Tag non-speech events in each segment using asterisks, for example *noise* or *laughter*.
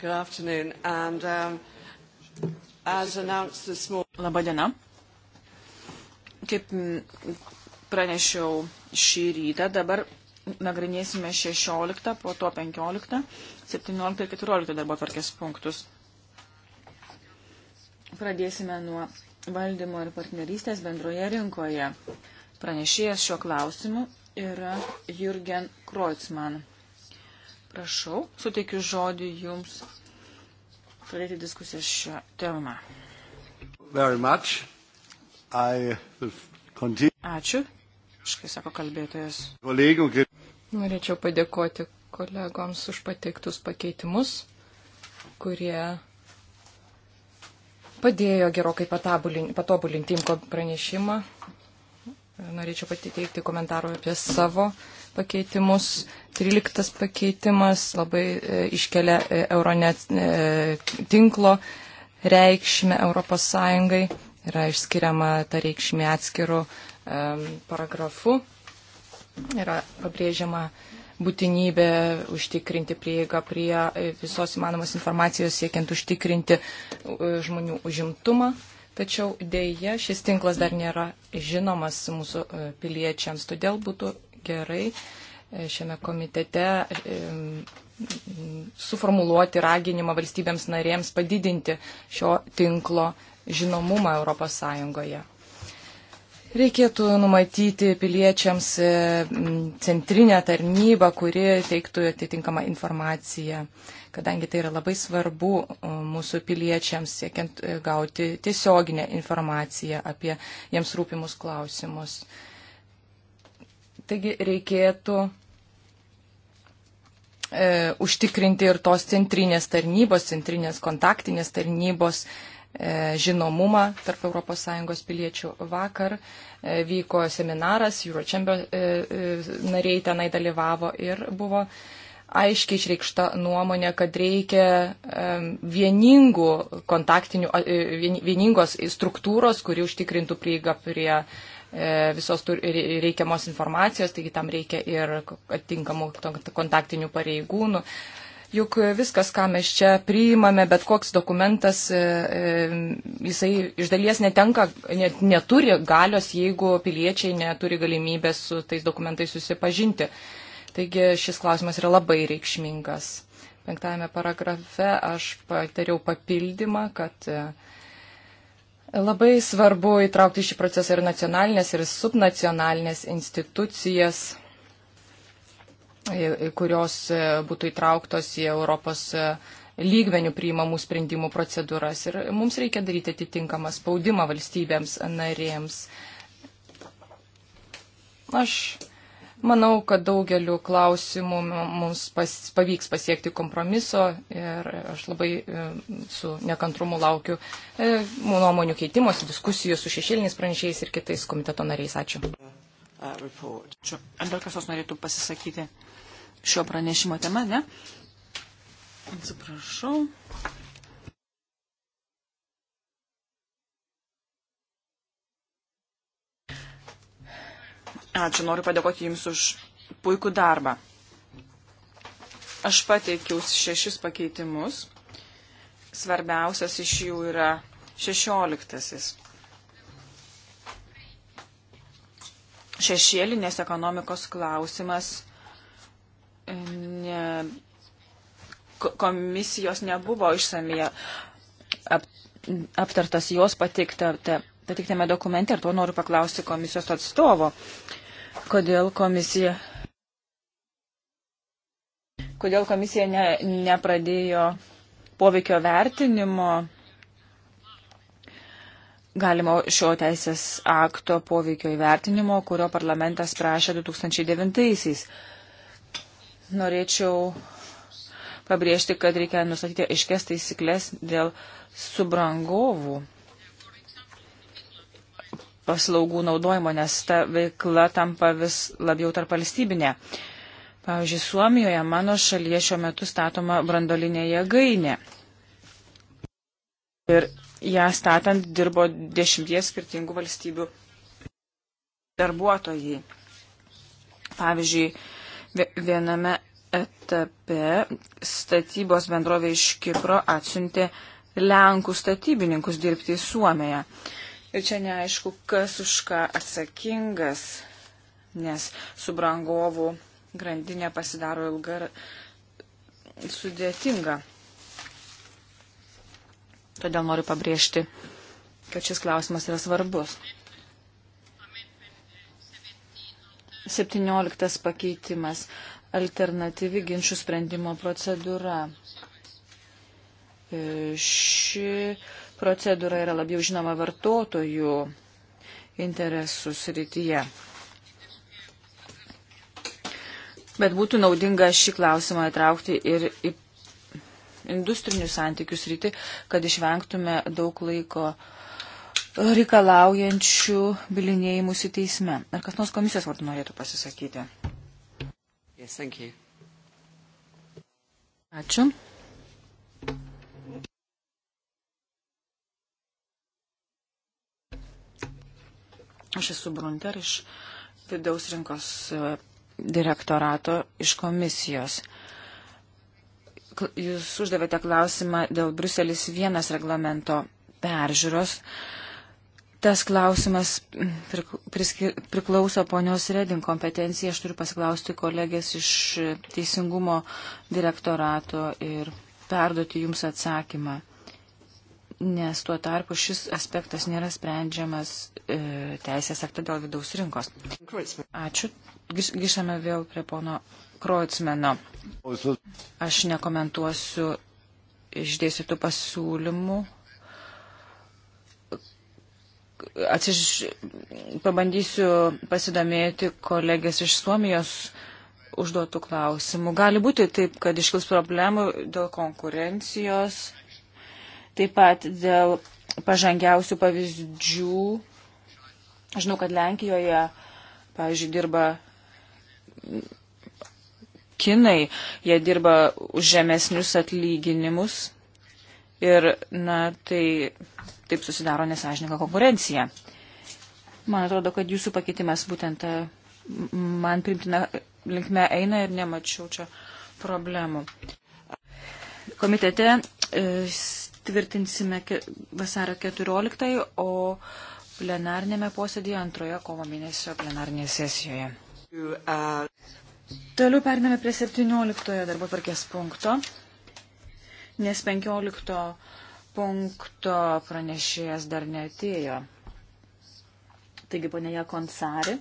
Good afternoon. And um, as announced this morning. Labadiena. Kaip pranešiau šį rytą, dabar nagrinėsime 16, po to 15, 17 ir 14 darbo tvarkės punktus. Pradėsime nuo valdymo ir partnerystės bendroje rinkoje. Pranešėjas šiuo klausimu yra Jürgen Kreutzmann. Prašau, suteikiu žodį Jums pradėti diskusiją šią temą. Ačiū. Škai sako kalbėtojas. Norėčiau padėkoti kolegoms už pateiktus pakeitimus, kurie padėjo gerokai patobulinti imko pranešimą Norėčiau pateikti komentarų apie savo pakeitimus. 13 pakeitimas labai e, iškelia e, Euronet e, tinklo reikšmę Europos Sąjungai. Yra išskiriama ta reikšmė atskirų paragrafų. Yra pabrėžiama būtinybė užtikrinti prieigą prie visos įmanomos informacijos siekiant užtikrinti žmonių užimtumą Tačiau dėja šis tinklas dar nėra žinomas mūsų e, piliečiams, todėl būtų gerai e, šiame komitete e, suformuluoti raginimą valstybėms narėms padidinti šio tinklo žinomumą ES. Reikėtų numatyti piliečiams centrinę tarnybą, kuri teiktų atitinkamą informaciją kadangi tai yra labai svarbu e, mūsų piliečiams siekiant e, gauti tiesioginę informaciją apie jiems rūpimus klausimus. Taigi reikėtų e, užtikrinti ir tos centrinės tarnybos, centrinės kontaktinės tarnybos e, žinomumą tarp ES piliečių. Vakar e, vyko seminaras, Eurochamber e, e, nariai tenai dalyvavo ir buvo e, aiškiai išreikšta nuomonė, kad reikia vieningų kontaktinių, e, vieningos struktūros, kuri užtikrintų prieigą prie e, visos reikiamos informacijos, taigi tam reikia ir atitinkamų kontaktinių pareigūnų. Juk viskas, ką mes čia priimame, bet koks dokumentas, e, jisai iš dalies netenka, net, neturi galios, jeigu piliečiai neturi galimybės su tais dokumentais susipažinti. Taigi šis klausimas yra labai reikšmingas. Penktame paragrafe aš patariau papildymą, kad e, labai svarbu įtraukti šį procesą ir nacionalinės, ir subnacionalinės institucijas kurios e, būtų įtrauktos į Europos e, lygmenių priimamų sprendimų procedūras. Ir mums reikia daryti atitinkamą spaudimą valstybėms narėms. Aš Manau, kad daugeliu klausimų mums pas, pavyks pasiekti kompromiso ir aš labai e, su nekantrumu laukiu e, mūsų nuomonių keitimosi, diskusijų su šešėliniais pranešėjais ir kitais komiteto nariais. Ačiū. Ačiū. Ar dar kas nors norėtų pasisakyti šio pranešimo tema, ne? Atsiprašau. Ačiū, noriu padėkoti Jums už puikų darbą. Aš pateikiau šešis pakeitimus. Svarbiausias iš jų yra šešioliktasis. Šešėlinės ekonomikos klausimas e, ne, komisijos nebuvo išsamei ap, aptartas jos pateiktame dokumente ir to noriu paklausti komisijos atstovo. Uh, kodėl komisija, kodėl komisija ne, nepradėjo poveikio vertinimo galimo šio teisės akto poveikio įvertinimo, kurio parlamentas prašė 2009-aisiais. Norėčiau pabrėžti, kad reikia nustatyti aiškės taisyklės dėl subrangovų paslaugų naudojimo, nes ta veikla tampa vis labiau tarp valstybinė. Pavyzdžiui, Suomijoje mano šalyje šiuo metu statoma brandolinė jėgainė. Ir ją statant dirbo dešimties skirtingų valstybių darbuotojai. Pavyzdžiui, viename etape statybos bendrovė iš Kipro atsiuntė Lenkų statybininkus dirbti į Suomiją. Ir čia neaišku, kas už ką atsakingas, nes subrangovų grandinė pasidaro ilga ir sudėtinga. Todėl noriu pabrėžti, kad šis klausimas yra svarbus. 17 pakeitimas - alternatyvi ginčių sprendimo procedūra. Ši procedūra yra labiau žinoma vartotojų interesų srityje. Bet būtų naudinga šį klausimą įtraukti ir į industrinių santykių sritį, kad išvengtume daug laiko reikalaujančių bilinėjimų į teisme. Ar kas nors komisijos vardu norėtų pasisakyti? Yes, Ačiū. Aš esu Brunter iš vidaus rinkos e, direktorato iš komisijos. Jūs uždavėte klausimą dėl Bruselis vienas reglamento peržiūros. Tas klausimas priklauso ponios Redin kompetencijai. Aš turiu pasiklausti kolegės iš Teisingumo direktorato ir perduoti jums atsakymą nes tuo tarpu šis aspektas nėra sprendžiamas e, teisės akte dėl vidaus rinkos. Ačiū. Grįžtame vėl prie pono Kroitsmeno. Aš nekomentuosiu išdėstytų pasiūlymų. Atsiž... Pabandysiu pasidomėti kolegės iš Suomijos užduotų klausimų. Gali būti taip, kad iškils problemų dėl konkurencijos taip pat dėl pažangiausių pavyzdžių. Žinau, kad Lenkijoje, pavyzdžiui, dirba kinai, jie dirba už žemesnius atlyginimus ir, na, tai taip susidaro nesažininką konkurenciją. Man atrodo, kad jūsų pakeitimas būtent e, man primtina linkme eina ir nemačiau čia problemų. Komitete e, tvirtinsime vasario 14, o plenarnėme posėdėje antroje kovo mėnesio plenarnėje sesijoje. Toliau periname prie 17 darbo tvarkės punkto, nes 15 punkto pranešėjas dar neatėjo. Taigi, ponė Jakonsari,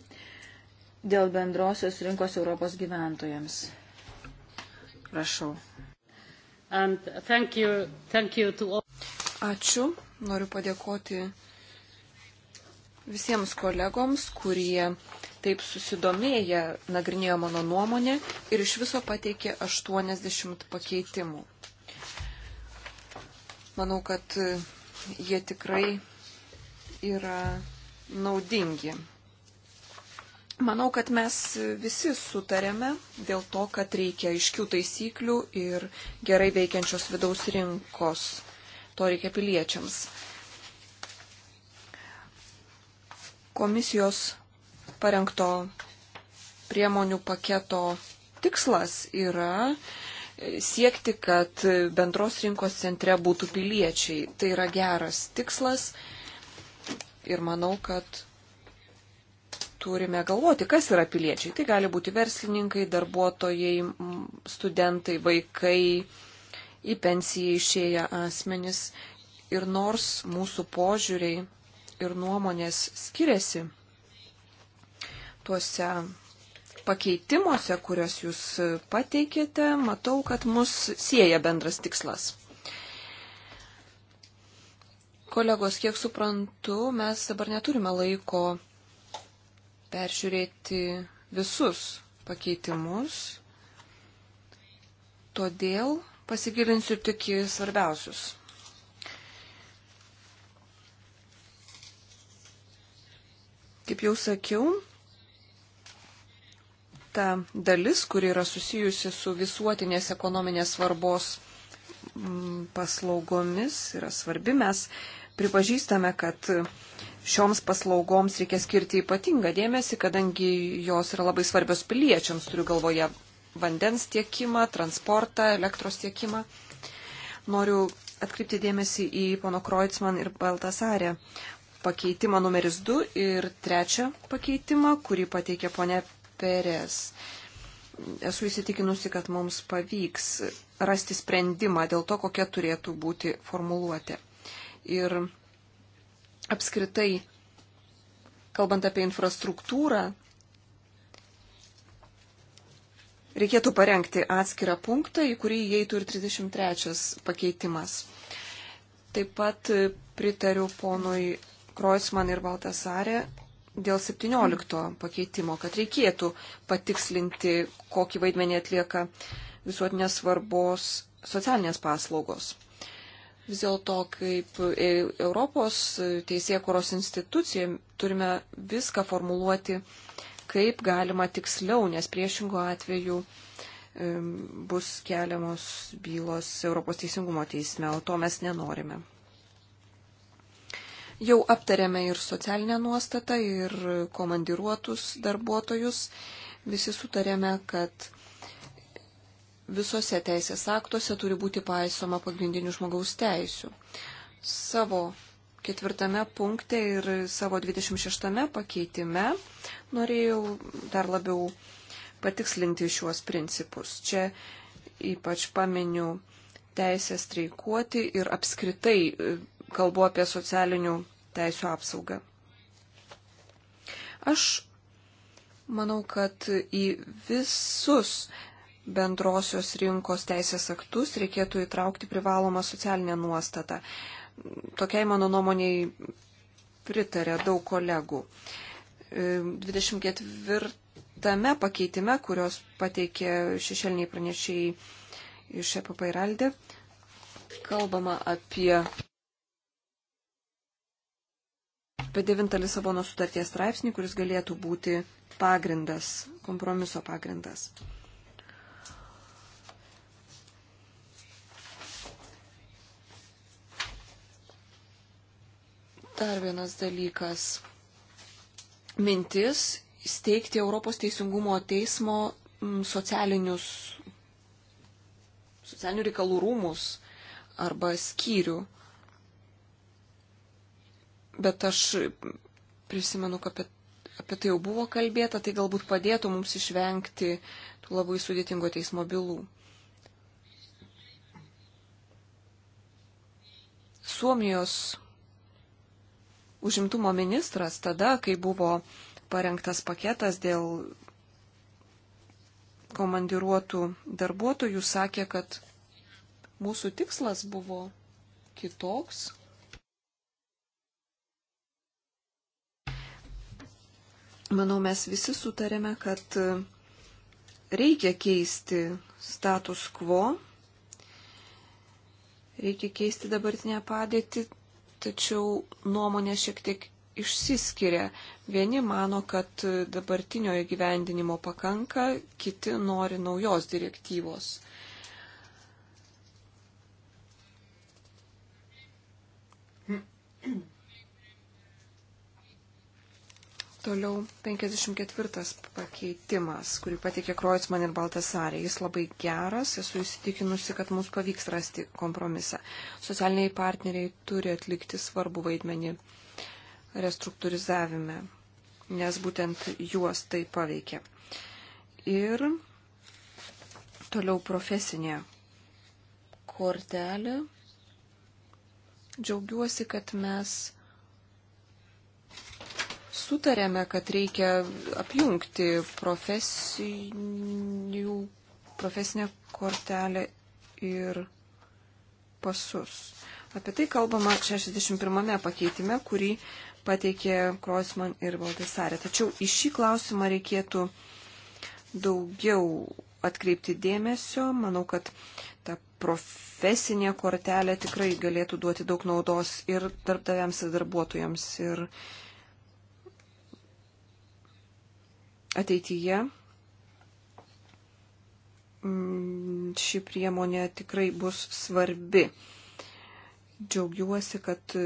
dėl bendrosios rinkos Europos gyventojams. Prašau. Thank you, thank you to... Ačiū. Noriu padėkoti visiems kolegoms, kurie taip susidomėję nagrinėjo mano nuomonę ir iš viso pateikė 80 pakeitimų. Manau, kad jie tikrai yra naudingi Manau, kad mes visi sutarėme dėl to, kad reikia aiškių taisyklių ir gerai veikiančios vidaus rinkos. To reikia piliečiams. Komisijos parengto priemonių paketo tikslas yra siekti, kad bendros rinkos centre būtų piliečiai. Tai yra geras tikslas ir manau, kad turime galvoti, kas yra piliečiai. Tai gali būti verslininkai, darbuotojai, studentai, vaikai, į pensiją išėję asmenys. Ir nors mūsų požiūriai ir nuomonės skiriasi tuose pakeitimuose, kuriuos jūs pateikėte, matau, kad mus sieja bendras tikslas. Kolegos, kiek suprantu, mes dabar neturime laiko peržiūrėti visus pakeitimus, todėl pasigilinsiu tik į svarbiausius. Kaip jau sakiau, ta dalis, kuri yra susijusi su visuotinės ekonominės svarbos mm, paslaugomis, yra svarbi. Mes pripažįstame, kad šioms paslaugoms reikia skirti ypatingą dėmesį, kadangi jos yra labai svarbios piliečiams, turiu galvoje vandens tiekimą, transportą, elektros tiekimą. Noriu atkreipti dėmesį į pono Kreutzmann ir Baltasarę pakeitimą numeris 2 ir trečią pakeitimą, kurį pateikė ponė Perės. Esu įsitikinusi, kad mums pavyks rasti sprendimą dėl to, kokia turėtų būti formuluotė. Ir apskritai, kalbant apie infrastruktūrą, reikėtų parengti atskirą punktą, į kurį įeitų ir 33 pakeitimas. Taip pat pritariu ponui Kroisman ir Baltasarė dėl 17 pakeitimo, kad reikėtų patikslinti, kokį vaidmenį atlieka visuotinės svarbos socialinės paslaugos vis dėlto kaip e, Europos teisėkuros institucija turime viską formuluoti kaip galima tiksliau, nes priešingų atveju bus keliamos bylos Europos teisingumo teisme, o to mes nenorime. Jau aptarėme ir socialinę nuostatą, ir komandiruotus darbuotojus. Visi sutarėme, kad visose teisės aktuose turi būti paisoma pagrindinių žmogaus teisių. Savo ketvirtame punkte ir savo 26 pakeitime norėjau dar labiau patikslinti šiuos principus. Čia ypač paminiu teisę streikuoti ir apskritai e, kalbu apie socialinių teisų apsaugą. Aš manau, kad į visus bendrosios rinkos teisės aktus reikėtų įtraukti privalomą socialinę nuostatą. Tokiai mano nuomoniai pritarė daug kolegų. 24 e, pakeitime, kurios pateikė šešelniai pranešėjai iš EPP ir Aldė, kalbama apie, apie 9 Lisabono sutarties straipsnį, kuris galėtų būti pagrindas, kompromiso pagrindas. Dar vienas dalykas. Mintis steigti Europos teisingumo teismo mm, socialinius, socialinių reikalų rūmus arba skyrių. Bet aš prisimenu, kad apie, apie tai jau buvo kalbėta, tai galbūt padėtų mums išvengti tų labai sudėtingo teismo bylų. Suomijos užimtumo ministras tada, kai buvo parengtas paketas dėl komandiruotų darbuotojų, sakė, kad mūsų tikslas buvo kitoks. Manau, mes visi sutarėme, kad reikia keisti status quo, reikia keisti dabartinę padėtį tačiau nuomonė šiek tiek išsiskiria. Vieni mano, kad dabartinio įgyvendinimo pakanka, kiti nori naujos direktyvos. Mm-hmm. Toliau 54 pakeitimas, kurį patikė Kroicman ir Baltasarė. Jis labai geras, esu įsitikinusi, kad mums pavyks rasti kompromisą. Socialiniai partneriai turi atlikti svarbų vaidmenį restruktūrizavime, nes būtent juos tai paveikė. Ir toliau profesinė kortelė. Džiaugiuosi, kad mes sutarėme, kad reikia apjungti profesinę kortelę ir pasus. Apie tai kalbama 61 pakeitime, kurį pateikė Kroisman ir Valdesarė. Tačiau į šį klausimą reikėtų daugiau atkreipti dėmesio. Manau, kad ta profesinė kortelė tikrai galėtų duoti daug naudos ir darbdaviams, ir darbuotojams. Ir ateityje mm, ši priemonė tikrai bus svarbi. Džiaugiuosi, kad e,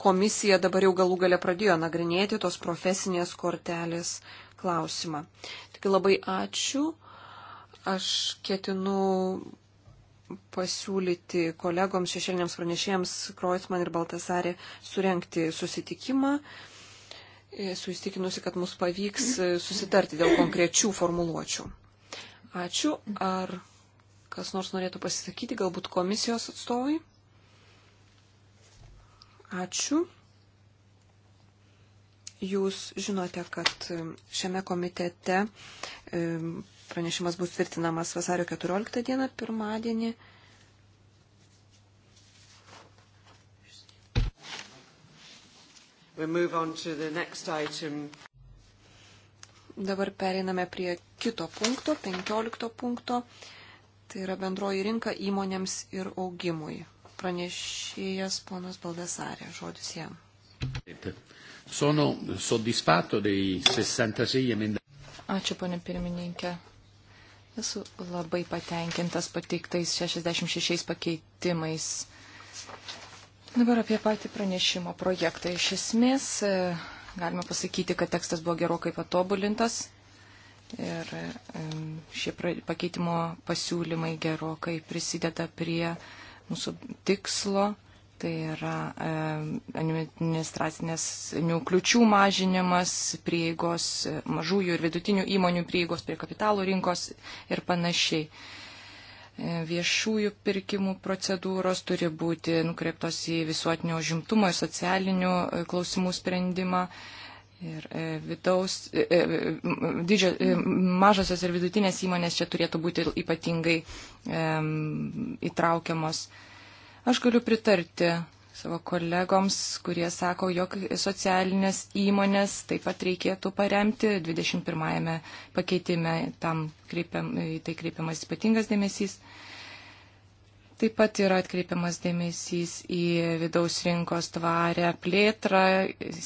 komisija dabar jau galų gale pradėjo nagrinėti tos profesinės kortelės klausimą. Tik labai ačiū. Aš ketinu pasiūlyti kolegoms šešėliniams pranešėjams Kroisman ir Baltasarė surenkti susitikimą. Esu įstikinusi, kad mums pavyks e, susitarti dėl konkrečių formuluočių. Ačiū. Ar kas nors norėtų pasisakyti, galbūt komisijos atstovai? Ačiū. Jūs žinote, kad e, šiame komitete e, pranešimas bus tvirtinamas vasario 14 dieną, pirmadienį. Dabar pereiname prie kito punkto, 15 punkto. Tai yra bendroji rinka įmonėms ir augimui. Pranešėjas ponas Baldesarė, žodis jam. Sono soddisfatto dei 66 emendamenti. Ačiū, ponė pirmininkė. Esu labai patenkintas pateiktais 66 pakeitimais. Dabar apie patį pranešimo projektą. Iš esmės e, galima pasakyti, kad tekstas buvo gerokai patobulintas ir e, šie pakeitimo pasiūlymai gerokai prisideda prie mūsų tikslo. Tai yra e, administracinės nu, kliučių mažinimas, prieigos mažųjų ir vidutinių įmonių prieigos prie kapitalo rinkos ir panašiai. E, viešųjų pirkimų procedūros turi būti nukreiptos į visuotinio užimtumo ir socialinių e, klausimų sprendimą. Ir e, vidaus, didžio, mažosios ir vidutinės įmonės čia turėtų būti ypatingai įtraukiamos. Aš galiu pritarti savo kolegoms, kurie sako, jog socialinės įmonės taip pat reikėtų paremti. 21-ame pakeitime tam kreipiam, tai kreipiamas ypatingas dėmesys. Taip pat yra atkreipiamas dėmesys į vidaus rinkos tvarę plėtrą,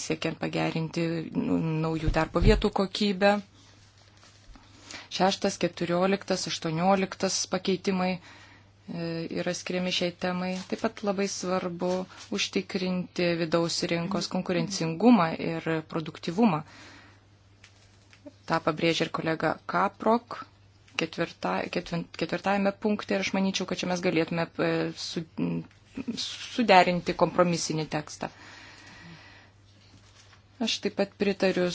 siekiant pagerinti naujų darbo vietų kokybę. 6, 14, 18 pakeitimai E, yra skiriami šiai temai. Taip pat labai svarbu užtikrinti vidaus rinkos konkurencingumą ir produktivumą. Ta pabrėžia ir kolega Kaprok ketvirta, ketvint, ketvirtajame punkte ir aš manyčiau, kad čia mes galėtume e, su, suderinti kompromisinį tekstą. Aš taip pat pritariu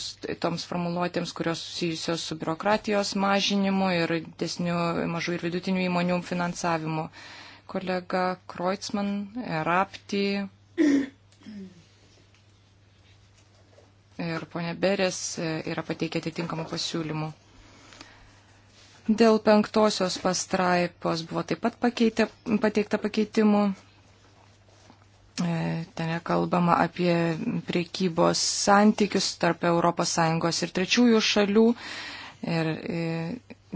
toms formuluotėms, kurios susijusios su biurokratijos mažinimu ir desnių mažų ir vidutinių įmonių finansavimu. Kolega Kreutzmann, Rapti ir ponia Berės e, yra pateikę atitinkamų pasiūlymų. Dėl penktosios pastraipos buvo taip pat pakeitė, pateikta pakeitimų. E, Ten kalbama apie priekybos santykius tarp ES ir trečiųjų šalių. Ir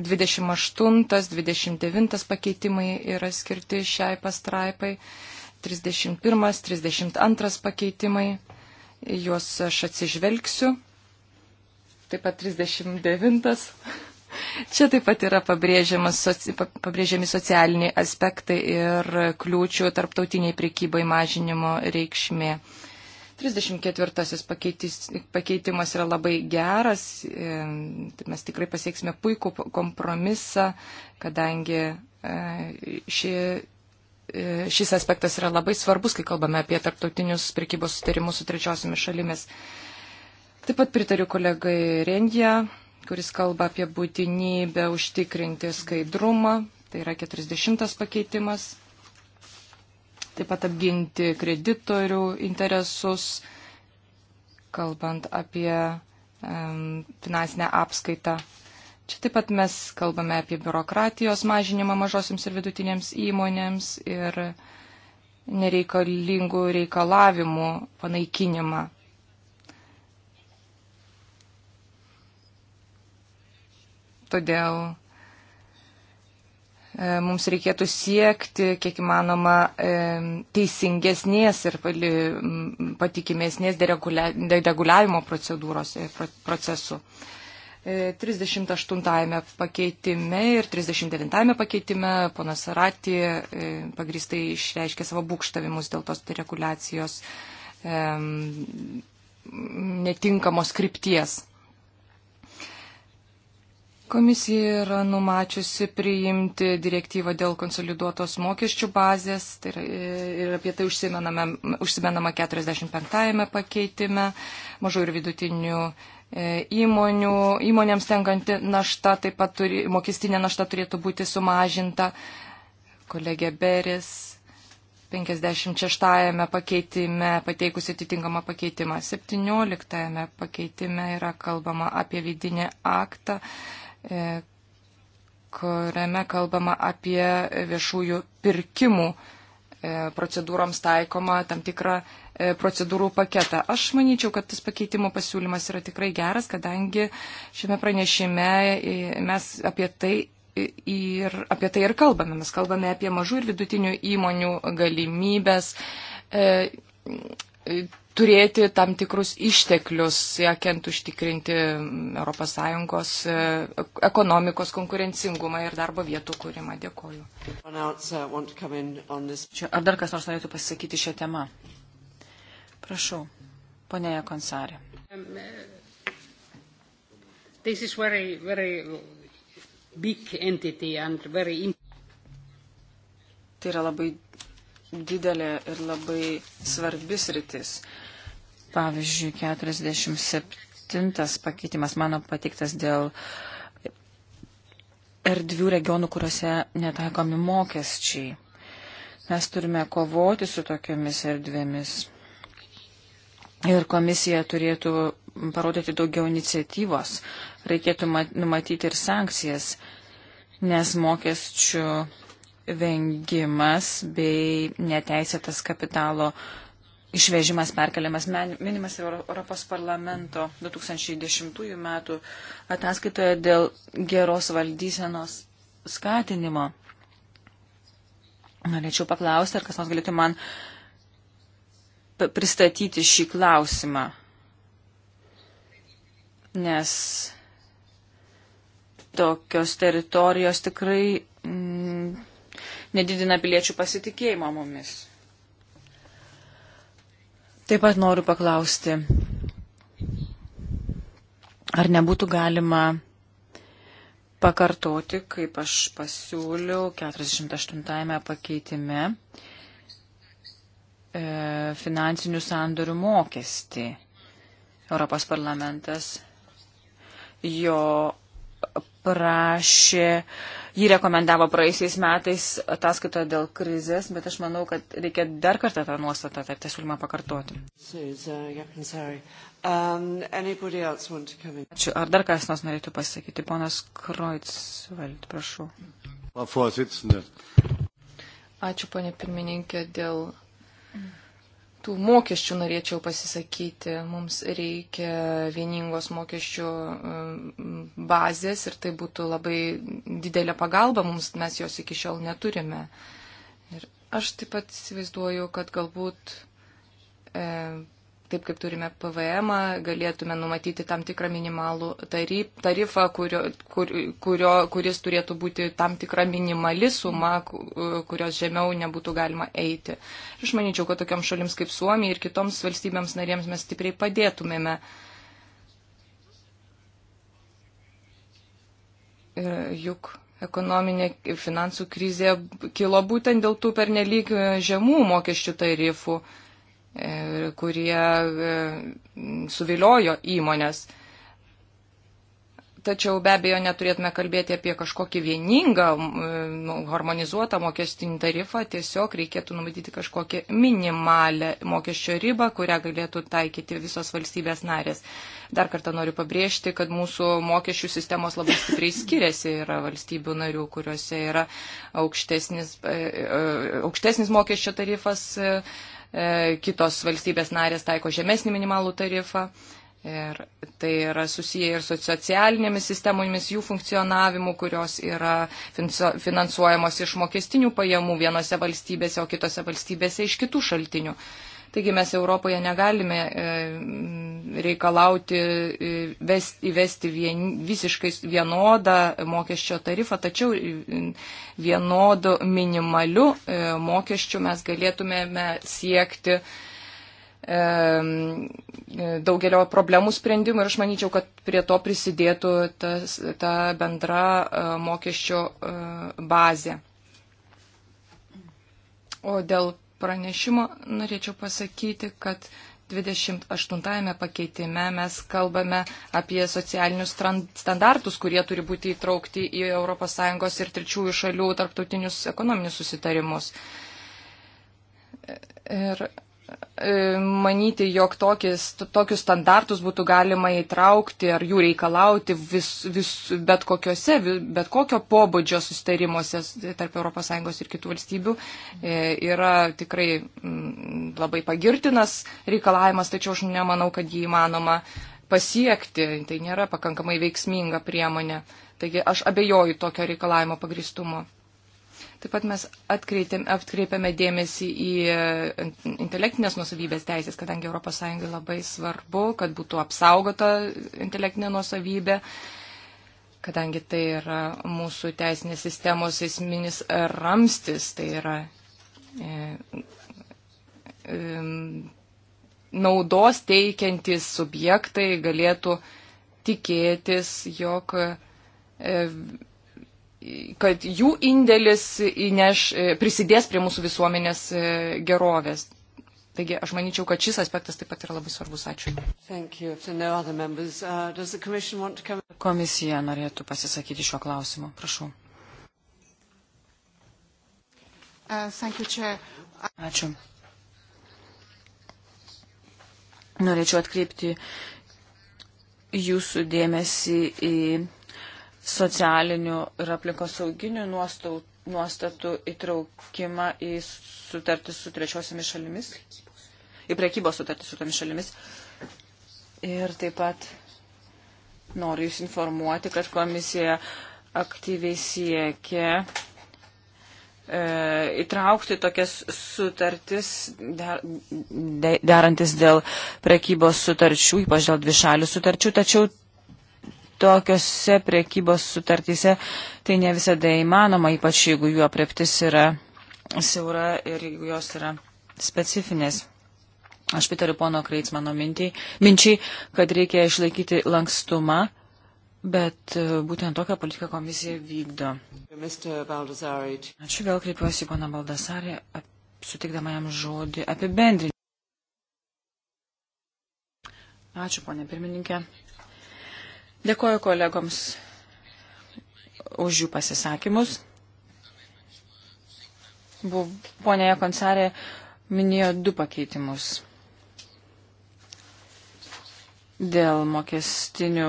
28-29 e, pakeitimai yra skirti šiai pastraipai. 31-32 pakeitimai. Juos aš atsižvelgsiu. Taip pat 39. Čia taip pat yra pabrėžiami socialiniai aspektai ir kliūčių tarptautiniai priekybai mažinimo reikšmė. 34 pakeitimas yra labai geras, tai mes tikrai pasieksime puikų kompromisą, kadangi e, ši, e, šis aspektas yra labai svarbus, kai kalbame apie tarptautinius prekybos sutarimus su trečiosiomis šalimis. Taip pat pritariu kolegai Rendija kuris kalba apie būtinybę užtikrinti skaidrumą, tai yra 40 pakeitimas, taip pat apginti kreditorių interesus, kalbant apie um, finansinę apskaitą. Čia taip pat mes kalbame apie biurokratijos mažinimą mažosiams ir vidutinėms įmonėms ir nereikalingų reikalavimų panaikinimą. Todėl e, mums reikėtų siekti, kiek įmanoma, e, teisingesnės ir patikimesnės dereguliavimo procedūros e, procesų. 38 pakeitime ir 39 pakeitime ponas Sarati pagristai išreiškė savo būkštavimus dėl tos dereguliacijos netinkamos krypties. Komisija yra numačiusi priimti direktyvą dėl konsoliduotos mokesčių bazės tai yra, ir apie tai užsimenama 45 pakeitime mažų ir vidutinių e, įmonių, įmonėms tenkanti našta, taip pat turi, mokestinė našta turėtų būti sumažinta. Kolegė Beris 56 pakeitime pateikusi atitinkamą pakeitimą. 17 pakeitime yra kalbama apie vidinį aktą, E, kuriame kalbama apie viešųjų pirkimų e, procedūroms taikoma tam tikrą e, procedūrų paketą. Aš manyčiau, kad tas pakeitimo pasiūlymas yra tikrai geras, kadangi šiame pranešime mes apie tai ir apie tai ir kalbame. Mes kalbame apie mažų ir vidutinių įmonių galimybės turėti tam tikrus išteklius, siekiant užtikrinti ES e, ekonomikos konkurencingumą ir darbo vietų kūrimą. Dėkoju. Uh, ar dar kas nors norėtų pasisakyti šią temą? Prašau, ponėja Konsarė. Um, uh, tai yra labai didelė ir labai svarbis rytis. Uh, Pavyzdžiui, 47 pakeitimas mano patiktas dėl erdvių regionų, kuriuose netaikomi mokesčiai. Mes turime kovoti su tokiamis erdvėmis. Ir komisija turėtų parodyti daugiau iniciatyvos. Reikėtų numatyti ir sankcijas, nes mokesčių vengimas bei neteisėtas kapitalo išvežimas perkeliamas minimas ir Europos parlamento 2010 metų ataskaitoje dėl geros valdysenos skatinimo. Norėčiau paklausti, ar kas nors galėtų man pristatyti šį klausimą. Nes tokios teritorijos tikrai mm, nedidina piliečių pasitikėjimo mumis. Taip pat noriu paklausti, ar nebūtų galima pakartoti, kaip aš pasiūliau 48 pakeitime, e, finansinių sandorių mokestį. Europos parlamentas jo prašė, jį rekomendavo praeisiais metais ataskaitoje dėl krizės, bet aš manau, kad reikia dar kartą tą nuostatą, tą pasiūlymą pakartoti. Uh, um, Ačiū. Ar dar kas nors norėtų pasakyti? Ponas Kroitsvald, prašau. Ačiū, ponė pirmininkė, dėl. Mm tų mokesčių norėčiau pasisakyti. Mums reikia vieningos mokesčių mm, bazės ir tai būtų labai didelė pagalba mums, mes jos iki šiol neturime. Ir aš taip pat įsivaizduoju, kad galbūt e, taip kaip turime PVM, galėtume numatyti tam tikrą minimalų tarifą, kurio, kur, kurio, kuris turėtų būti tam tikra minimali suma, kurios žemiau nebūtų galima eiti. Aš manyčiau, kad tokiam šalims kaip Suomija ir kitoms valstybėms narėms mes stipriai padėtumėme. Ir juk ekonominė ir finansų krizė kilo būtent dėl tų pernelyg žemų mokesčių tarifų. Uh, E, kurie e, suviliojo įmonės. Tačiau be abejo neturėtume kalbėti apie kažkokį vieningą, e, nu, harmonizuotą mokestinį tarifą, tiesiog reikėtų numatyti kažkokią minimalę mokesčio ribą, kurią galėtų taikyti visos valstybės narės. Dar kartą noriu pabrėžti, kad mūsų mokesčių sistemos labai stipriai skiriasi. Yra valstybių narių, kuriuose yra aukštesnis, aukštesnis mokesčio tarifas E, kitos valstybės narės taiko žemesnį minimalų tarifą. Ir tai yra susiję ir su socialinėmis sistemomis, jų funkcionavimu, kurios yra finansuojamos iš mokestinių pajamų vienose valstybėse, o kitose valstybėse iš kitų šaltinių. Uh, Taigi mes Europoje negalime e, reikalauti e, įvesti vien, visiškai vienodą mokesčio tarifą, tačiau e, vienodu minimaliu mokesčiu mes galėtumėme siekti daugelio problemų sprendimų ir aš manyčiau, kad prie to prisidėtų tas, ta bendra mokesčio bazė. O dėl pranešimo norėčiau pasakyti, kad 28 pakeitime mes kalbame apie socialinius standartus, kurie turi būti įtraukti į ES ir trečiųjų šalių tarptautinius ekonominius susitarimus. E, ir E, manyti, jog tokius, tokius standartus būtų galima įtraukti ar jų reikalauti vis, vis, bet, kokiose, bet kokio pobūdžio sustarimuose tarp ES ir kitų valstybių e, yra tikrai mm, labai pagirtinas reikalavimas, tačiau aš nemanau, kad jį įmanoma pasiekti. Tai nėra pakankamai veiksminga priemonė. Taigi aš abejoju tokio reikalavimo pagristumo. Taip pat mes atkreipiame dėmesį į e, intelektinės nusavybės teisės, kadangi ES labai svarbu, kad būtų apsaugota intelektinė nusavybė, kadangi tai yra mūsų teisinės sistemos esminis ramstis, tai yra e, e, naudos teikiantis subjektai galėtų tikėtis, jog e, kad jų indėlis įneš, e, prisidės prie mūsų visuomenės e, gerovės. Taigi aš manyčiau, kad šis aspektas taip pat yra labai svarbus. Ačiū. Uh, Komisija norėtų pasisakyti šiuo klausimu. Prašau. Uh, Ačiū. Norėčiau atkreipti jūsų dėmesį į socialinių ir aplinkosauginių nuostatų, nuostatų įtraukimą į sutartį su trečiosiomis šalimis, į prekybos sutartį su tomis šalimis. Ir taip pat noriu Jūs informuoti, kad komisija aktyviai siekia e, įtraukti tokias sutartis, der, de, derantis dėl prekybos sutarčių, ypač dėl dvišalių sutarčių, tačiau tokiuose priekybos sutartyse tai ne visada įmanoma, ypač jeigu jų apreptis yra siaura ir jeigu jos yra specifinės. Aš pritariu pono Kreits mano minčiai, minčiai, kad reikia išlaikyti lankstumą, bet e, būtent tokią politiką komisija vykdo. Ačiū vėl kreipiuosi į poną Baldasarį, sutikdama jam žodį apibendrinti. Ačiū, ponė pirmininkė. Dėkoju kolegoms už jų pasisakymus. Buvo, ponė Konsarė minėjo du pakeitimus dėl mokestinių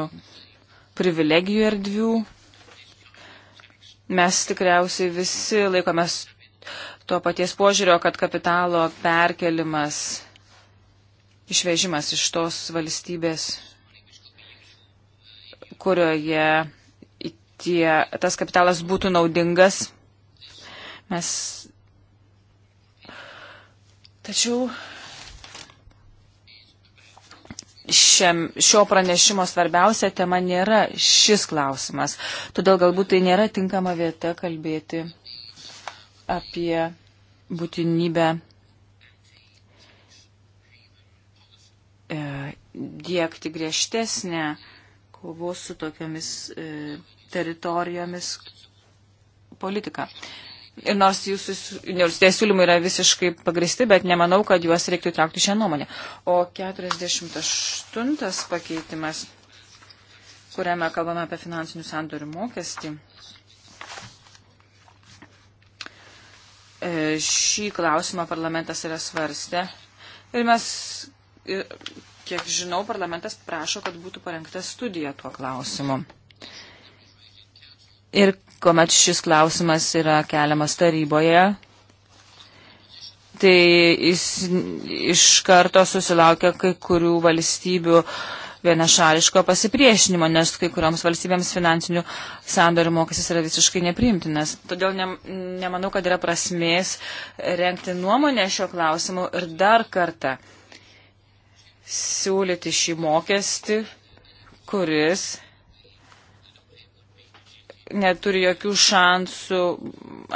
privilegijų erdvių. Mes tikriausiai visi laikomės to paties požiūrio, kad kapitalo perkelimas, išvežimas iš tos valstybės kurioje tie, tas kapitalas būtų naudingas. Mes. Tačiau šiam, šio pranešimo svarbiausia tema nėra šis klausimas. Todėl galbūt tai nėra tinkama vieta kalbėti apie būtinybę e, dėkti griežtesnę kovos su tokiamis e, teritorijomis politiką. Ir nors jūsų, nors tie siūlymai yra visiškai pagristi, bet nemanau, kad juos reiktų traukti šią nuomonę. O 48 pakeitimas, kuriame kalbame apie finansinių sandorių mokestį. E, šį klausimą parlamentas yra svarstę ir mes Kiek žinau, parlamentas prašo, kad būtų parengta studija tuo klausimu. Ir kuomet šis klausimas yra keliamas taryboje, tai jis iš karto susilaukia kai kurių valstybių vienašališko pasipriešinimo, nes kai kurioms valstybėms finansinių sandorių mokestis yra visiškai nepriimtinas. Todėl ne, nemanau, kad yra prasmės renkti nuomonę šio klausimu ir dar kartą siūlyti šį mokestį, kuris neturi jokių šansų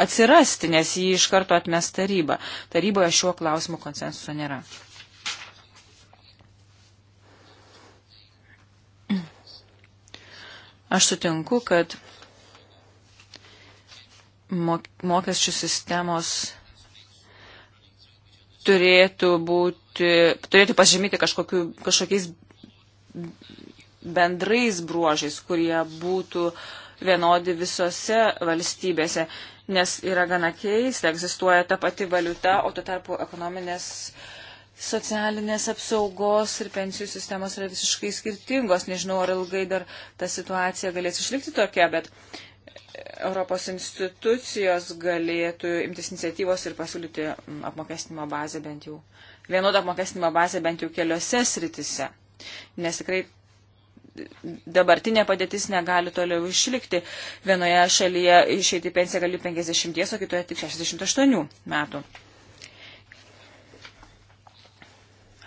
atsirasti, nes jį iš karto atmes taryba. Taryboje šiuo klausimu konsensuso nėra. Aš sutinku, kad mokesčių sistemos turėtų būti turėti pažymyti kažkokiu, kažkokiais bendrais bruožais, kurie būtų vienodi visose valstybėse, nes yra gana keista, egzistuoja ta pati valiuta, o tuo tarpu ekonominės socialinės apsaugos ir pensijų sistemos yra visiškai skirtingos. Nežinau, ar ilgai dar ta situacija galės išlikti tokia, bet Europos institucijos galėtų imtis iniciatyvos ir pasiūlyti mm, apmokestinimo bazę bent jau vienodą apmokestinimo bazę bent jau keliose sritise. Nes tikrai dabartinė padėtis negali toliau išlikti. Vienoje šalyje išeiti pensiją gali 50, o kitoje tik 68 metų.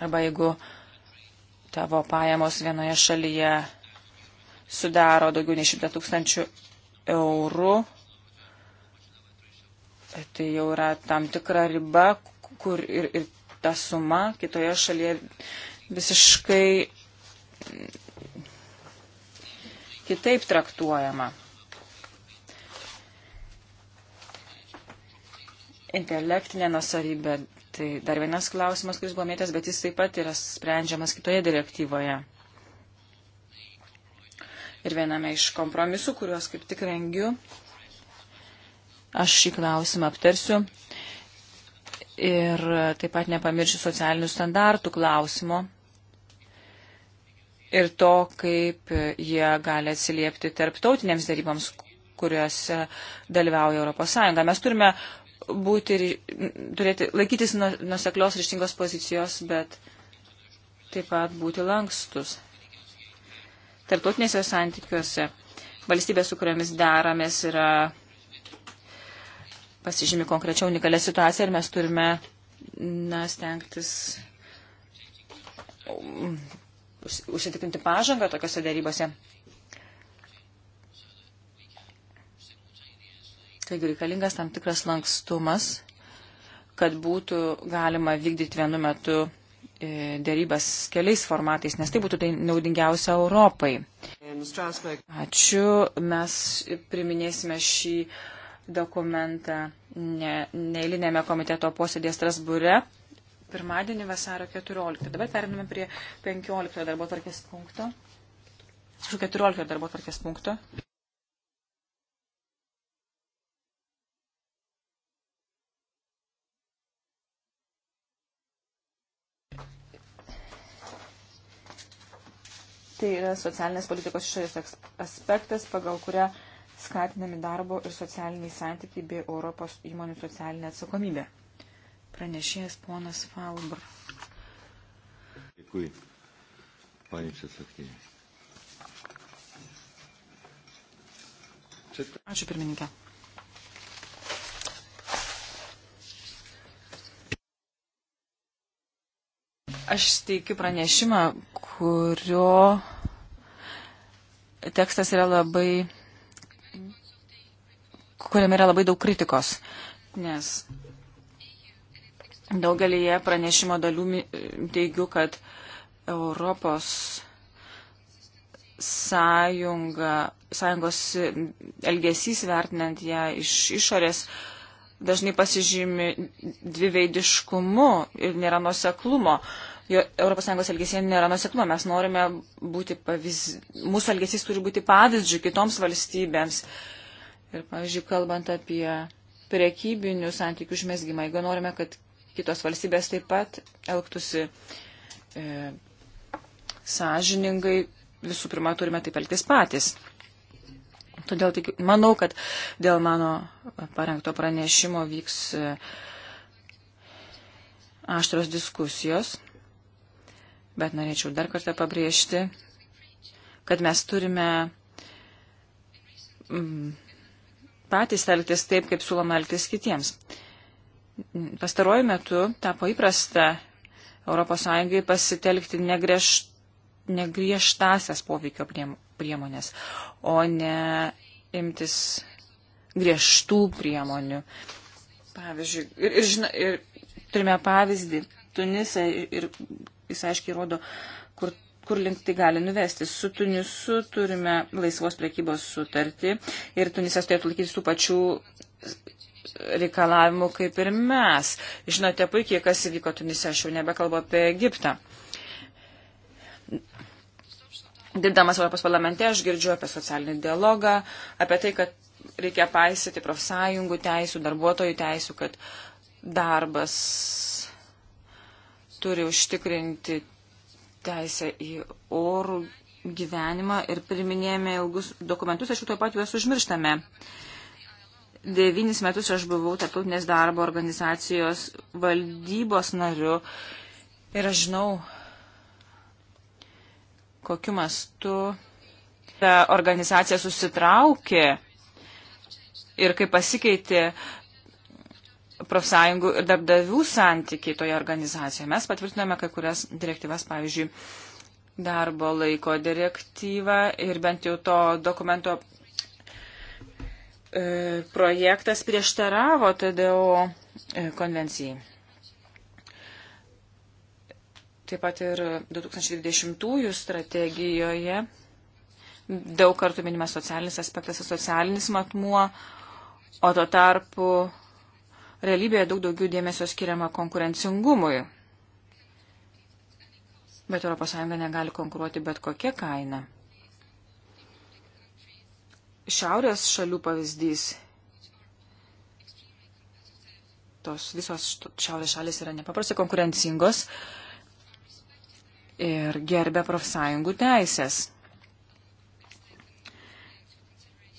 Arba jeigu tavo pajamos vienoje šalyje sudaro daugiau nei 100 tūkstančių eurų, tai jau yra tam tikra riba, kur ir, ir ta suma kitoje šalyje visiškai kitaip traktuojama. Intelektinė nusavybė. Tai dar vienas klausimas, kuris buvo mėtęs, bet jis taip pat yra sprendžiamas kitoje direktyvoje. Ir viename iš kompromisų, kuriuos kaip tik rengiu, aš šį klausimą aptarsiu. Ir taip pat nepamiršiu socialinių standartų klausimo ir to, kaip jie gali atsiliepti tarptautiniams darybams, kuriuose dalyvauja ES. Mes turime būti, turėti, laikytis nuseklios ryštingos pozicijos, bet taip pat būti lankstus. Tarptautinėse santykiuose valstybės, su kuriomis deramės, yra pasižymi konkrečiau unikalią situaciją ir mes turime na, stengtis um, užsitikrinti pažangą tokiuose dėrybose. Taigi reikalingas tam tikras lankstumas, kad būtų galima vykdyti vienu metu e, dėrybas keliais formatais, nes tai būtų tai naudingiausia Europai. Ačiū, mes priminėsime šį dokumentą ne, neįlinėme komiteto posėdėje Strasbūre pirmadienį vasaro 14. Dabar periname prie 15 darbo tvarkės punkto. Atsiprašau, 14 darbo tvarkės punkto. Tai yra socialinės politikos išorės aspektas, pagal kurią skatinami darbo ir socialiniai santykiai bei Europos įmonių socialinė atsakomybė. Pranešėjas ponas Falbr. Dėkui, panie Česakė. Ačiū pirmininkė. Aš teikiu pranešimą, kurio tekstas yra labai kuriame yra labai daug kritikos, nes daugelįje pranešimo dalių teigiu, kad Europos sąjunga, sąjungos elgesys vertinant ją iš išorės dažnai pasižymi dviveidiškumu ir nėra nuseklumo. ES elgesėje nėra nuseklumo, mes norime būti pavyzdys, mūsų elgesys turi būti pavyzdžių kitoms valstybėms Ir, pavyzdžiui, kalbant apie prekybinių santykių užmesgymą, jeigu norime, kad kitos valstybės taip pat elgtųsi e, sąžiningai, visų pirma, turime taip elgtis patys. Todėl tik, manau, kad dėl mano parengto pranešimo vyks e, aštros diskusijos, bet norėčiau dar kartą pabrėžti, kad mes turime. Mm, patys elgtis taip, kaip siūloma elgtis kitiems. Pastaruoju metu tapo įprasta ES pasitelkti negriež, negriežtasias poveikio priemonės, o ne imtis griežtų priemonių. Pavyzdžiui, ir, ir, ir turime pavyzdį Tunise ir jis aiškiai rodo, kur kur link tai gali nuvesti. Su Tunisu turime laisvos priekybos sutartį ir Tunisas turėtų laikytis tų pačių reikalavimų kaip ir mes. Žinote puikiai, kas įvyko Tunise, aš jau nebekalbu apie Egiptą. Dirbdamas Europos parlamente aš girdžiu apie socialinį dialogą, apie tai, kad reikia paisyti profsąjungų teisų, darbuotojų teisų, kad darbas turi užtikrinti teisę į orų gyvenimą ir priminėjame ilgus dokumentus, aišku, tuo pat juos užmirštame. Devynis metus aš buvau tarptautinės darbo organizacijos valdybos nariu ir aš žinau, kokiu mastu ta organizacija susitraukė ir kaip pasikeitė profsąjungų ir darbdavių santykiai toje organizacijoje. Mes patvirtiname kai kurias direktyvas, pavyzdžiui, darbo laiko direktyvą ir bent jau to dokumento e, projektas prieštaravo TDO e, konvencijai. Taip pat ir 2020 strategijoje daug kartų minimas socialinis aspektas ir socialinis matmuo, o tuo tarpu realybėje daug daugiau dėmesio skiriama konkurencingumui. Bet ES negali konkuruoti bet kokia kaina. Šiaurės šalių pavyzdys. Tos visos šiaurės šalis yra nepaprastai konkurencingos ir gerbė profsąjungų teisės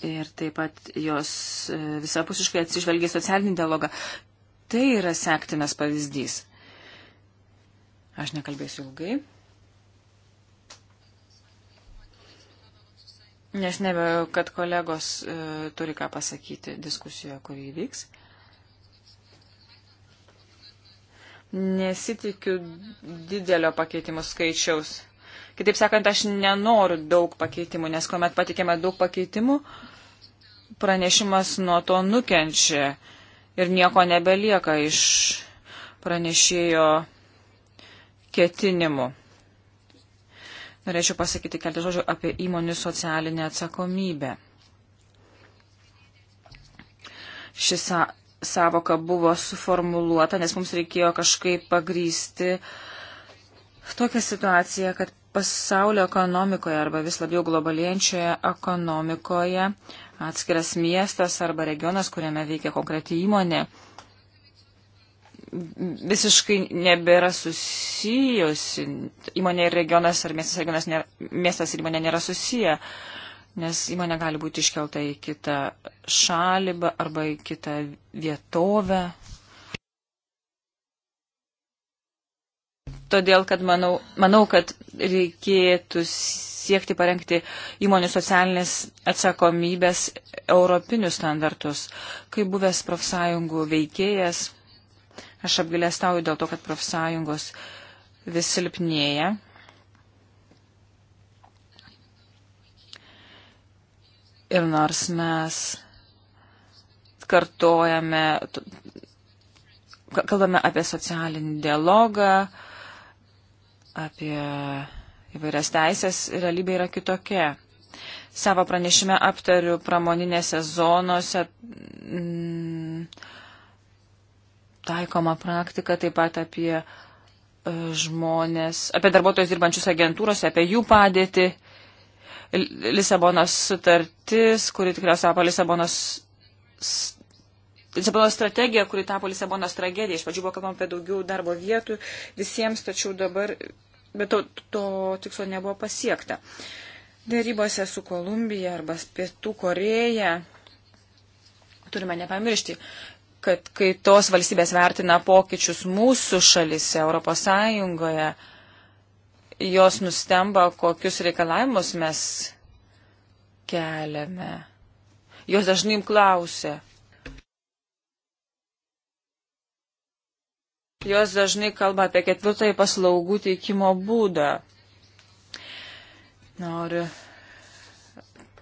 ir taip pat jos e, visapusiškai atsižvelgia socialinį dialogą. Tai yra sektinas pavyzdys. Aš nekalbėsiu ilgai. Nes nebejau, kad kolegos e, turi ką pasakyti diskusijoje, kurį vyks. Nesitikiu didelio pakeitimų skaičiaus. Kitaip sakant, aš nenoriu daug pakeitimų, nes kuomet patikėme daug pakeitimų, pranešimas nuo to nukenčia ir nieko nebelieka iš pranešėjo ketinimų. Norėčiau pasakyti keletą žodžių apie įmonių socialinę atsakomybę. Ši savoka buvo suformuluota, nes mums reikėjo kažkaip pagrysti tokią situaciją, kad Pasaulio ekonomikoje arba vis labiau globalėjančioje ekonomikoje atskiras miestas arba regionas, kuriame veikia konkreti įmonė, visiškai nebėra susijusi. Įmonė ir regionas ar miestas, regionas nėra, miestas ir įmonė nėra susiję, nes įmonė gali būti iškelta į kitą šalį arba į kitą vietovę. todėl kad manau, manau, kad reikėtų siekti parengti įmonių socialinės atsakomybės europinius standartus. Kaip buvęs profsąjungų veikėjas, aš apgailestauju dėl to, kad profsąjungos vis silpnėja. Ir nors mes kartojame, kalbame apie socialinį dialogą, apie įvairias teisės, realybė yra kitokia. Savo pranešime aptariu pramoninėse zonose mm, taikoma praktika, taip pat apie e, žmonės, apie darbuotojus dirbančius agentūrose, apie jų padėtį. Lisabonos sutartis, kuri tikriausiai tapo Lisabonos, Lisabonos strategija, kuri tapo Lisabonos tragedija. Iš pradžių buvo kalbama apie daugiau darbo vietų visiems, tačiau dabar bet to, to tikslo nebuvo pasiekta. Dėrybose su Kolumbija arba Pietų Koreja turime nepamiršti, kad kai tos valstybės vertina pokyčius mūsų šalise, Europos Sąjungoje, jos nustemba, kokius reikalavimus mes keliame. Jos dažnai klausia, Jos dažnai kalba apie ketvirtąjį paslaugų teikimo būdą. Noriu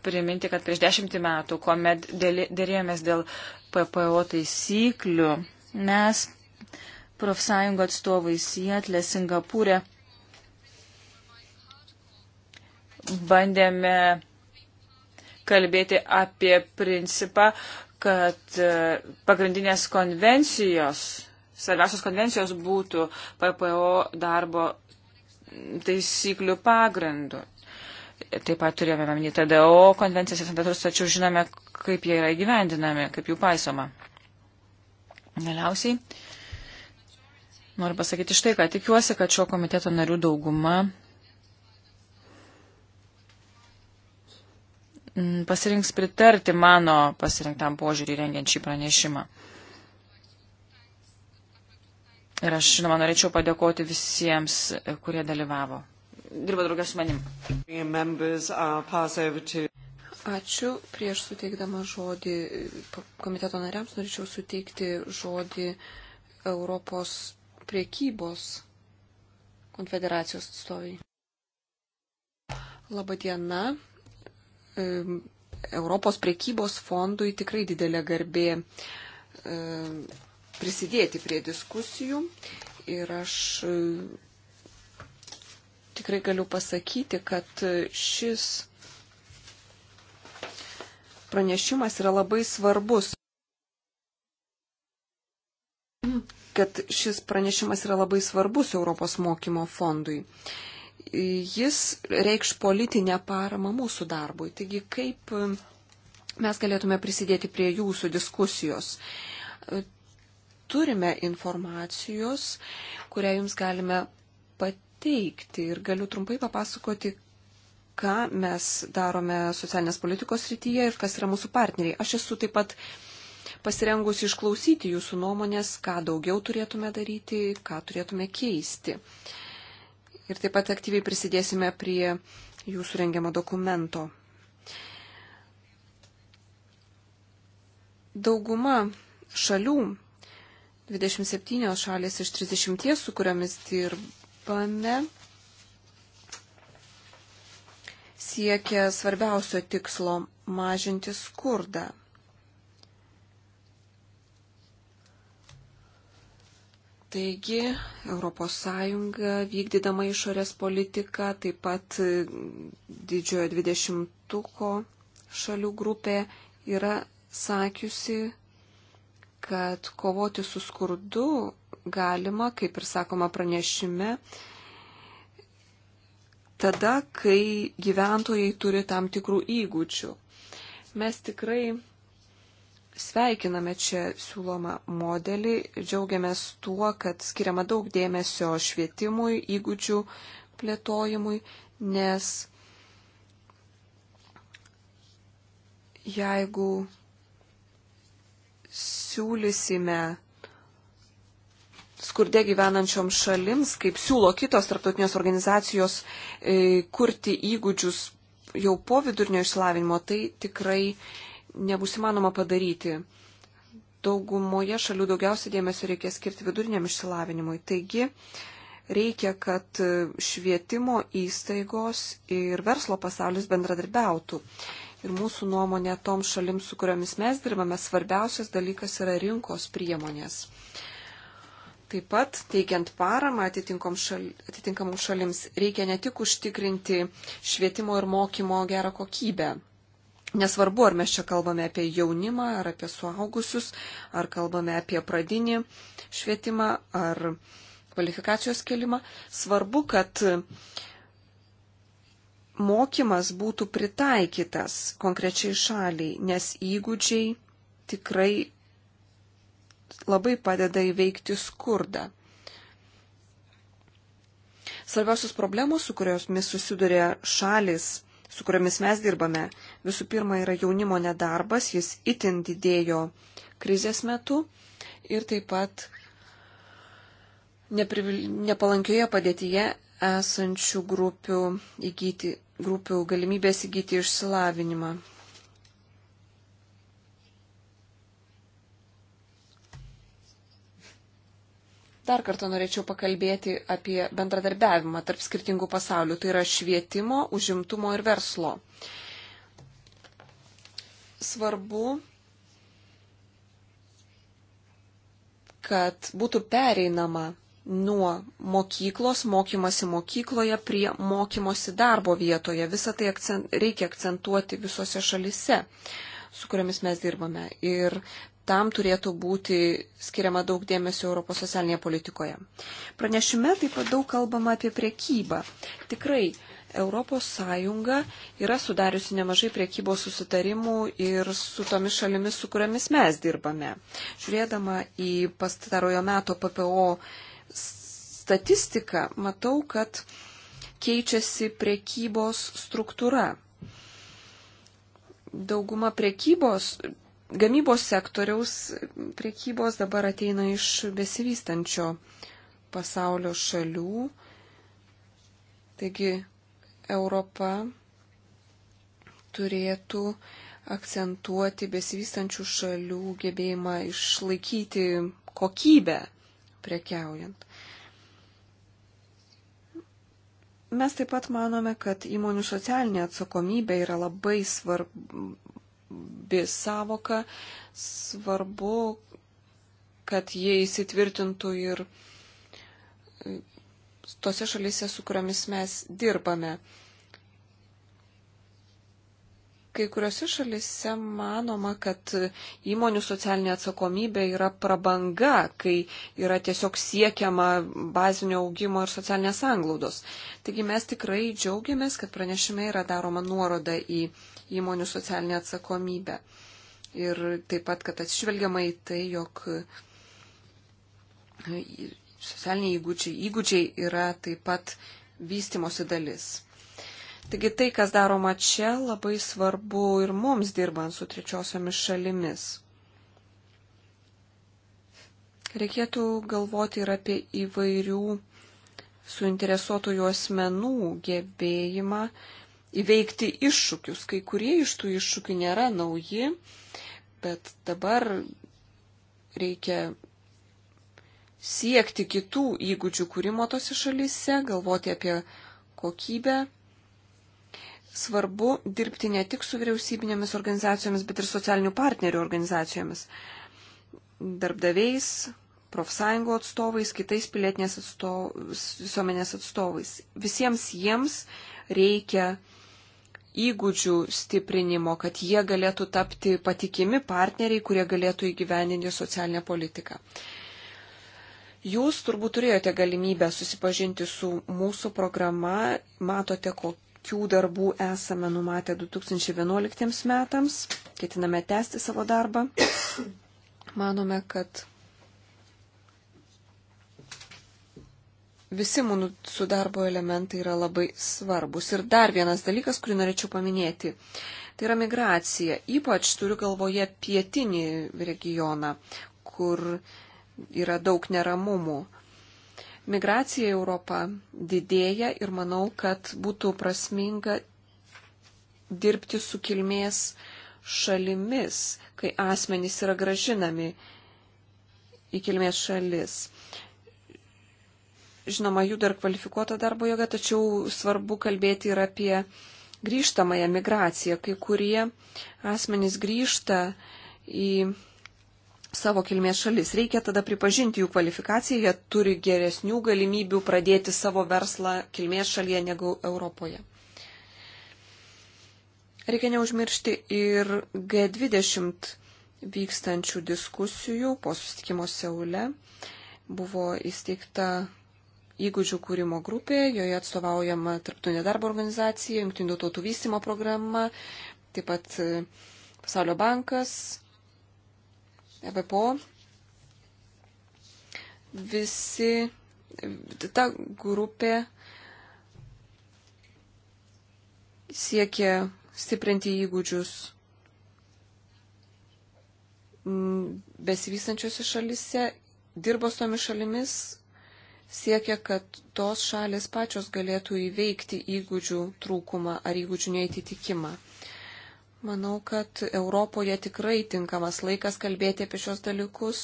priminti, kad prieš dešimtį metų, kuomet dėrėjomės dėl PPO taisyklių, mes profsąjungo atstovai Sietlė, Singapūrė bandėme kalbėti apie principą, kad e, pagrindinės konvencijos svarbiausios konvencijos būtų PPO darbo taisyklių pagrindu. Taip pat turėjome minėti TDO konvencijas ir standartus, tačiau žinome, kaip jie yra įgyvendinami, kaip jų paisoma. Galiausiai noriu pasakyti štai, kad tikiuosi, kad šio komiteto narių dauguma pasirinks pritarti mano pasirinktam požiūrį rengiant šį pranešimą. Ir aš, žinoma, norėčiau padėkoti visiems, kurie dalyvavo. Dirba draugės su manim. Ačiū. Prieš suteikdama žodį komiteto nariams norėčiau suteikti žodį Europos priekybos konfederacijos atstoviai. Labadiena. Europos priekybos fondui tikrai didelė garbė prisidėti prie diskusijų ir aš e, tikrai galiu pasakyti, kad šis pranešimas yra labai svarbus. kad šis pranešimas yra labai svarbus Europos mokymo fondui. Jis reikš politinę paramą mūsų darbui. Taigi, kaip mes galėtume prisidėti prie jūsų diskusijos? turime informacijos, kurią jums galime pateikti. Ir galiu trumpai papasakoti, ką mes darome socialinės politikos rytyje ir kas yra mūsų partneriai. Aš esu taip pat pasirengusi išklausyti jūsų nuomonės, ką daugiau turėtume daryti, ką turėtume keisti. Ir taip pat aktyviai prisidėsime prie jūsų rengiamo dokumento. Dauguma šalių 27 šalės iš 30, su kuriomis dirbame, siekia svarbiausio tikslo - mažinti skurdą. Taigi, ES vykdydama išorės politiką, taip pat didžiojo dvidešimtuko šalių grupė yra sakiusi, kad kovoti su skurdu galima, kaip ir sakoma pranešime, tada, kai gyventojai turi tam tikrų įgūdžių. Mes tikrai sveikiname čia siūlomą modelį, džiaugiamės tuo, kad skiriama daug dėmesio švietimui, įgūdžių plėtojimui, nes jeigu siūlysime skurde gyvenančiom šalims, kaip siūlo kitos tarptautinės organizacijos, e, kurti įgūdžius jau po vidurnio išsilavinimo, tai tikrai nebus įmanoma padaryti. Daugumoje šalių daugiausia dėmesio reikės skirti viduriniam išsilavinimui. Taigi reikia, kad švietimo įstaigos ir verslo pasaulis bendradarbiautų. E, Ir mūsų nuomonė tom šalim, su kuriomis mes dirbame, svarbiausias dalykas yra rinkos priemonės. Taip pat, teikiant paramą šal, atitinkamoms šalims, reikia ne tik užtikrinti švietimo ir mokymo gerą kokybę. Nesvarbu, ar mes čia kalbame apie jaunimą, ar apie suaugusius, ar kalbame apie pradinį švietimą, ar kvalifikacijos kelimą. Svarbu, kad mokymas būtų pritaikytas konkrečiai šaliai, nes įgūdžiai tikrai labai padeda įveikti skurdą. Svarbiausios problemos, su kuriomis susiduria šalis, su kuriomis mes dirbame, visų pirma yra jaunimo nedarbas, jis itin didėjo krizės metu ir taip pat nepalankioje padėtyje esančių grupių, įgyti, grupių galimybės įgyti išsilavinimą. Dar kartą norėčiau pakalbėti apie bendradarbiavimą tarp skirtingų pasaulių, tai yra švietimo, užimtumo ir verslo. Svarbu, kad būtų pereinama nuo mokyklos, mokymasi mokykloje prie mokymosi darbo vietoje. Visą tai akcent, reikia akcentuoti visose šalise, su kuriomis mes dirbame. Ir tam turėtų būti skiriama daug dėmesio Europos socialinėje politikoje. Pranešime taip pat daug kalbama apie priekybą. Tikrai, Europos Sąjunga yra sudariusi nemažai priekybos susitarimų ir su tomis šalimis, su kuriamis mes dirbame. Žiūrėdama į pastarojo meto PPO statistiką, matau, kad keičiasi prekybos struktūra. Dauguma prekybos, gamybos sektoriaus prekybos dabar ateina iš besivystančio pasaulio šalių. Taigi Europa turėtų akcentuoti besivystančių šalių gebėjimą išlaikyti kokybę prekiaujant. Mes taip pat manome, kad įmonių socialinė atsakomybė yra labai svarbi savoka, svarbu, kad jie įsitvirtintų ir tose šalise, su kuriomis mes dirbame. Kai kuriuose šalise manoma, kad įmonių socialinė atsakomybė yra prabanga, kai yra tiesiog siekiama bazinio augimo ir socialinės anglaudos. Taigi mes tikrai džiaugiamės, kad pranešime yra daroma nuoroda į įmonių socialinę atsakomybę. Ir taip pat, kad atsižvelgiama į tai, jog socialiniai įgūdžiai, įgūdžiai yra taip pat vystimosi dalis. Taigi tai, kas daroma čia, labai svarbu ir mums dirbant su trečiosiomis šalimis. Reikėtų galvoti ir apie įvairių suinteresuotųjų asmenų gebėjimą įveikti iššūkius. Kai kurie iš tų iššūkių nėra nauji, bet dabar reikia siekti kitų įgūdžių kūrimo tose šalyse, galvoti apie kokybę svarbu dirbti ne tik su vyriausybinėmis organizacijomis, bet ir socialinių partnerių organizacijomis, darbdaviais, profsąjungų atstovais, kitais pilietinės atstovais, visuomenės atstovais. Visiems jiems reikia įgūdžių stiprinimo, kad jie galėtų tapti patikimi partneriai, kurie galėtų įgyveninti socialinę politiką. Jūs turbūt turėjote galimybę susipažinti su mūsų programa, matote, kok Tokių darbų esame numatę 2011 metams, ketiname tęsti savo darbą. Manome, kad visi mūsų darbo elementai yra labai svarbus. Ir dar vienas dalykas, kurį norėčiau paminėti, tai yra migracija. Ypač turiu galvoje pietinį regioną, kur yra daug neramumų. Migracija į Europą didėja ir manau, kad būtų prasminga dirbti su kilmės šalimis, kai asmenys yra gražinami į kilmės šalis. Žinoma, jų dar kvalifikuota darbo jėga, tačiau svarbu kalbėti ir apie grįžtamąją migraciją. Kai kurie asmenys grįžta į savo kilmės šalis. Reikia tada pripažinti jų kvalifikaciją, jie turi geresnių galimybių pradėti savo verslą kilmės šalyje negu Europoje. Reikia neužmiršti ir G20 vykstančių diskusijų po sustikimo Seule. Buvo įsteigta įgūdžių kūrimo grupė, joje atstovaujama Tarptautinė darbo organizacija, Junktinių tautų vystimo programa, taip pat Pasaulio bankas, EBPO visi, ta grupė siekia stiprinti įgūdžius besivystančiose šalise, dirbo su tomis šalimis, siekia, kad tos šalis pačios galėtų įveikti įgūdžių trūkumą ar įgūdžių neįtitikimą. Manau, kad Europoje tikrai tinkamas laikas kalbėti apie šios dalykus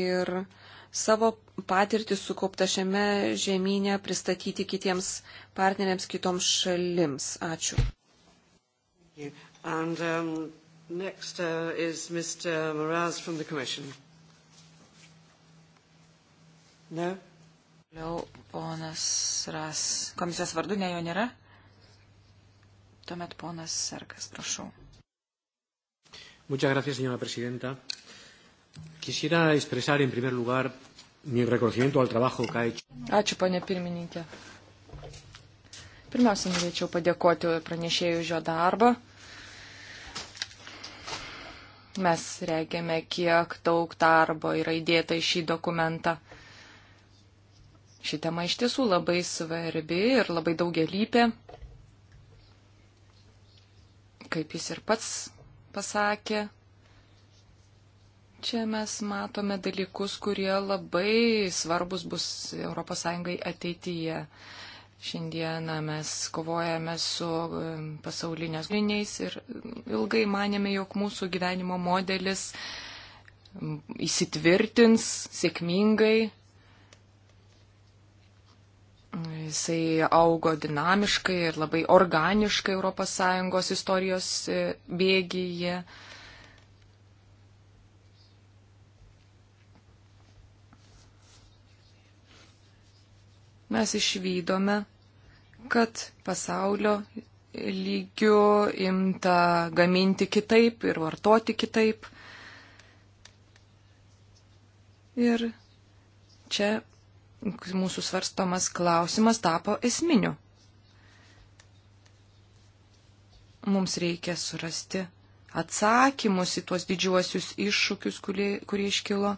ir savo patirtį sukauptą šiame žemynė pristatyti kitiems partneriams, kitoms šalims. Ačiū. And, um, next, uh, is Mr. Moraz from the Commission. No? Toliau ponas Ras. Komisijos vardu, ne jo nėra? Tuomet ponas Serkas, prašau. Muchas gracias, señora presidenta. Quisiera expresar en primer lugar mi reconocimiento al trabajo que ha hecho. Ačiū, ponė pirmininkė. Pirmiausia, norėčiau padėkoti pranešėjų už jo darbą. Mes regėme, kiek daug darbo yra įdėta į šį dokumentą. Ši tema iš tiesų labai svarbi ir labai daugialypė kaip jis ir pats pasakė, čia mes matome dalykus, kurie labai svarbus bus ES ateityje. Šiandieną mes kovojame su um, pasaulinės griniais ir um, ilgai manėme, jog mūsų gyvenimo modelis um, įsitvirtins sėkmingai Jisai augo dinamiškai ir labai organiškai ES istorijos e, bėgyje. Mes išvykome, kad pasaulio lygių imta gaminti kitaip ir vartoti kitaip. Ir čia mūsų svarstomas klausimas tapo esminiu. Mums reikia surasti atsakymus į tuos didžiuosius iššūkius, kurie, kurie iškilo.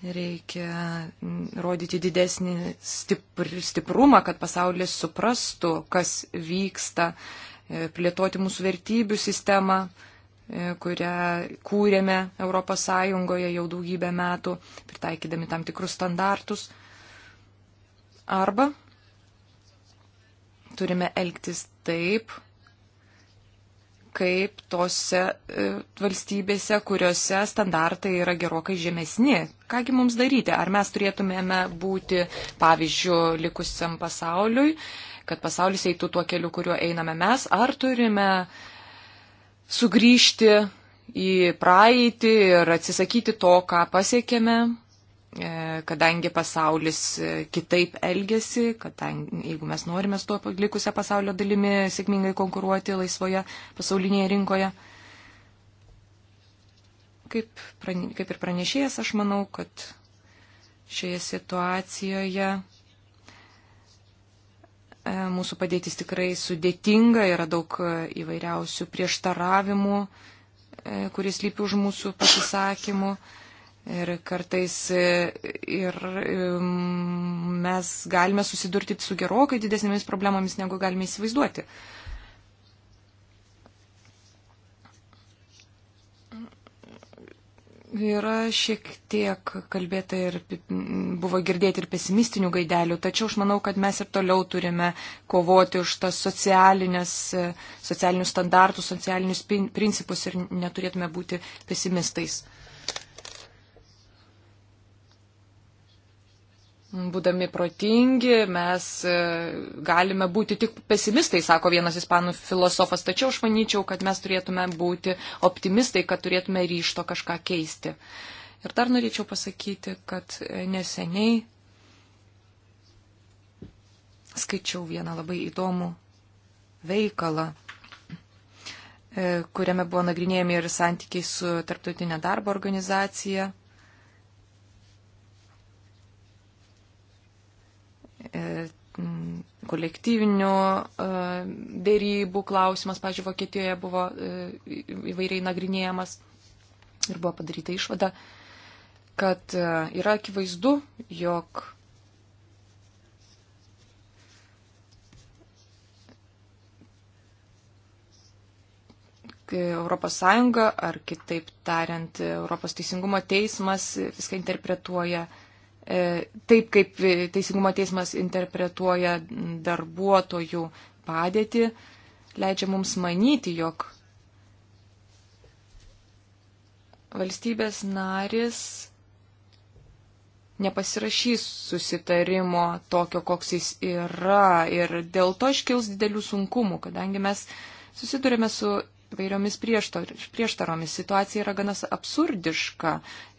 Reikia mm, rodyti didesnį stipr, stiprumą, kad pasaulis suprastų, kas vyksta, e, plėtoti mūsų vertybių sistemą, e, kurią kūrėme ES jau daugybę metų, pritaikydami tam tikrus standartus. Arba turime elgtis taip, kaip tose e, valstybėse, kuriuose standartai yra gerokai žemesni. Kągi mums daryti? Ar mes turėtumėme būti pavyzdžių likusiam pasauliui, kad pasaulis eitų tuo keliu, kuriuo einame mes, ar turime sugrįžti į praeitį ir atsisakyti to, ką pasiekėme, E, kadangi pasaulis e, kitaip elgesi, kadangi jeigu mes norime su to likusią pasaulio dalimi sėkmingai konkuruoti laisvoje pasaulinėje rinkoje. Kaip, prane, kaip ir pranešėjas, aš manau, kad šioje situacijoje e, mūsų padėtis tikrai sudėtinga, yra daug įvairiausių prieštaravimų, kuris lypi už mūsų pasisakymų. Ir kartais e, ir e, mes galime susidurti su gerokai didesnėmis problemomis, negu galime įsivaizduoti. Yra šiek tiek kalbėta ir buvo girdėti ir pesimistinių gaidelių, tačiau aš manau, kad mes ir toliau turime kovoti už tas e, socialinius standartus, socialinius principus ir neturėtume būti pesimistais. Būdami protingi, mes e, galime būti tik pesimistai, sako vienas ispanų filosofas, tačiau aš manyčiau, kad mes turėtume būti optimistai, kad turėtume ryšto kažką keisti. Ir dar norėčiau pasakyti, kad e, neseniai skaičiau vieną labai įdomų veikalą, e, kuriame buvo nagrinėjami ir santykiai su Tarptautinė darbo organizacija E, kolektyvinių e, dėrybų klausimas, pažiūrėjau, Vokietijoje buvo e, įvairiai nagrinėjamas ir buvo padaryta išvada, kad yra akivaizdu, jog ES ar kitaip tariant, Europos teisingumo teismas viską interpretuoja E, taip kaip Teisingumo teismas interpretuoja darbuotojų padėtį, leidžia mums manyti, jog valstybės narys nepasirašys susitarimo tokio, koks jis yra. Ir dėl to iškils didelių sunkumų, kadangi mes susidurėme su vairiomis prieštaromis. Situacija yra ganas absurdiška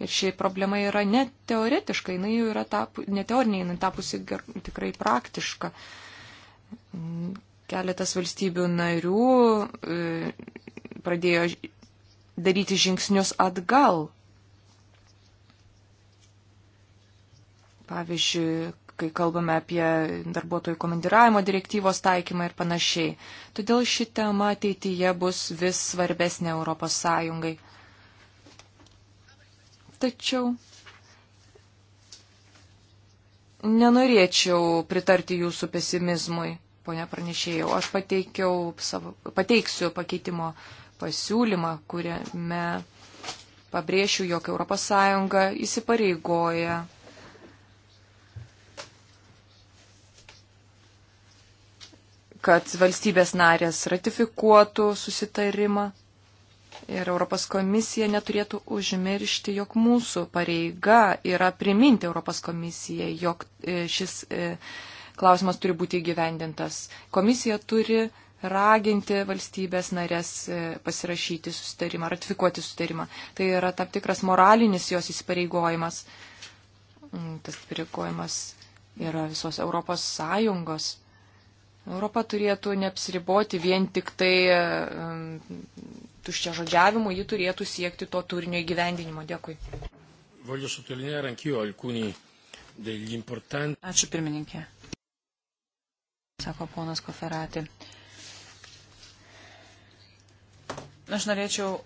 ir ši problema yra ne teoretiška, jinai jau yra tapu, ne teorinė, jinai tapusi ger, tikrai praktiška. Keletas valstybių narių e, pradėjo daryti žingsnius atgal. Pavyzdžiui, kai kalbame apie darbuotojų komandiravimo direktyvos taikymą ir panašiai. Todėl ši tema ateityje bus vis svarbesnė Europos Sąjungai. Tačiau nenorėčiau pritarti jūsų pesimizmui, ponia pranešėjau. Aš savo, pateiksiu pakeitimo pasiūlymą, kuriame pabrėšiu, jog ES įsipareigoja kad valstybės narės ratifikuotų susitarimą ir Europos komisija neturėtų užmiršti, jog mūsų pareiga yra priminti Europos komisijai, jog e, šis e, klausimas turi būti įgyvendintas. Komisija turi raginti valstybės narės e, pasirašyti susitarimą, ratifikuoti susitarimą. Tai yra tam tikras moralinis jos įsipareigojimas. Mm, tas įsipareigojimas yra visos Europos Sąjungos. Europa turėtų neapsiriboti vien tik tai um, tuščia žodžiavimu, ji turėtų siekti to turinio įgyvendinimo. Dėkui. Ačiū pirmininkė. Sako ponas Koferati. Aš norėčiau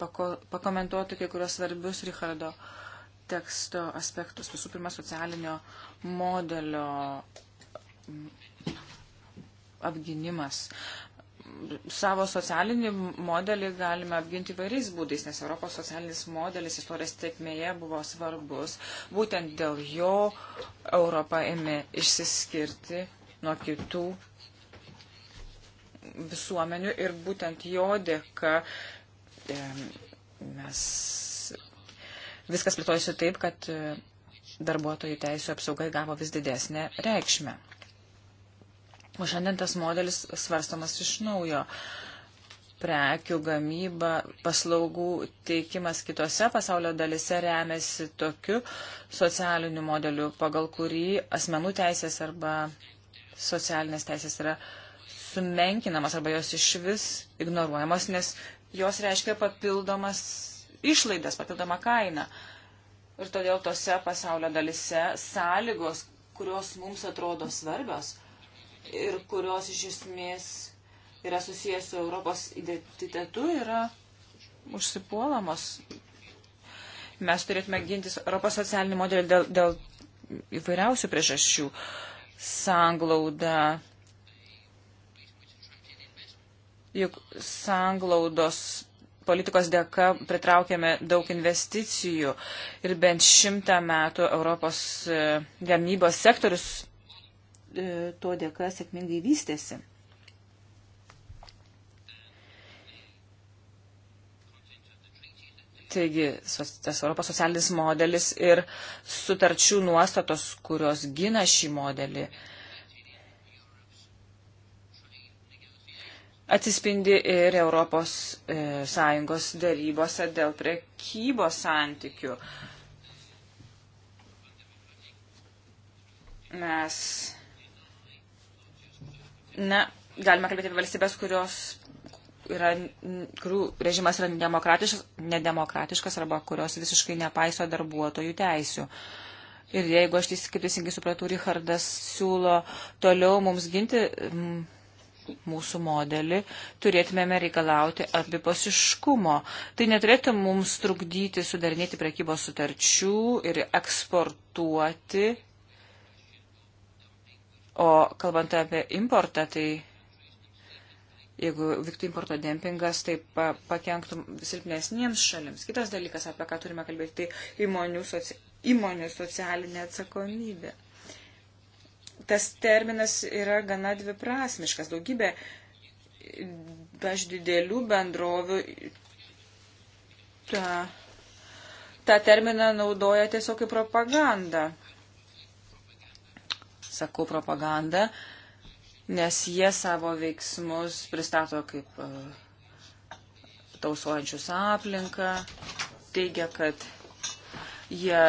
pako, pakomentuoti kai kurios svarbius Richardo teksto aspektus. Visų pirma, socialinio modelio apginimas. Savo socialinį modelį galime apginti vairiais būdais, nes Europos socialinis modelis istorijos tekmėje buvo svarbus. Būtent dėl jo Europa ėmė išsiskirti nuo kitų visuomenių ir būtent jo dėka mes viskas plėtojasi taip, kad e, darbuotojų teisų apsaugai gavo vis didesnę reikšmę. O šiandien tas modelis svarstomas iš naujo. Prekių gamyba, paslaugų teikimas kitose pasaulio dalise remiasi tokiu socialiniu modeliu, pagal kurį asmenų teisės arba socialinės teisės yra sumenkinamas arba jos iš vis ignoruojamos, nes jos reiškia papildomas išlaidas, papildomą kainą. Ir todėl tose pasaulio dalise sąlygos, kurios mums atrodo svarbios, ir kurios iš esmės yra susijęs su Europos identitetu, yra užsipuolamos. Mes turėtume gintis Europos socialinį modelį dėl, dėl įvairiausių priežasčių. Sanglauda. Juk sanglaudos politikos dėka pritraukėme daug investicijų ir bent šimtą metų Europos e, gamybos sektorius E, to dėka sėkmingai vystėsi. Taigi, tas Europos socialinis modelis ir sutarčių nuostatos, kurios gina šį modelį, atsispindi ir Europos e, Sąjungos darybose dėl prekybos santykių. Mes Na, galime kalbėti apie valstybės, kurios yra, kurių režimas yra nedemokratiškas, nedemokratiškas arba kurios visiškai nepaiso darbuotojų teisių. Ir jeigu aš teis, kaip teisingai supratau, Richardas siūlo toliau mums ginti m, mūsų modelį, turėtumėme reikalauti abipasiškumo. Tai neturėtų mums trukdyti sudarinėti prekybos sutarčių ir eksportuoti O kalbant apie importą, tai jeigu vyktų importo dempingas, tai pa, pakenktų silpnesniems šalims. Kitas dalykas, apie ką turime kalbėti, tai įmonių, soci, įmonių socialinė atsakomybė. Tas terminas yra gana dviprasmiškas. Daugybė, aš didelių bendrovių tą, tą terminą naudoja tiesiog kaip propagandą sakau propagandą, nes jie savo veiksmus pristato kaip e, tausojančius aplinką, teigia, kad jie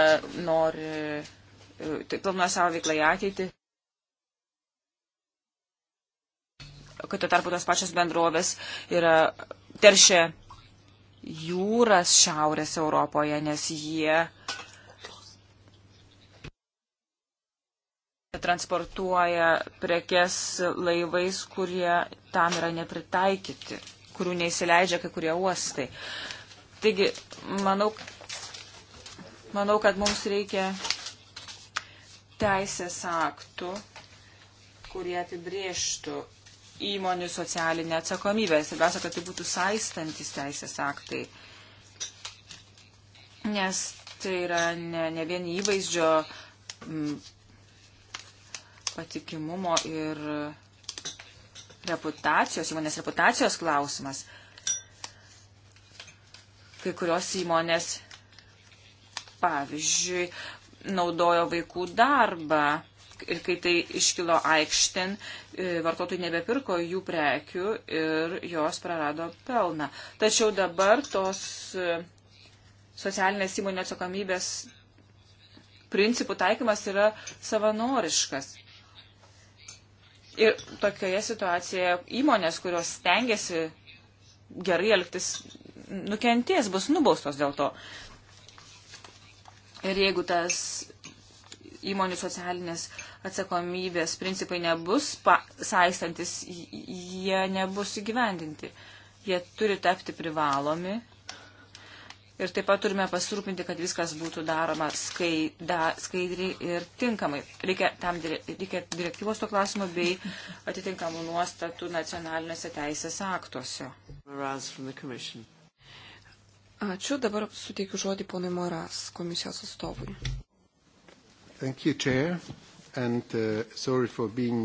nori, e, tai planuoja savo veiklą į ateitį. kad tuo tarpu tos pačios bendrovės yra teršia jūras šiaurės Europoje, nes jie transportuoja prekes laivais, kurie tam yra nepritaikyti, kurių neįsileidžia kai kurie uostai. Taigi, manau, manau kad mums reikia teisės aktų, kurie apibrieštų įmonių socialinę atsakomybę. Svarbiausia, kad tai būtų saistantis teisės aktai. Nes tai yra ne, ne vien įvaizdžio patikimumo ir reputacijos, įmonės reputacijos klausimas. Kai kurios įmonės, pavyzdžiui, naudojo vaikų darbą ir kai tai iškilo aikštin, e, vartotojai nebepirko jų prekių ir jos prarado pelną. Tačiau dabar tos e, socialinės įmonės atsakomybės principų taikymas yra savanoriškas. Ir tokioje situacijoje įmonės, kurios stengiasi gerai elgtis, nukenties, bus nubaustos dėl to. Ir jeigu tas įmonių socialinės atsakomybės principai nebus pa, saistantis, jie nebus įgyvendinti. Jie turi tapti privalomi ir taip pat turime pasirūpinti, kad viskas būtų daroma skaida, skaidriai ir tinkamai. Reikia, tam, reikia direktyvos to klausimo bei atitinkamų nuostatų nacionaliniuose teisės aktuose. Ačiū, dabar suteikiu žodį ponui Moras, komisijos atstovui. Thank you, Chair. And, uh, sorry for being...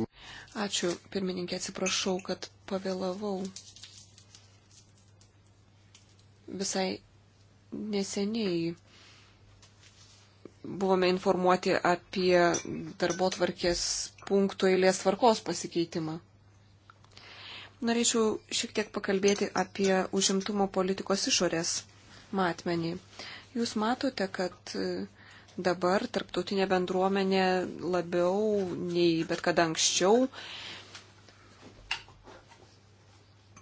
Ačiū, pirmininkė, atsiprašau, kad pavėlavau. Visai neseniai buvome informuoti apie darbo tvarkės punktų eilės tvarkos pasikeitimą. Norėčiau šiek tiek pakalbėti apie užimtumo politikos išorės matmenį. Jūs matote, kad e, dabar tarptautinė bendruomenė labiau nei bet kada anksčiau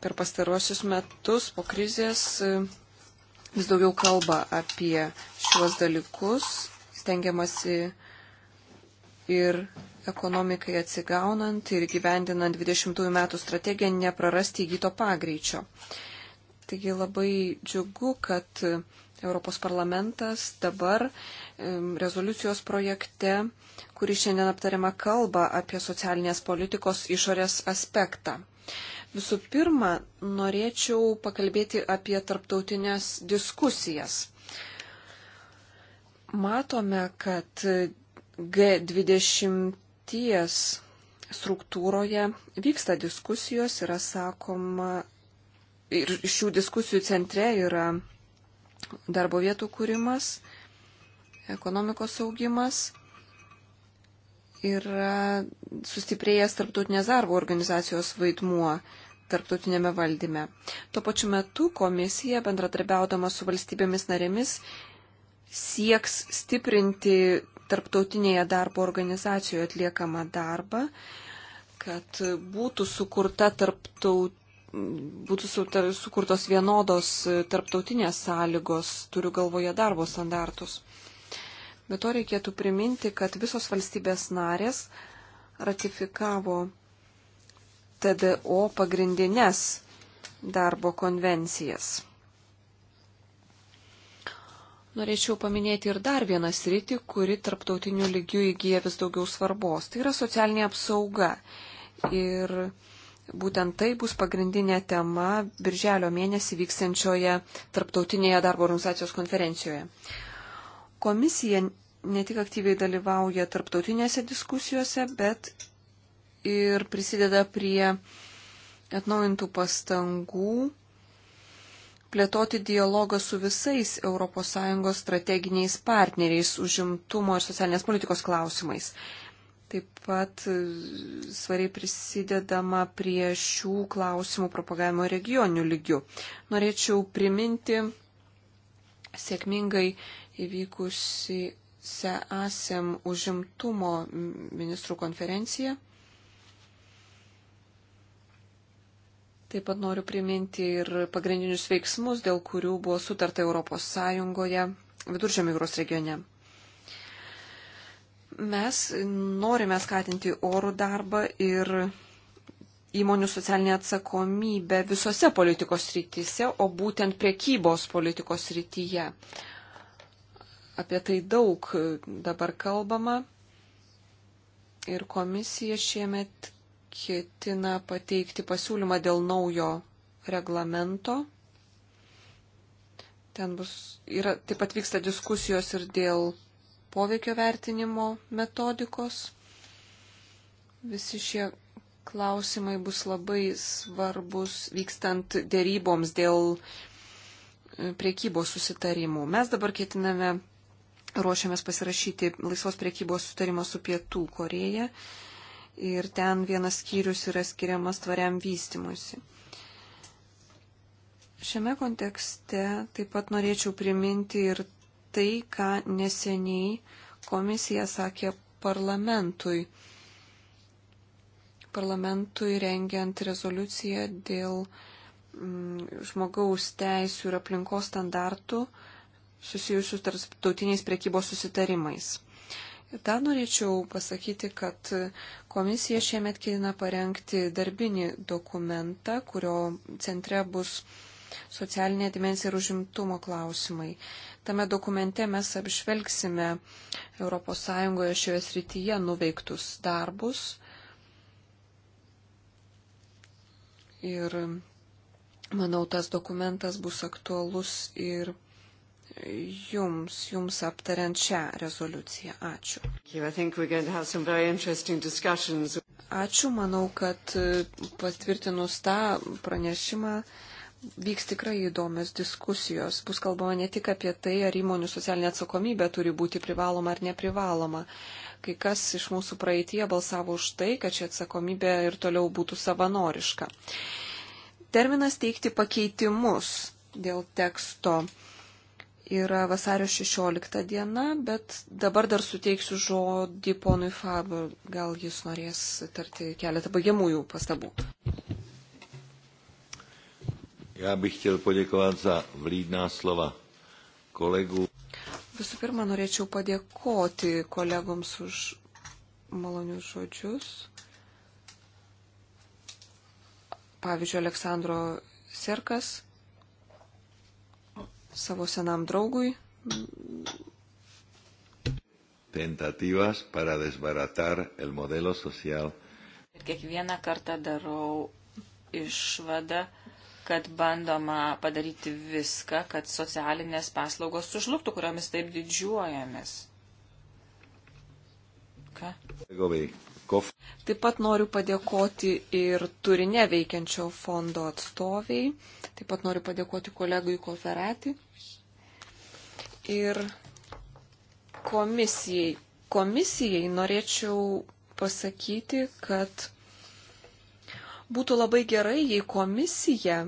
per pastarosius metus po krizės e, vis daugiau kalba apie šiuos dalykus, stengiamasi ir ekonomikai atsigaunant ir gyvendinant 20 metų strategiją neprarasti įgyto pagreičio. Taigi labai džiugu, kad Europos parlamentas dabar rezoliucijos projekte, kuri šiandien aptariama kalba apie socialinės politikos išorės aspektą. Visų pirma, norėčiau pakalbėti apie tarptautinės diskusijas. Matome, kad G20 struktūroje vyksta diskusijos, yra sakoma, ir šių diskusijų centre yra darbo vietų kūrimas, ekonomikos augimas yra sustiprėjęs tarptautinės darbo organizacijos vaidmuo tarptautinėme valdyme. Tuo pačiu metu komisija, bendradarbiaudama su valstybėmis narėmis, sieks stiprinti tarptautinėje darbo organizacijoje atliekamą darbą, kad būtų, sukurta tarptaut... būtų sukurtos vienodos tarptautinės sąlygos, turiu galvoje darbo standartus. Bet to reikėtų priminti, kad visos valstybės narės ratifikavo TDO pagrindinės darbo konvencijas. Norėčiau paminėti ir dar vieną sritį, kuri tarptautiniu lygiu įgyja vis daugiau svarbos. Tai yra socialinė apsauga. Ir būtent tai bus pagrindinė tema birželio mėnesį vyksiančioje tarptautinėje darbo organizacijos konferencijoje. Komisija ne tik aktyviai dalyvauja tarptautinėse diskusijose, bet ir prisideda prie atnaujintų pastangų plėtoti dialogą su visais ES strateginiais partneriais užimtumo ir socialinės politikos klausimais. Taip pat e, svariai prisidedama prie šių klausimų propagavimo regioninių lygių. Norėčiau priminti sėkmingai įvykusi SEASEM užimtumo ministrų konferencija. Taip pat noriu priminti ir pagrindinius veiksmus, dėl kurių buvo sutarta Europos Sąjungoje viduržėmio jūros regione. Mes norime skatinti orų darbą ir įmonių socialinę atsakomybę visose politikos rytise, o būtent priekybos politikos rytyje. Apie tai daug dabar kalbama. Ir komisija šiemet ketina pateikti pasiūlymą dėl naujo reglamento. Ten bus, yra, taip pat vyksta diskusijos ir dėl poveikio vertinimo metodikos. Visi šie klausimai bus labai svarbus vykstant dėryboms dėl e, priekybos susitarimų. Mes dabar ketiname ruošiamės pasirašyti laisvos priekybos sutarimą su Pietų Koreja ir ten vienas skyrius yra skiriamas tvariam vystimuisi. Šiame kontekste taip pat norėčiau priminti ir tai, ką neseniai komisija sakė parlamentui. Parlamentui rengiant rezoliuciją dėl mm, žmogaus teisų ir aplinkos standartų susijusius tarptautiniais prekybos susitarimais. Dar norėčiau pasakyti, kad komisija šiemet ketina parengti darbinį dokumentą, kurio centre bus socialinė dimensija ir užimtumo klausimai. Tame dokumente mes apžvelgsime ES šioje srityje nuveiktus darbus ir manau, tas dokumentas bus aktualus ir jums, jums aptariant šią rezoliuciją. Ačiū. Ačiū, manau, kad e, patvirtinus tą pranešimą vyks tikrai įdomios diskusijos. Bus kalbama ne tik apie tai, ar įmonių socialinė atsakomybė turi būti privaloma ar neprivaloma. Kai kas iš mūsų praeitie balsavo už tai, kad ši atsakomybė ir toliau būtų savanoriška. Terminas teikti pakeitimus dėl teksto yra vasario 16 diena, bet dabar dar suteiksiu žodį ponui Faber, gal jis norės tarti keletą baigiamųjų pastabų. Já bych chtěl poděkovat za vlídná slova kolegů. Visų pirma, norėčiau padėkoti kolegoms už malonius žodžius. Pavyzdžiui, Aleksandro Serkas savo senam draugui. Tentatyvas para desbaratar el modelo social. Ir kiekvieną kartą darau išvadą, kad bandoma padaryti viską, kad socialinės paslaugos sužlugtų, kuriomis taip didžiuojamės. Ką? Goviai. Taip pat noriu padėkoti ir turinė veikiančio fondo atstoviai. Taip pat noriu padėkoti kolegui Koferati ir komisijai. Komisijai norėčiau pasakyti, kad būtų labai gerai, jei komisija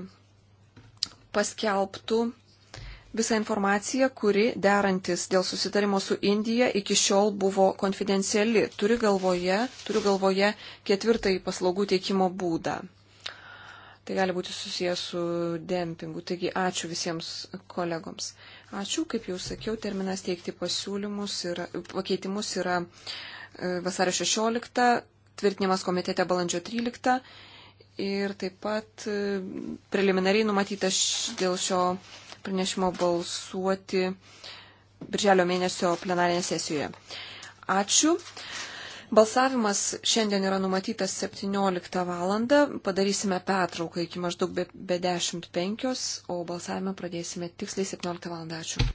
paskelbtų visą informaciją, kuri derantis dėl susitarimo su Indija iki šiol buvo konfidenciali. Turiu galvoje, turiu galvoje ketvirtąjį paslaugų teikimo būdą. Tai gali būti susijęs su dempingu. Taigi ačiū visiems kolegoms. Ačiū, kaip jau sakiau, terminas teikti pasiūlymus ir pakeitimus yra e, vasario 16, tvirtinimas komitete balandžio 13 ir taip pat e, preliminariai numatytas dėl šio pranešimo balsuoti birželio mėnesio plenarinėje sesijoje. Ačiū. Balsavimas šiandien yra numatytas 17 val. Padarysime pertrauką iki maždaug be, be 10.05, o balsavimą pradėsime tiksliai 17 val. Ačiū.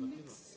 karantino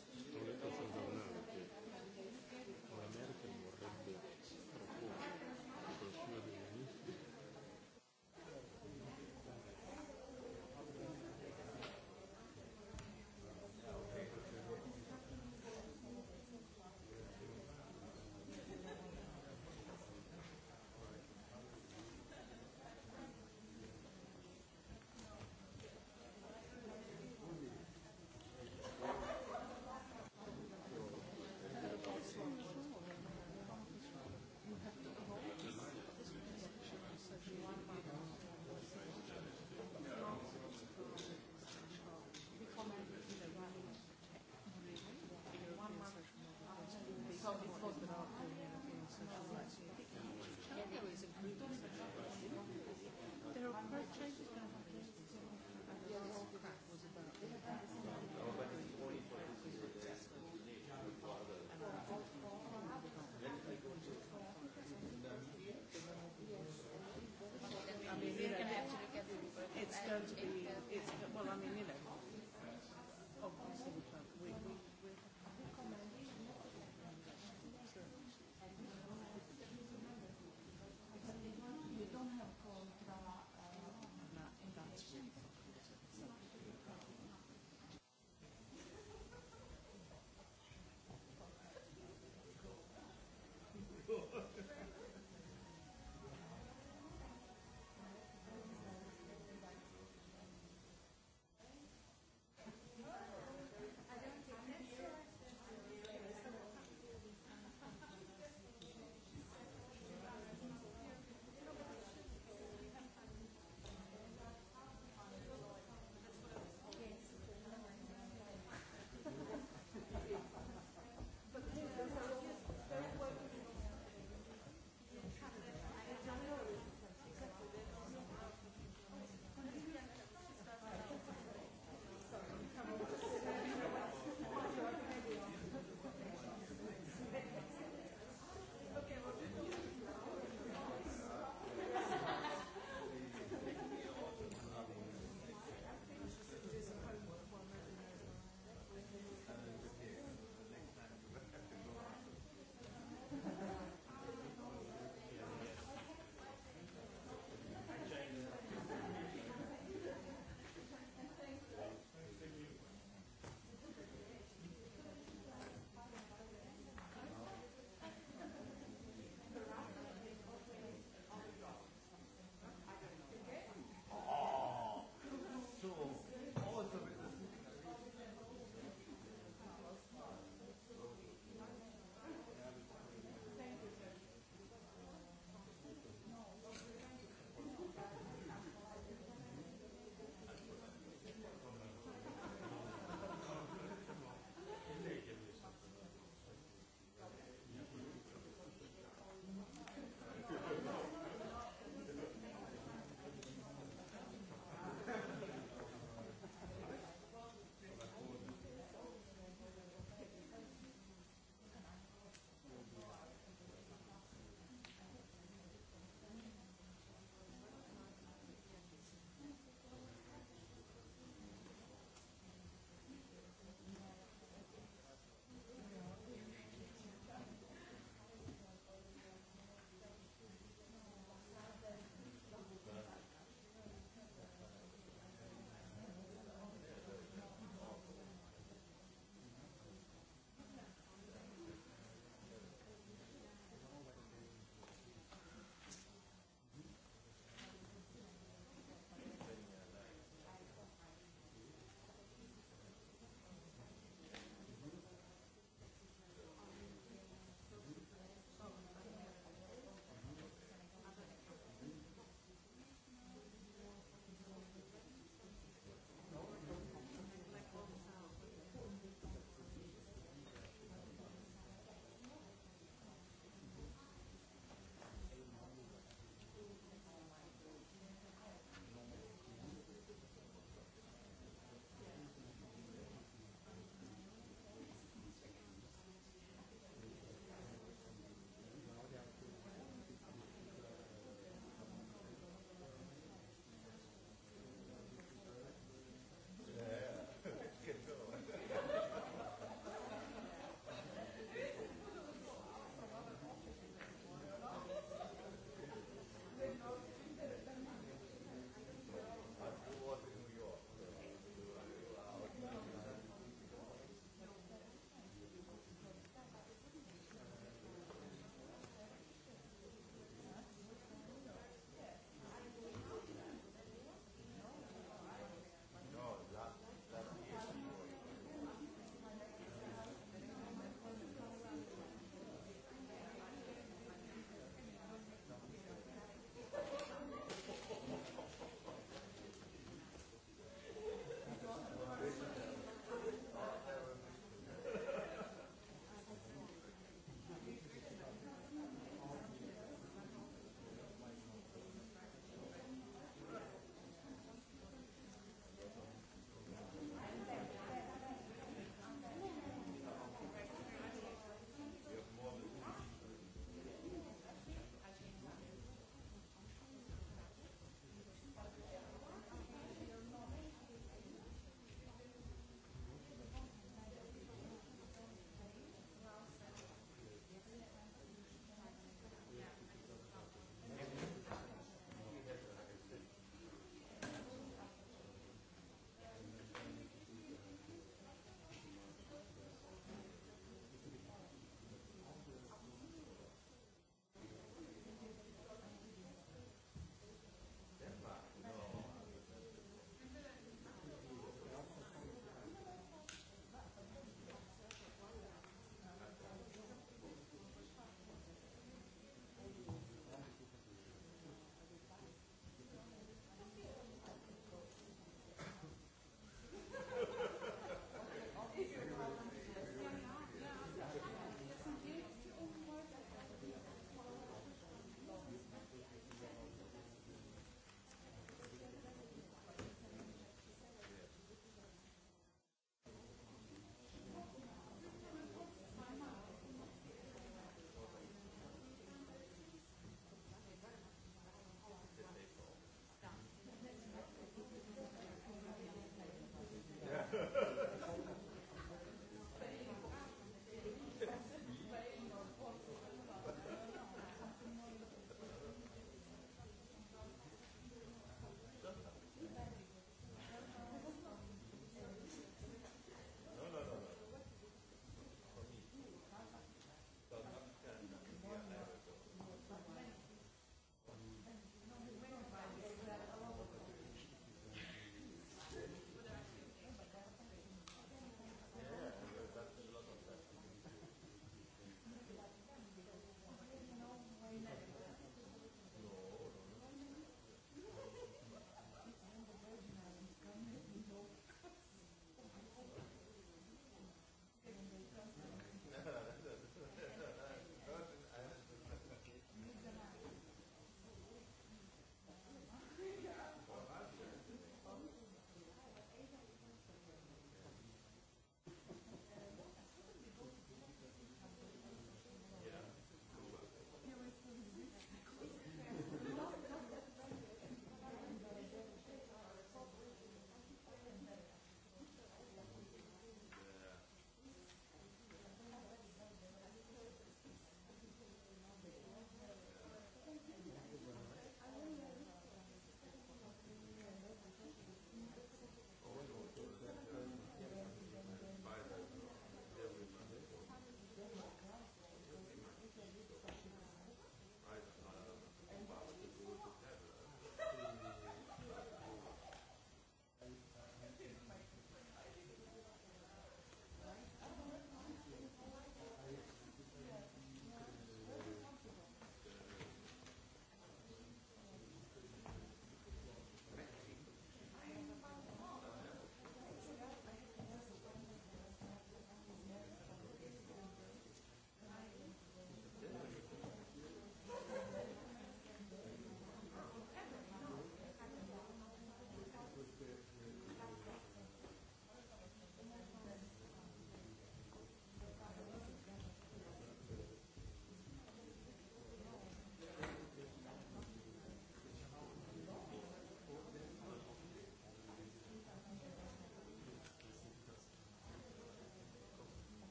Judge A.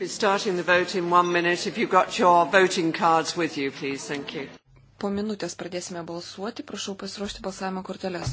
be starting the vote in one minute. If you've got your voting cards with you, please. Thank you. Po minutės pradėsime balsuoti. Prašau pasiruošti balsavimo korteles.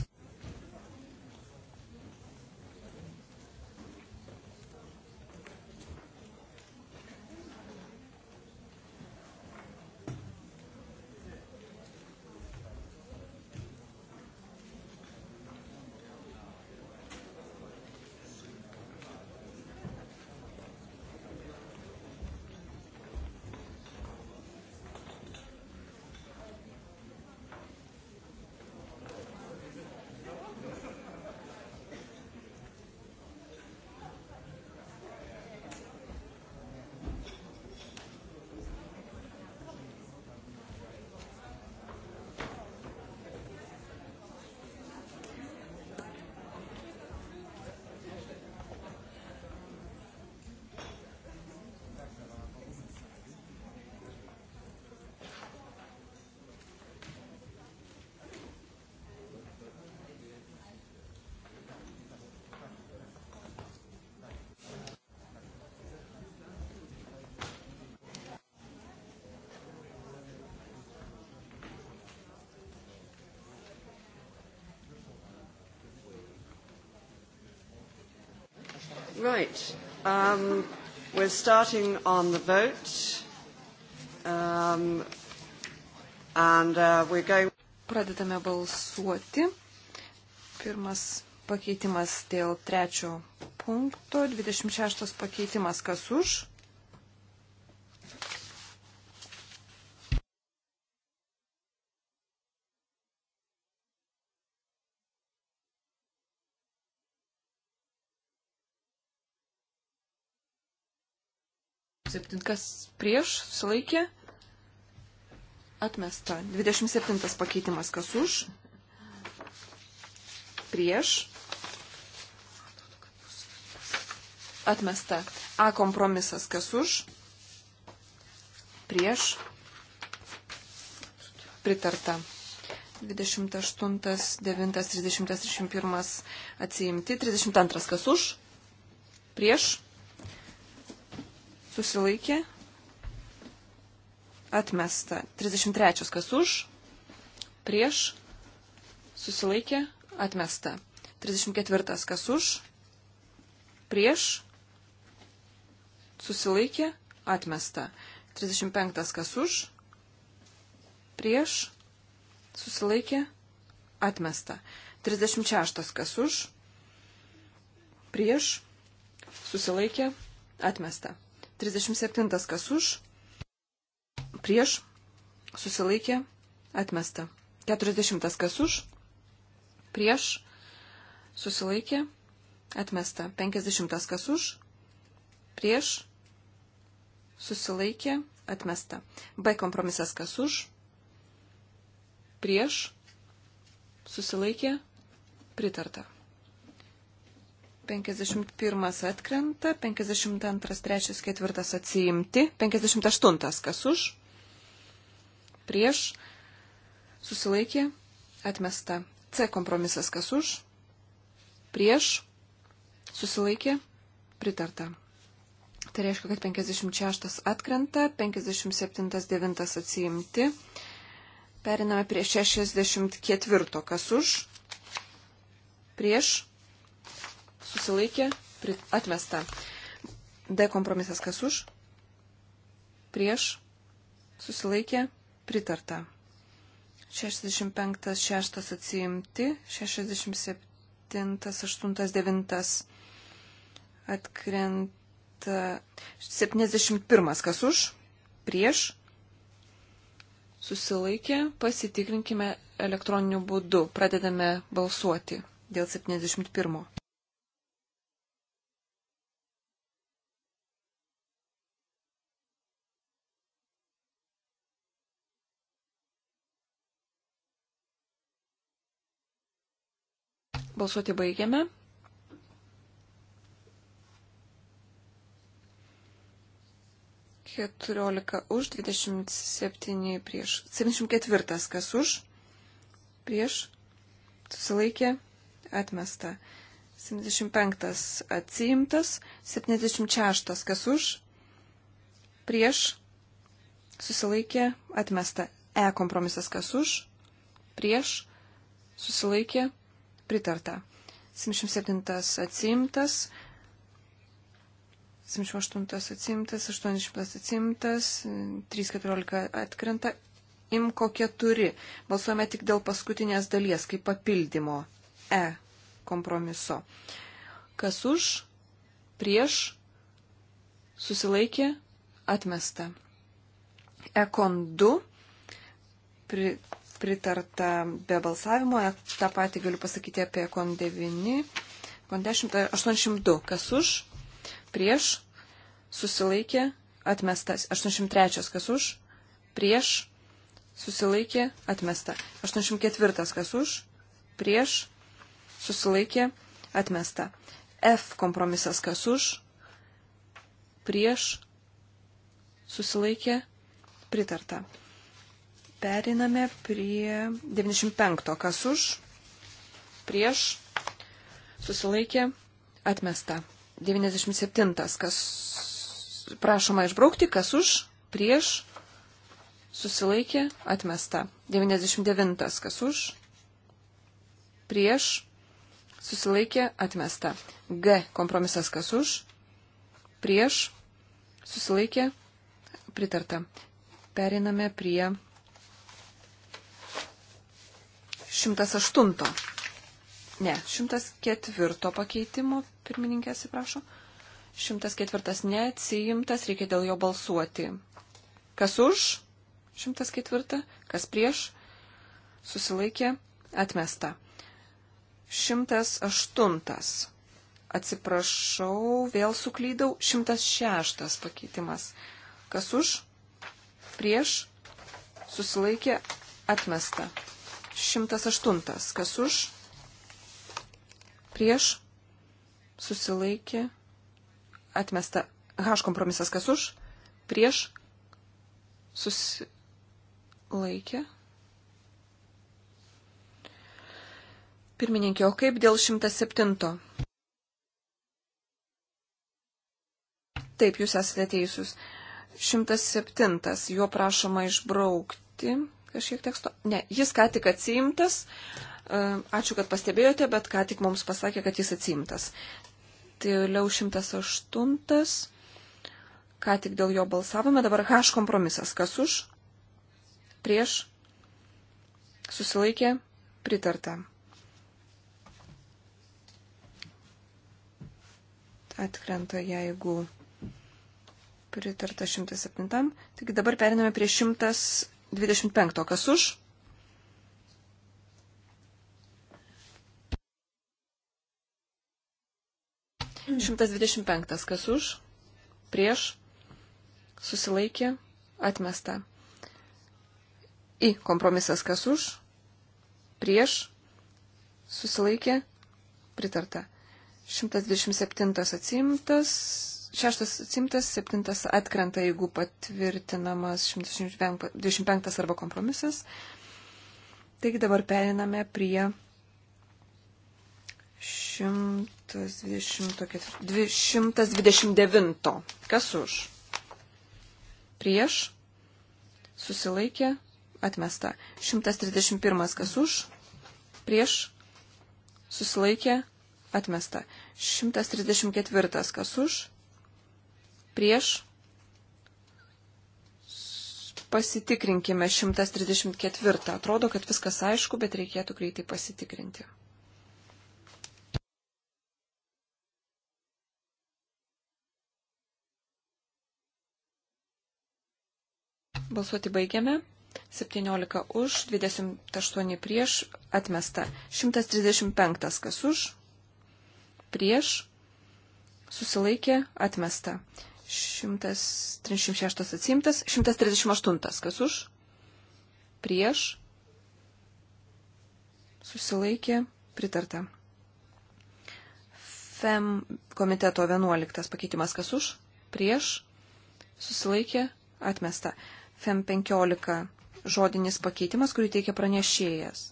Right. Um, we're starting on the vote. Um, and uh, we're going. Pradedame balsuoti. Pirmas pakeitimas dėl trečio punkto. 26 pakeitimas kas už, 27. Kas prieš? Susilaikė? Atmesta. 27. pakeitimas. Kas už? Prieš? Atmesta. A kompromisas. Kas už? Prieš? Pritarta. 28, 9, 30, 31 atsiimti. 32 kas už? Prieš? susilaikė, atmesta. 33 kas už, prieš, susilaikė, atmesta. 34 kas už, prieš, susilaikė, atmesta. 35 kas už, prieš, susilaikė, atmesta. 36 kas už, prieš, susilaikė, atmesta. 37 kas už, prieš, susilaikė, atmesta. 40 kas už, prieš, susilaikė, atmesta. 50 kas už, prieš, susilaikė, atmesta. B kompromisas kas už, prieš, susilaikė, pritarta. 51 atkrenta, 52, 3, 4 atsiimti, 58 kas už, prieš, susilaikė, atmesta. C kompromisas kas už, prieš, susilaikė, pritarta. Tai reiškia, kad 56 atkrenta, 57, 9 atsiimti. Periname prie 64 kas už, prieš, susilaikė, atmesta. D kompromisas kas už, prieš, susilaikė, pritarta. 65, 6 atsiimti, 67, 8, 9 atkrenta. 71 kas už, prieš, susilaikė, pasitikrinkime elektroniniu būdu, pradedame balsuoti dėl 71. Balsuoti baigiame. Keturiolika už, dvidešimt septyni prieš. Septyniasdešimt ketvirtas, kas už, prieš, susilaikė, atmesta. 75 atsiimtas, 76 kas už, prieš, susilaikė, atmesta. E kompromisas kas už, prieš, susilaikė, pritarta. 77 atsimtas, 78 atsimtas, 80 atsimtas, 314 atkrenta, imko 4. Balsuojame tik dėl paskutinės dalies, kaip papildymo E kompromiso. Kas už, prieš, susilaikė, atmesta. Ekon 2, pri, pritarta be balsavimo. Ta pati galiu pasakyti apie kon 9, kon 10, 82. Kas už, prieš, susilaikė, atmestas. 83. Kas už, prieš, susilaikė, atmesta. 84. Kas už, prieš, susilaikė, atmesta. F kompromisas kas už, prieš, susilaikė, pritarta. Periname prie 95. Kas už? Prieš? Susilaikė? Atmesta. 97. Kas prašoma išbraukti? Kas už? Prieš? Susilaikė? Atmesta. 99. Kas už? Prieš? Susilaikė? Atmesta. G. Kompromisas kas už? Prieš? Susilaikė? Pritarta. Periname prie 108. Ne, 104 pakeitimo, pirmininkė, atsiprašau. 104 neatsijimtas, reikia dėl jo balsuoti. Kas už? 104. Kas prieš? Susilaikė, atmesta. 108. Atsiprašau, vėl suklydau. 106 pakeitimas. Kas už? Prieš? Susilaikė, atmesta. 108. Kas už? Prieš? Susilaikė. Atmesta. H kompromisas. Kas už? Prieš? Susilaikė. Pirmininkė, o kaip dėl 107? Taip, jūs esate teisūs. 107. Juo prašoma išbraukti kažkiek teksto? Ne, jis ką tik atsiimtas. E, ačiū, kad pastebėjote, bet ką tik mums pasakė, kad jis atsiimtas. Toliau 108. Ką tik dėl jo balsavome. Dabar H kompromisas. Kas už? Prieš? Susilaikė? Pritarta. Atkrenta, jeigu pritarta 107. Taigi dabar periname prie 100. 25. Kas už? Šimtas dvidešimt penktas. Kas už? Prieš? Susilaikė? Atmesta. Į kompromisas. Kas už? Prieš? Susilaikė? Pritarta. 127 atsimtas šeštas atsimtas, septintas atkrenta, jeigu patvirtinamas 125 arba kompromisas. Taigi dabar periname prie 124, 229. Kas už? Prieš? Susilaikė? Atmesta. 131. Kas už? Prieš? Susilaikė? Atmesta. 134. Kas už? prieš. Pasitikrinkime 134. Atrodo, kad viskas aišku, bet reikėtų greitai pasitikrinti. Balsuoti baigiame. 17 už, 28 prieš, atmesta. 135 kas už, prieš, susilaikė, atmesta. 136 atsimtas, 138 kas už, prieš, susilaikė, pritarta. FEM komiteto 11 pakeitimas kas už, prieš, susilaikė, atmesta. FEM 15 žodinis pakeitimas, kurį teikia pranešėjas.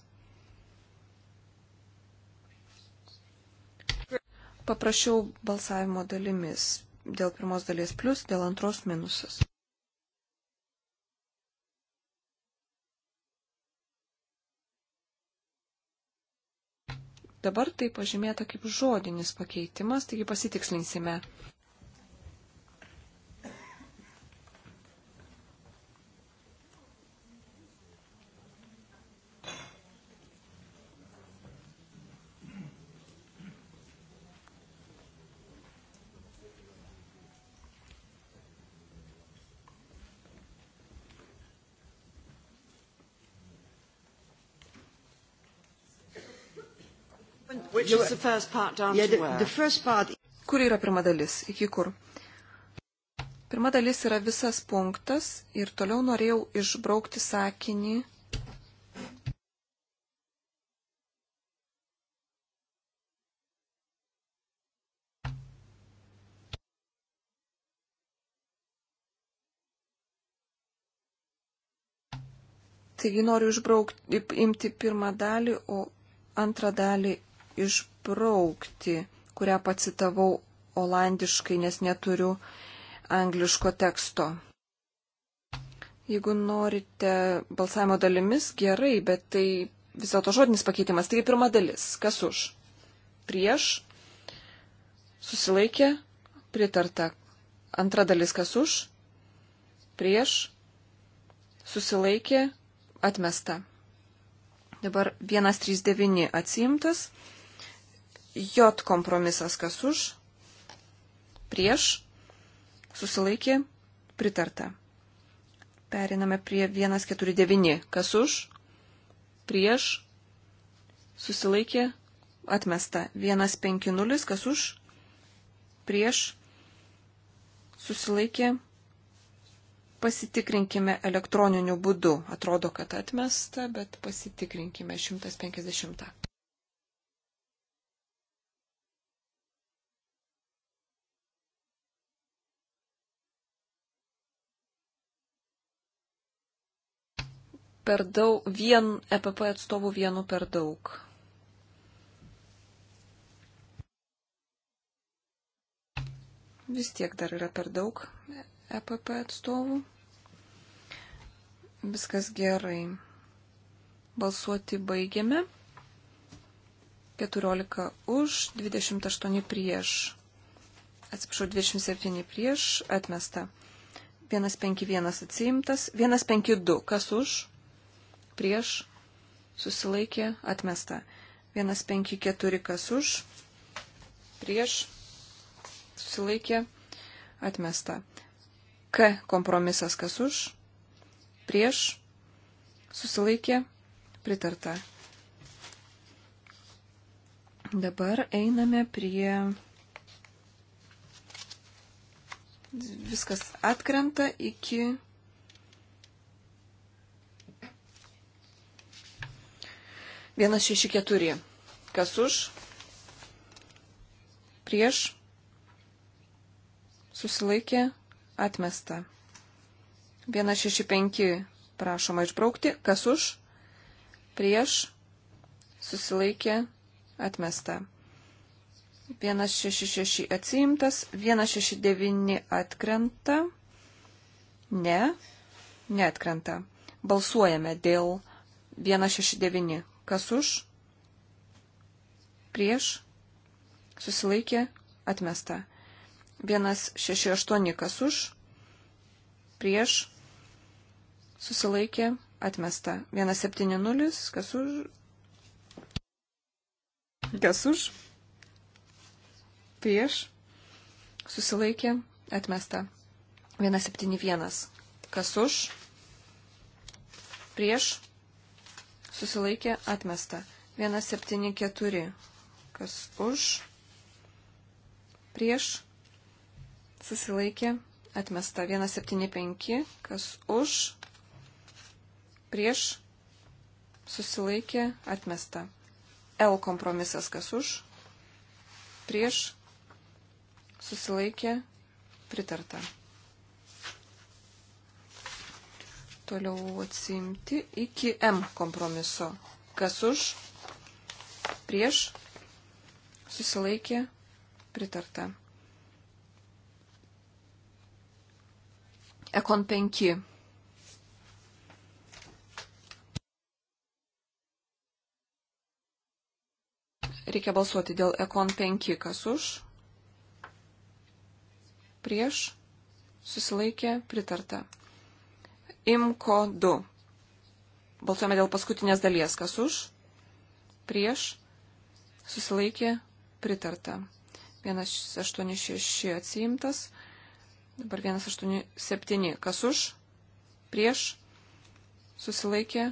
Paprašiau balsavimo dalimis dėl pirmos dalies plus, dėl antros minusas. Dabar tai pažymėta kaip žodinis pakeitimas, taigi pasitikslinsime which is the first part down yeah, to the, where? The first part... Kur yra pirma dalis? Iki kur? Pirma dalis yra visas punktas ir toliau norėjau išbraukti sakinį. Taigi noriu išbraukti, imti pirmą dalį, o antrą dalį išbraukti, kurią pacitavau olandiškai, nes neturiu angliško teksto. Jeigu norite balsavimo dalimis, gerai, bet tai vis dėlto žodinis pakeitimas. Taigi pirma dalis. Kas už? Prieš. Susilaikė. Pritarta. Antra dalis. Kas už? Prieš. Susilaikė. Atmesta. Dabar 139 atsimtas. J kompromisas kas už, prieš, susilaikė, pritarta. Periname prie 149, kas už, prieš, susilaikė, atmesta. 150, kas už, prieš, susilaikė, pasitikrinkime elektroniniu būdu. Atrodo, kad atmesta, bet pasitikrinkime 150. per daug, vien EPP atstovų vienu per daug. Vis tiek dar yra per daug EPP atstovų. Viskas gerai. Balsuoti baigiame. 14 už, 28 prieš. Atsiprašau, 27 prieš atmesta. 151 atsiimtas, 152 kas už prieš, susilaikė, atmesta. 154 kas už, prieš, susilaikė, atmesta. K kompromisas kas už, prieš, susilaikė, pritarta. Dabar einame prie. Viskas atkrenta iki 164. Kas už? Prieš? Susilaikė? Atmesta. 165. Prašoma išbraukti. Kas už? Prieš? Susilaikė? Atmesta. 166 atsiimtas, 169 atkrenta. Ne, neatkrenta. Balsuojame dėl 169. Kas už? Prieš? Susilaikė? Atmesta. 168 kas už? Prieš? Susilaikė? Atmesta. 170 kas už? Kas už? Prieš? Susilaikė? Atmesta. 171. Kas už? Prieš? susilaikė atmesta. 174. Kas už, prieš, susilaikė atmesta. 175. Kas už, prieš, susilaikė atmesta. L kompromisas kas už, prieš, susilaikė pritarta. toliau atsimti iki M kompromiso. Kas už, prieš, susilaikė, pritarta. Ekon 5. Reikia balsuoti dėl Ekon 5, kas už, prieš, susilaikė, pritarta. Imko 2. Balsuojame dėl paskutinės dalies. Kas už? Prieš? Susilaikė? Pritarta. 186 atsiimtas. Dabar 187. Kas už? Prieš? Susilaikė?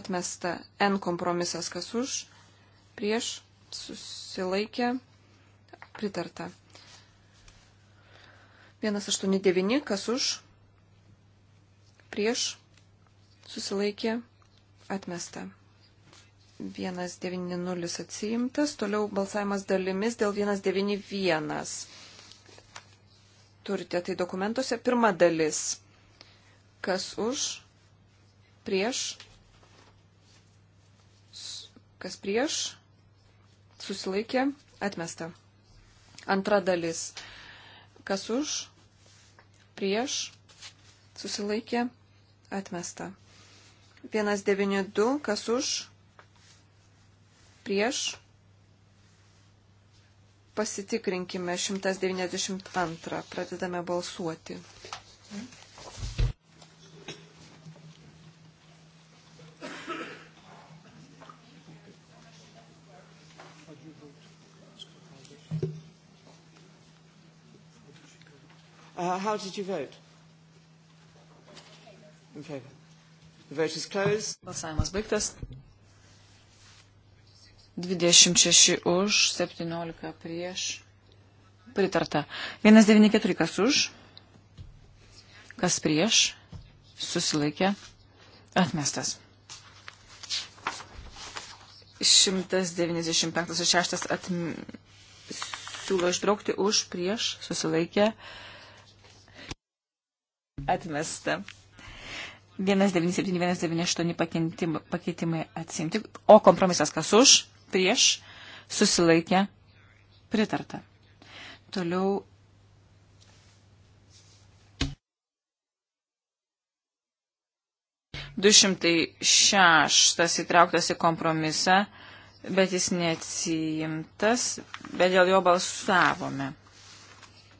Atmesta. N kompromisas. Kas už? Prieš? Susilaikė? Pritarta. 189. Kas už? prieš, susilaikė, atmesta. 190 atsiimtas, toliau balsavimas dalimis dėl 191. Turite tai dokumentuose. Pirma dalis. Kas už, prieš, kas prieš, susilaikė, atmesta. Antra dalis. Kas už, prieš, susilaikė, atmesta. 192, kas už, prieš, pasitikrinkime 192, pradedame balsuoti. Uh, how did you vote? In favor. The vote is closed. Balsavimas baigtas. 26 už, 17 prieš. Pritarta. 194 kas už, kas prieš, susilaikė, atmestas. 195 ir 6 atm... siūlo išbraukti už, prieš, susilaikė, atmesta. 197-198 pakeitimai atsimti, o kompromisas kas už, prieš, susilaikė, pritarta. Toliau. Du šimtai šeštas įtrauktas į kompromisą, bet jis neatsijimtas, bet dėl jo balsavome.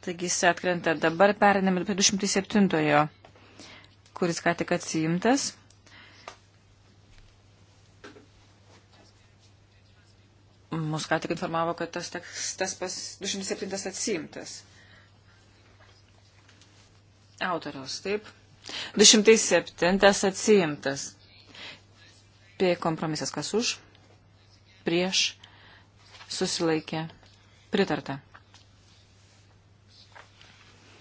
Taigi jis atkrenta dabar, perinam ir prie 207 kuris ką tik atsiimtas. Mus ką tik informavo, kad tas tekstas pas 207 atsiimtas. Autoriaus, taip. 207 atsiimtas. P kompromisas kas už, prieš, susilaikė, pritarta.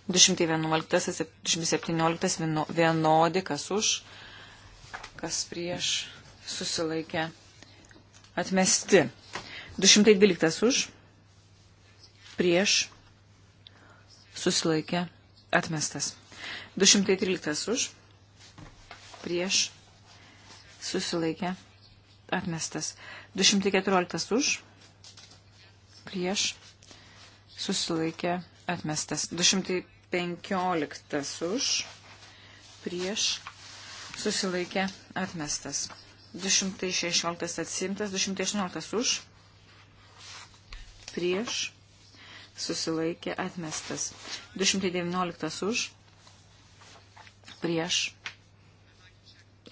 211, 217 vienodi, kas už, kas prieš susilaikė atmesti. 212 už, prieš susilaikė atmestas. 213 už, prieš susilaikė atmestas. 214 už, prieš susilaikė atmestas. 215 15 už, prieš, susilaikė, atmestas. 216 atsimtas, 218 už, prieš, susilaikė, atmestas. 219 už, prieš,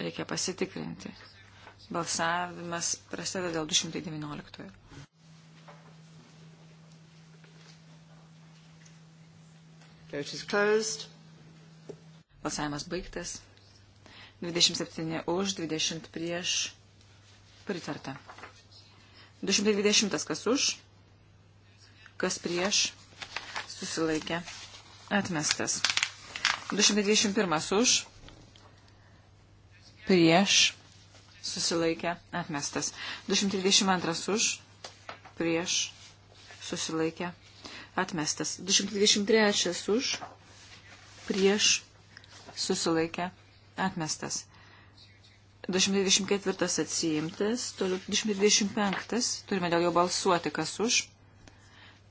reikia pasitikrinti. Balsavimas prasideda dėl 219. Vote is closed. Balsavimas baigtas. 27 už, 20 prieš. Pritarta. 220 kas už, kas prieš, susilaikė, atmestas. 221 už, prieš, susilaikė, atmestas. 222 už, prieš, susilaikė, atmestas. 223 už, prieš, susilaikė, atmestas. 224 atsiimtas, toliau 225, turime dėl jo balsuoti, kas už,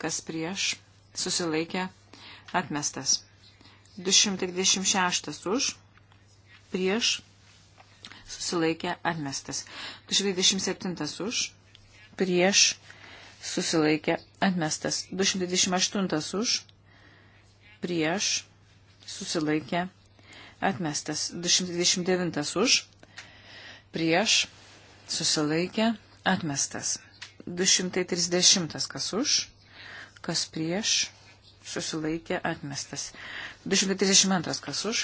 kas prieš, susilaikė, atmestas. 226 už, prieš, susilaikė, atmestas. 227 už, prieš, susilaikė atmestas. 228 už, prieš, susilaikė atmestas. 229 už, prieš, susilaikė atmestas. 230 kas už, kas prieš, susilaikė atmestas. 232 kas už,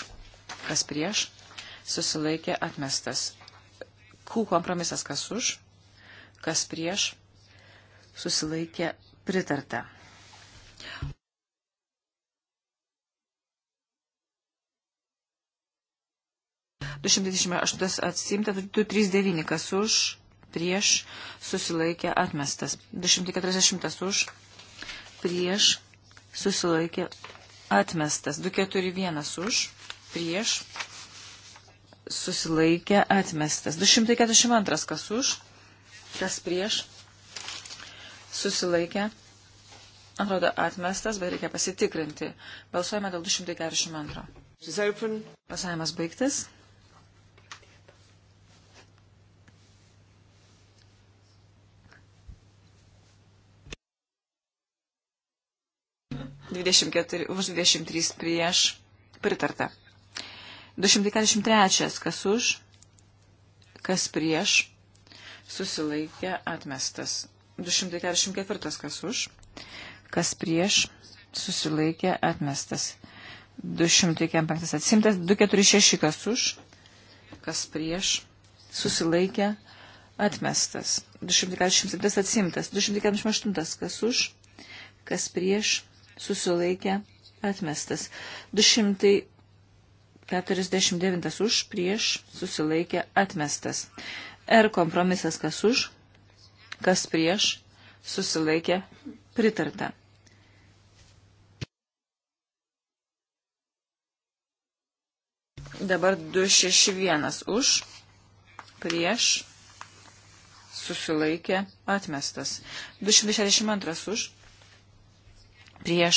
kas prieš, susilaikė atmestas. Q kompromisas kas už, kas prieš, susilaikė pritarta. Du šimtai dvidešimt aštuntas atsimta, du trys devyni kas už, prieš susilaikė atmestas. 240 už, prieš susilaikė atmestas. 241 už, prieš susilaikė atmestas. 242 kas už, kas prieš susilaikė. Atrodo atmestas, bet reikia pasitikrinti. Balsuojame dėl 242. Pasavimas baigtas. už 23 prieš pritarta. 243 kas už, kas prieš, susilaikė atmestas. 244 kas už, kas prieš, susilaikė, atmestas. 245 atsimtas, 246 kas už, kas prieš, susilaikė, atmestas. 247 atsimtas, 248 kas už, kas prieš, susilaikė, atmestas. 200 49 už, prieš, susilaikė, atmestas. R kompromisas kas už, kas prieš, susilaikė, pritarta. Dabar 261 už, prieš, susilaikė, atmestas. 262 už, prieš,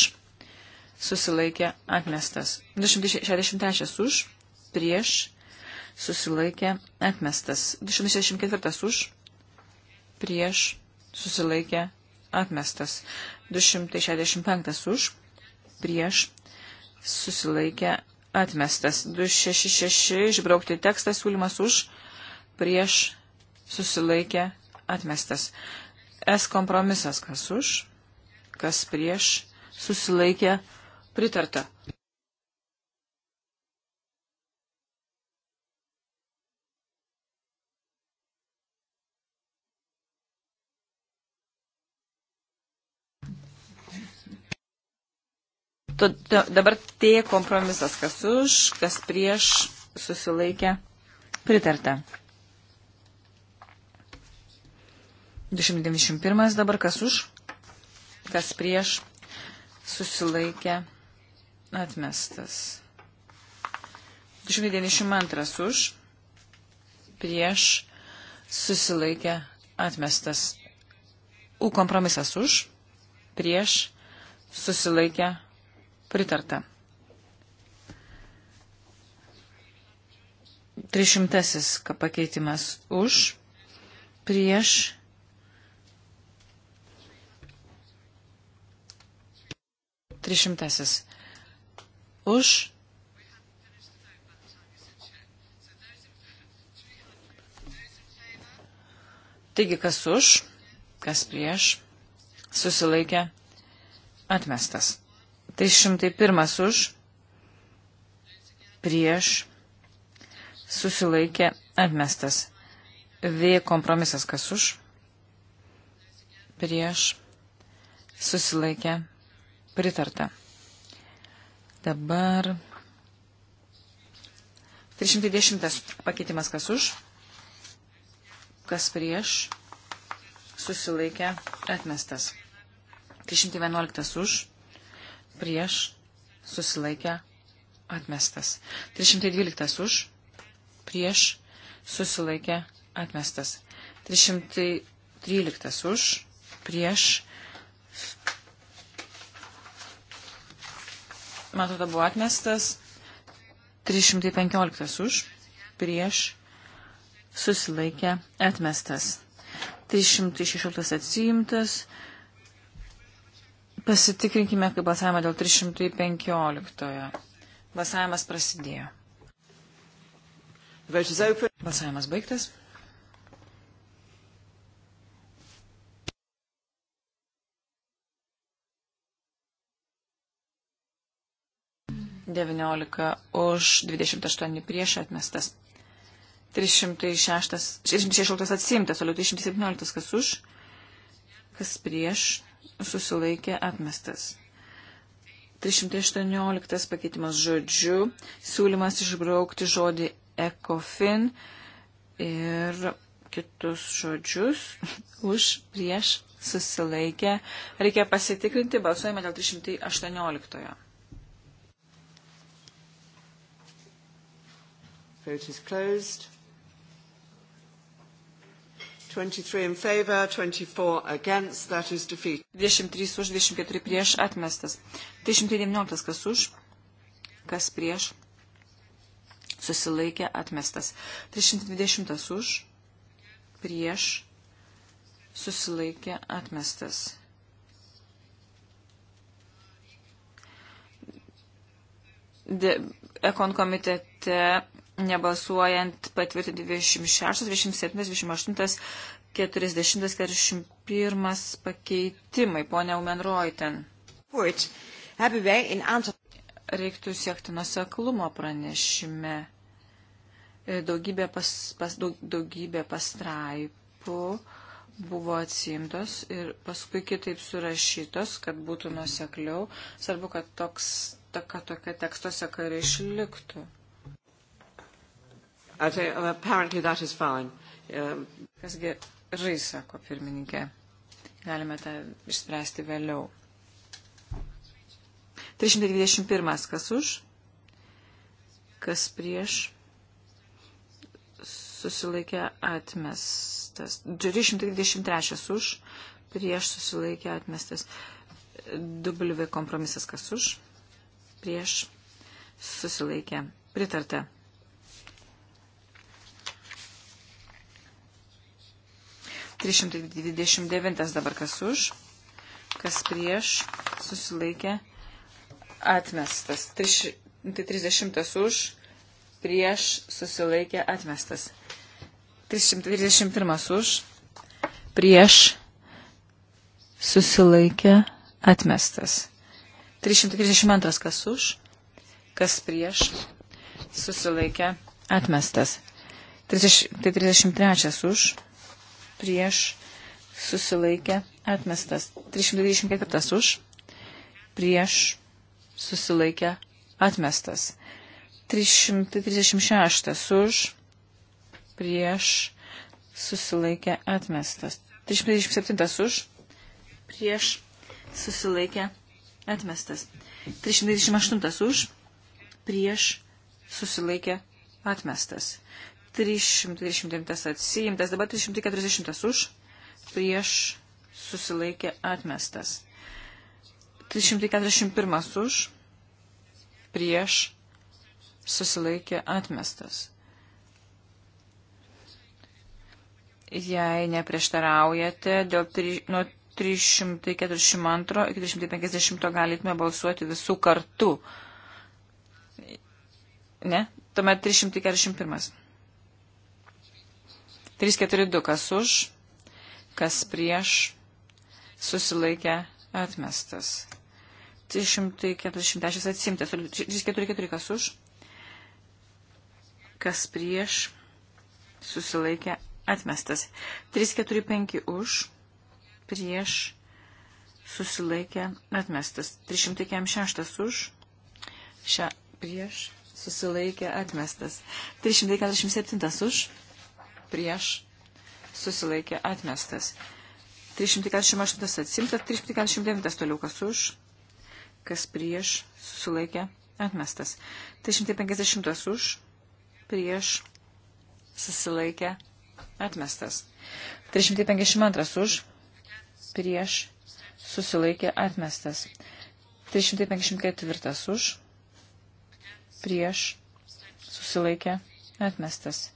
susilaikė, atmestas. 263 už, prieš, susilaikė, atmestas. 264 už, prieš susilaikė atmestas. 265 už, prieš susilaikė atmestas. 266 išbraukti tekstą siūlymas už, prieš susilaikė atmestas. S kompromisas kas už, kas prieš susilaikė pritarta. Dabar T kompromisas, kas už, kas prieš, susilaikė, pritarta. 291 dabar kas už, kas prieš, susilaikė, atmestas. 292 už, prieš, susilaikė, atmestas. U kompromisas už, prieš, susilaikė, atmestas Pritarta. Trišimtasis pakeitimas už, prieš. Trišimtasis už. Taigi, kas už, kas prieš, susilaikė, atmestas. 301 už, prieš, susilaikė, atmestas. V kompromisas kas už, prieš, susilaikė, pritarta. Dabar 310 pakeitimas kas už, kas prieš, susilaikė, atmestas. 311 už, prieš, susilaikę, atmestas. 312 už, prieš, susilaikę, atmestas. 313 už, prieš. Man atrodo, buvo atmestas. 315 už, prieš, susilaikę, atmestas. 316 atsiimtas. Pasitikrinkime, kaip balsavimą dėl 315. Balsavimas prasidėjo. Balsavimas baigtas. Devyniolika už, dvidešimt aštuoni prieš atmestas. 306, 316 atsiimtas, o 317 kas už, kas prieš susilaikė atmestas. 318 pakeitimas žodžiu, siūlymas išbraukti žodį ECOFIN ir kitus žodžius *laughs* už prieš susilaikę. Reikia pasitikrinti, balsuojame dėl 318. Vote is closed. 23 in favor, 24 against, that is defeat. 23 už, 24 prieš atmestas. 319 kas už, kas prieš susilaikė atmestas. 320 už, prieš susilaikė atmestas. De, ekon komitete nebalsuojant patvirtinti 26, 27, 28, 40, 41 pakeitimai, ponia Umenroiten. Reiktų siekti nuseklumo pranešime. E, daugybė, pas, pas, daug, daugybė pastraipų buvo atsimtos ir paskui kitaip surašytos, kad būtų nusekliau. Svarbu, kad, toks, ta, kad tokia tekstuose karai išliktų. Uh, apparently that is fine. Um, Kasgi žais, sako pirmininkė. Galime tą išspręsti vėliau. 321. Kas už? Kas prieš? Susilaikė atmestas. 323 už. Prieš susilaikė atmestas. W kompromisas kas už? Prieš susilaikė. Pritarta. 329 dabar kas už, kas prieš, susilaikė, atmestas. 330 už, prieš, susilaikė, atmestas. 331 už, prieš, susilaikė, atmestas. 332 kas už, kas prieš, susilaikė, atmestas. 30, tai 33 už, prieš susilaikę atmestas. 324 už, prieš susilaikę atmestas. 336 už, prieš susilaikę atmestas. 337 už, prieš susilaikę atmestas. 328 už, prieš susilaikę atmestas. 329 atsiimtas, dabar 340 už, prieš susilaikė atmestas. 341 už, prieš susilaikė atmestas. Jei neprieštaraujate, dėl tri, nuo 342 iki 350 galėtume balsuoti visų kartų. Ne? Tuomet 341. 342 kas už, kas prieš, susilaikė atmestas. 346 atsimtas, 344 kas už, kas prieš, susilaikė atmestas. 345 už, prieš, susilaikė atmestas. 346 už, šią prieš, susilaikė atmestas. 347 už prieš susilaikė atmestas. 348 atsimta, 349 toliau kas už, kas prieš susilaikė atmestas. 350 už, prieš susilaikė atmestas. 352 už, prieš susilaikė atmestas. 354 už, prieš susilaikė atmestas.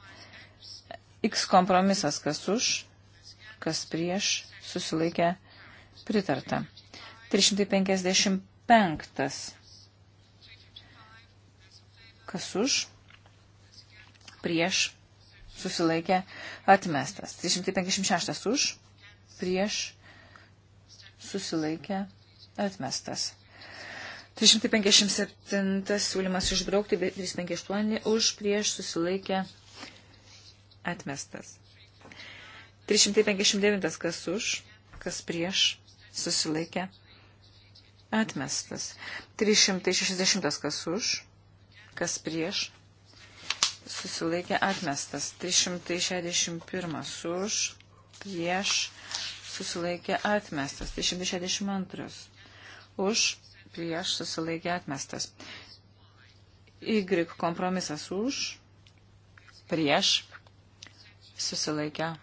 X kompromisas, kas už, kas prieš, susilaikė pritarta. 355. Kas už, prieš, susilaikė atmestas. 356 už, prieš, susilaikė atmestas. 357 siūlymas išbraukti, 358 už, prieš, susilaikė atmestas Atmestas. 359 kas už, kas prieš, susilaikė. Atmestas. 360 kas už, kas prieš, susilaikė. Atmestas. 361 už, prieš, susilaikė. Atmestas. 362 už, prieš, susilaikė. Atmestas. Y kompromisas už, prieš, susilaikę,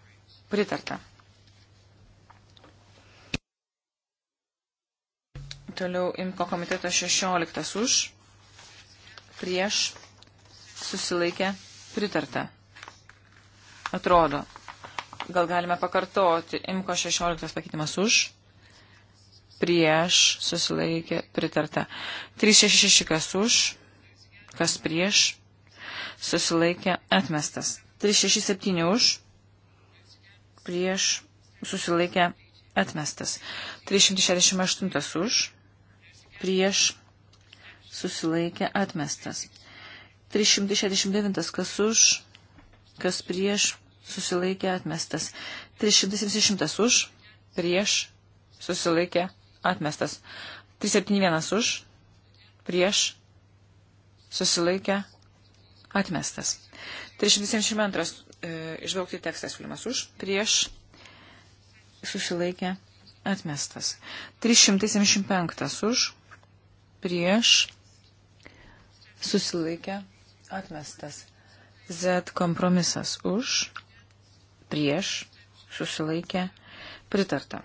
pritarta. Toliau imko komiteto 16 už, prieš, susilaikę, pritarta. Atrodo, gal galime pakartoti, imko 16 pakeitimas už, prieš, susilaikė, pritarta. 366 kas už, kas prieš, susilaikė, atmestas. 367 už, prieš susilaikė atmestas. 368 už, prieš susilaikė atmestas. 369 kas už, kas prieš susilaikė atmestas. 370 už, prieš susilaikė atmestas. 371 už, prieš susilaikė atmestas Atmestas. 372 e, išbraukti tekstas siūlymas už, prieš susilaikė atmestas. 375 už, prieš susilaikė atmestas. Z kompromisas už, prieš susilaikė pritarta.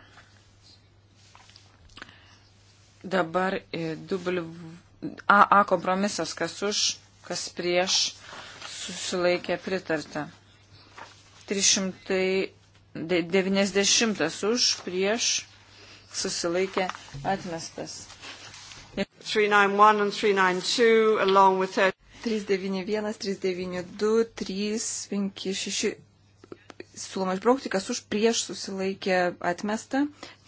Dabar AA e, kompromisas, kas už kas prieš susilaikė pritarta. 390 už prieš susilaikė atmestas. 391 and 392 along with 30. 391, 392, 356 siūloma išbraukti, kas už prieš susilaikė atmesta,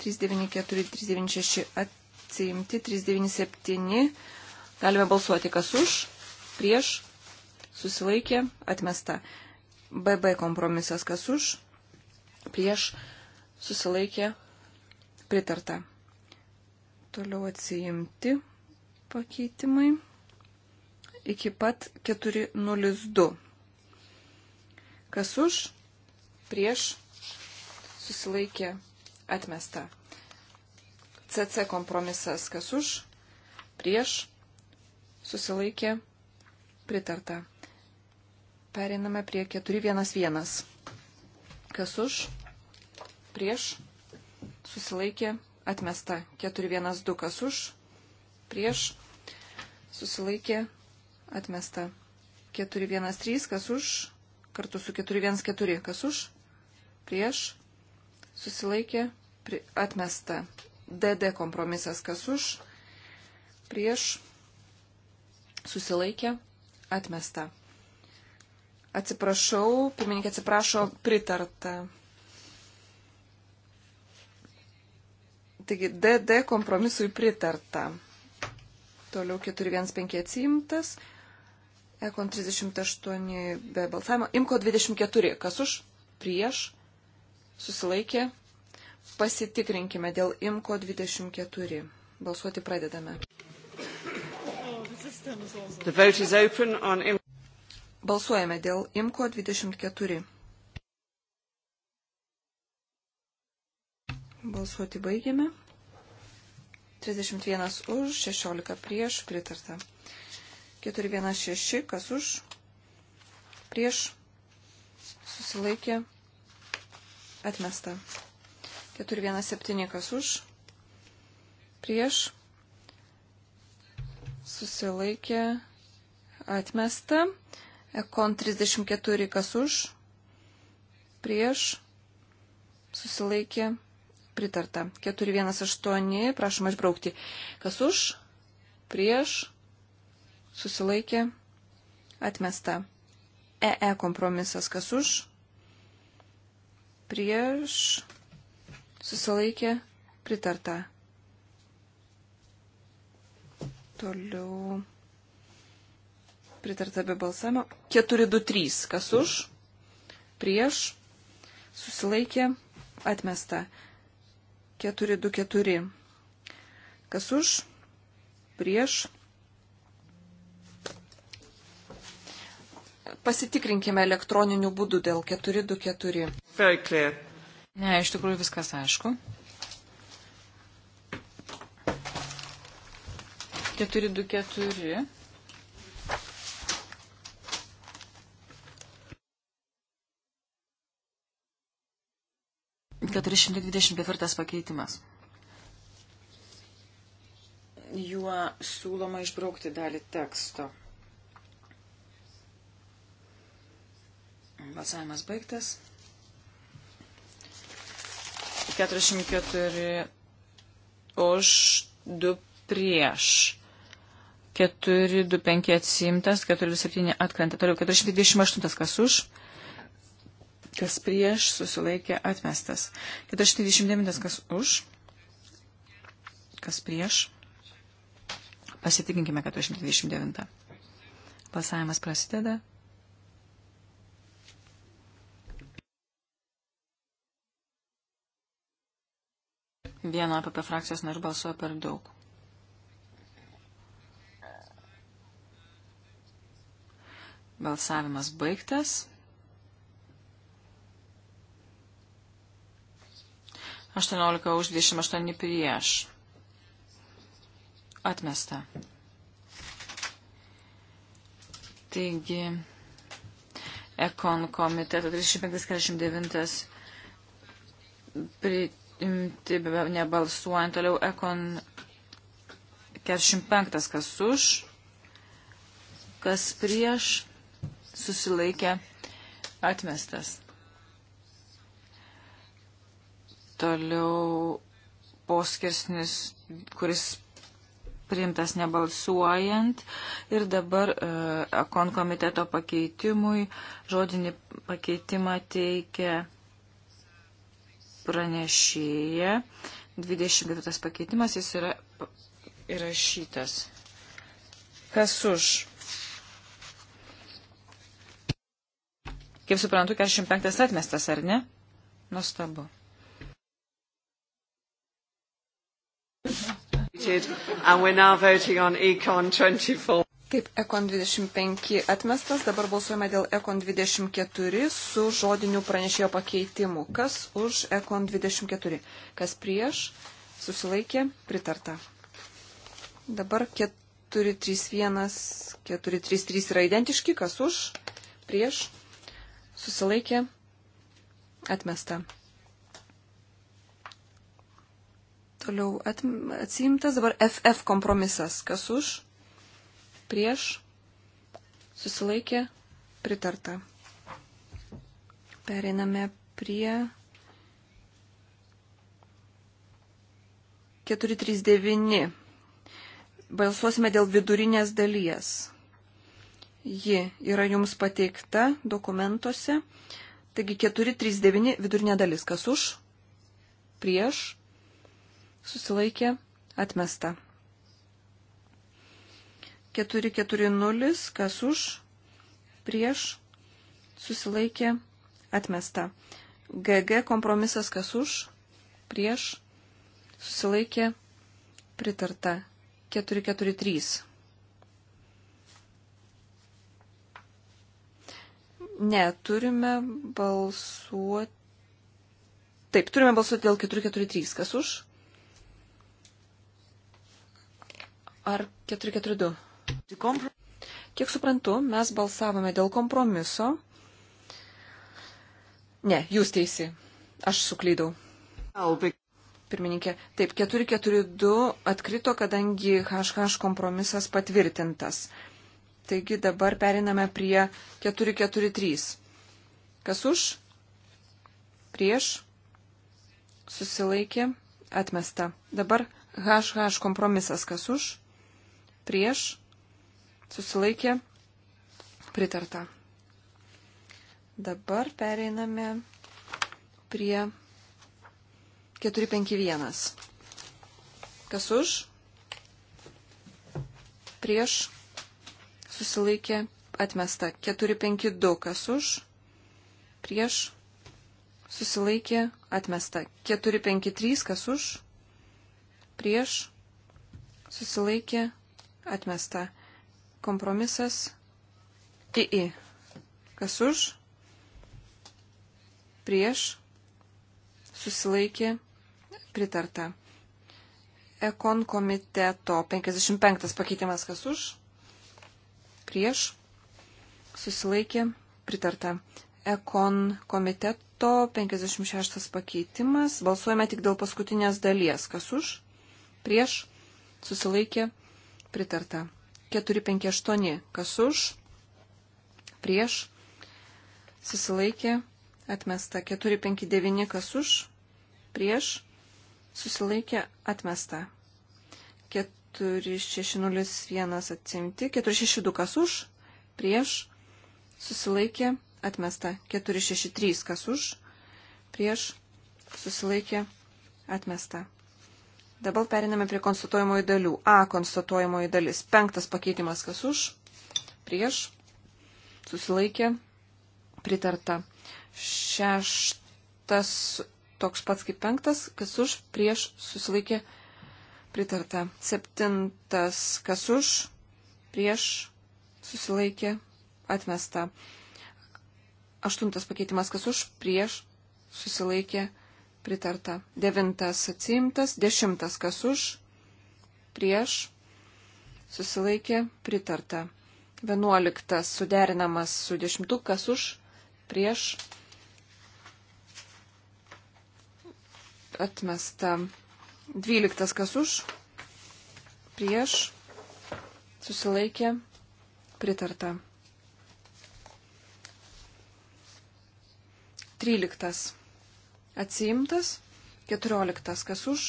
394, 396 atsiimti, 397, galime balsuoti, kas už, prieš, susilaikė, atmesta. BB kompromisas, kas už, prieš, susilaikė, pritarta. Toliau atsijimti pakeitimai iki pat 402. Kas už, prieš, susilaikė, atmesta. CC kompromisas, kas už, prieš, susilaikė, atmesta Pritarta. Pereiname prie 411. Kas už? Prieš? Susilaikė? Atmesta. 412. Kas už? Prieš? Susilaikė? Atmesta. 413. Kas už? Kartu su 414. Kas už? Prieš? Susilaikė? Pri... Atmesta. DD kompromisas. Kas už? Prieš? Susilaikė? Atmesta. Atsiprašau, pirmininkė atsiprašo, pritarta. Taigi, DD kompromisui pritarta. Toliau 415 atsimtas. Ekon 38 be balsavimo. Imko 24. Kas už? Prieš. Susilaikė. Pasitikrinkime dėl Imko 24. Balsuoti pradedame. The vote is open on IMCO. Balsuojame dėl IMCO 24. Balsuoti baigiame. 31 už, 16 prieš, pritarta. 416, kas už, prieš, susilaikė, atmesta. 417, kas už, prieš, susilaikė, atmesta. Ekon 34 kas už, prieš, susilaikė, pritarta. 418, prašoma išbraukti. Kas už, prieš, susilaikė, atmesta. EE e kompromisas kas už, prieš, susilaikė, pritarta. Toliau pritarta be balsavimo. 4-2-3. Kas už? Prieš. Susilaikė. Atmesta. 4-2-4. Kas už? Prieš. Pasitikrinkime elektroniniu būdu dėl 424. Very clear. Ne, iš tikrųjų viskas aišku. 424. Keturi šimtai dvidešimt ketvirtas pakeitimas. Juo siūloma išbraukti dalį teksto. Balsavimas baigtas. 44 už 2 prieš. 425 atsimtas, 47 atkrenta. Toliau 428 kas už, kas prieš susilaikė atmestas. 429 kas už, kas prieš. Pasitikinkime 429. Balsavimas prasideda. Vieno apie frakcijos narių balsuoja per daug. Balsavimas baigtas. 18 už 28 prieš. Atmesta. Taigi, Ekon komiteto 35-49 priimti nebalsuojant toliau Ekon 45 kas už, kas prieš susilaikė atmestas. Toliau poskirsnis, kuris priimtas nebalsuojant ir dabar e, kon komiteto pakeitimui žodinį pakeitimą teikia pranešėja. 29 pakeitimas jis yra įrašytas. Kas už? Kaip suprantu, 45 atmestas, ar ne? Nustabu. Taip, Ekon 25 atmestas, dabar balsuojame dėl Ekon 24 su žodiniu pranešėjo pakeitimu. Kas už Ekon 24? Kas prieš? Susilaikė? Pritarta. Dabar 431, 433 yra identiški. Kas už? Prieš? susilaikė, atmesta. Toliau atsiimtas dabar FF kompromisas. Kas už, prieš, susilaikė, pritarta. Pereiname prie 439. Balsuosime dėl vidurinės dalies. Ji yra jums pateikta dokumentuose. Taigi 439 vidurinė dalis. Kas už? Prieš? Susilaikė? Atmesta. 440. Kas už? Prieš? Susilaikė? Atmesta. GG kompromisas. Kas už? Prieš? Susilaikė? Pritarta. 443. Ne, turime balsuoti. Taip, turime balsuoti dėl 443. Kas už? Ar 442? Kiek suprantu, mes balsavome dėl kompromiso. Ne, jūs teisi. Aš suklydau. Pirmininkė, taip, 442 atkrito, kadangi HH kompromisas patvirtintas. Taigi dabar periname prie 443. Kas už? Prieš? Susilaikė? Atmesta. Dabar HH kompromisas. Kas už? Prieš? Susilaikė? Pritarta. Dabar pereiname prie 451. Kas už? Prieš susilaikė atmesta. 452 kas už, prieš susilaikė atmesta. 453 kas už, prieš susilaikė atmesta. Kompromisas II. Kas už, prieš susilaikė pritarta. Ekon komiteto 55 pakeitimas kas už prieš, susilaikė, pritarta. Ekon komiteto 56 pakeitimas. Balsuojame tik dėl paskutinės dalies. Kas už, prieš, susilaikė, pritarta. 458. Kas už, prieš, susilaikė, atmesta. 459. Kas už, prieš, susilaikė, atmesta. 4 4601 atsimti, 462 kas už, prieš, susilaikė, atmesta, 463 kas už, prieš, susilaikė, atmesta. Dabar periname prie konstatuojamojo dalių. A konstatuojamojo dalis. Penktas pakeitimas kas už, prieš, susilaikė, pritarta. Šeštas toks pats kaip penktas, kas už, prieš, susilaikė, pritarta Pritarta. Septintas, kas už, prieš, susilaikė, atmesta. Aštuntas pakeitimas, kas už, prieš, susilaikė, pritarta. Devintas atsimtas, dešimtas, kas už, prieš, susilaikė, pritarta. Vienuoliktas, suderinamas su dešimtu, kas už, prieš, atmesta. 12 kas už, prieš, susilaikė, pritarta. 13 atsiimtas, 14 kas už,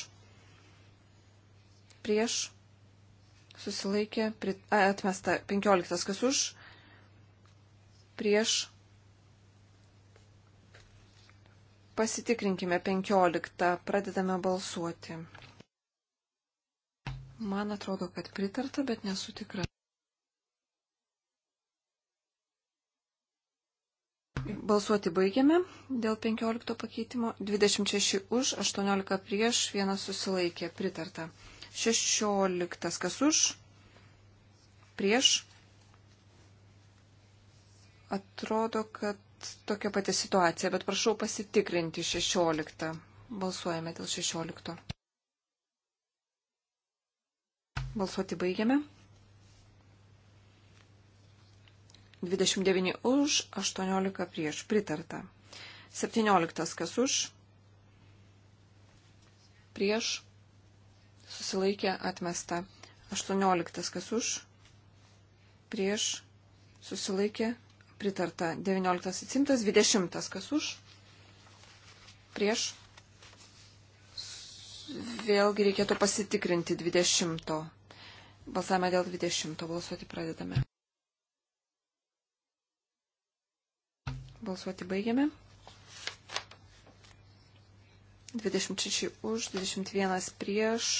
prieš, susilaikė, prit, a, atmesta, 15 kas už, prieš, Pasitikrinkime 15. Pradedame balsuoti. Man atrodo, kad pritarta, bet nesu tikra. Balsuoti baigiame dėl 15 pakeitimo. 26 už, 18 prieš, vienas susilaikė. Pritarta. 16 kas už, prieš. Atrodo, kad tokia pati situacija, bet prašau pasitikrinti 16. Balsuojame dėl 16. Balsuoti baigiame. 29 už, 18 prieš. Pritarta. 17 kas už. Prieš. Susilaikė atmesta. 18 kas už. Prieš. Susilaikė pritarta 19 atsimtas, 20 kas už, prieš. Vėlgi reikėtų pasitikrinti 20. Balsavimą dėl 20. Balsuoti pradedame. Balsuoti baigiame. 26 už, 21 prieš,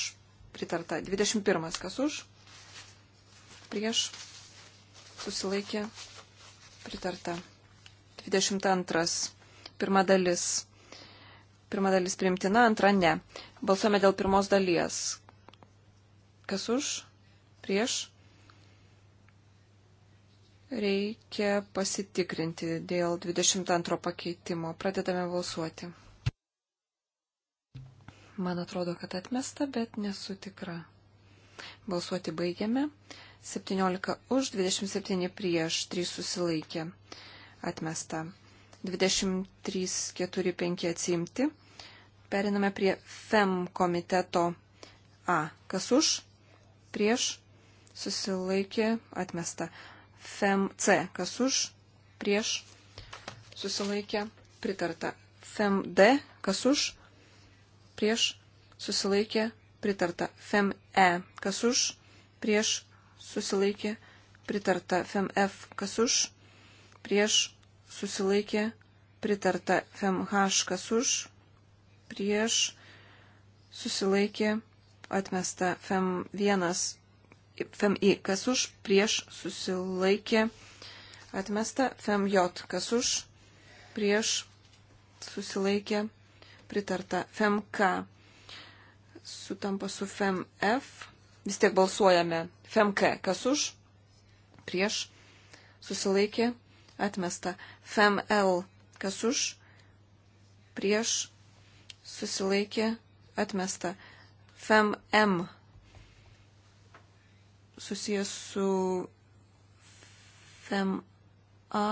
pritarta. 21 kas už, prieš, susilaikė, Pritarta. 22. Pirma dalis. Pirma dalis priimtina, antra ne. Balsuojame dėl pirmos dalies. Kas už? Prieš? Reikia pasitikrinti dėl 22 pakeitimo. Pradedame balsuoti. Man atrodo, kad atmesta, bet nesu tikra. Balsuoti baigiame. 17 už, 27 prieš, 3 susilaikė, atmesta. 23, 4, 5 atsimti. Periname prie FEM komiteto A. Kas už, prieš, susilaikė, atmesta. FEM C. Kas už, prieš, susilaikė, pritarta. FEM D. Kas už, prieš, susilaikė, pritarta. FEM E. Kas už, prieš, susilaikė, pritarta FMF, kas už, prieš, susilaikė, pritarta FMH, kas už, prieš, susilaikė, atmesta FM1, FMI, kas už, prieš, susilaikė, atmesta FMJ, kas už, prieš, susilaikė, pritarta FMK, sutampa su FMF, vis tiek balsuojame. FMK, kas už, prieš, susilaikė, atmesta. FML, kas už, prieš, susilaikė, atmesta. FMM, susijęs su FMA.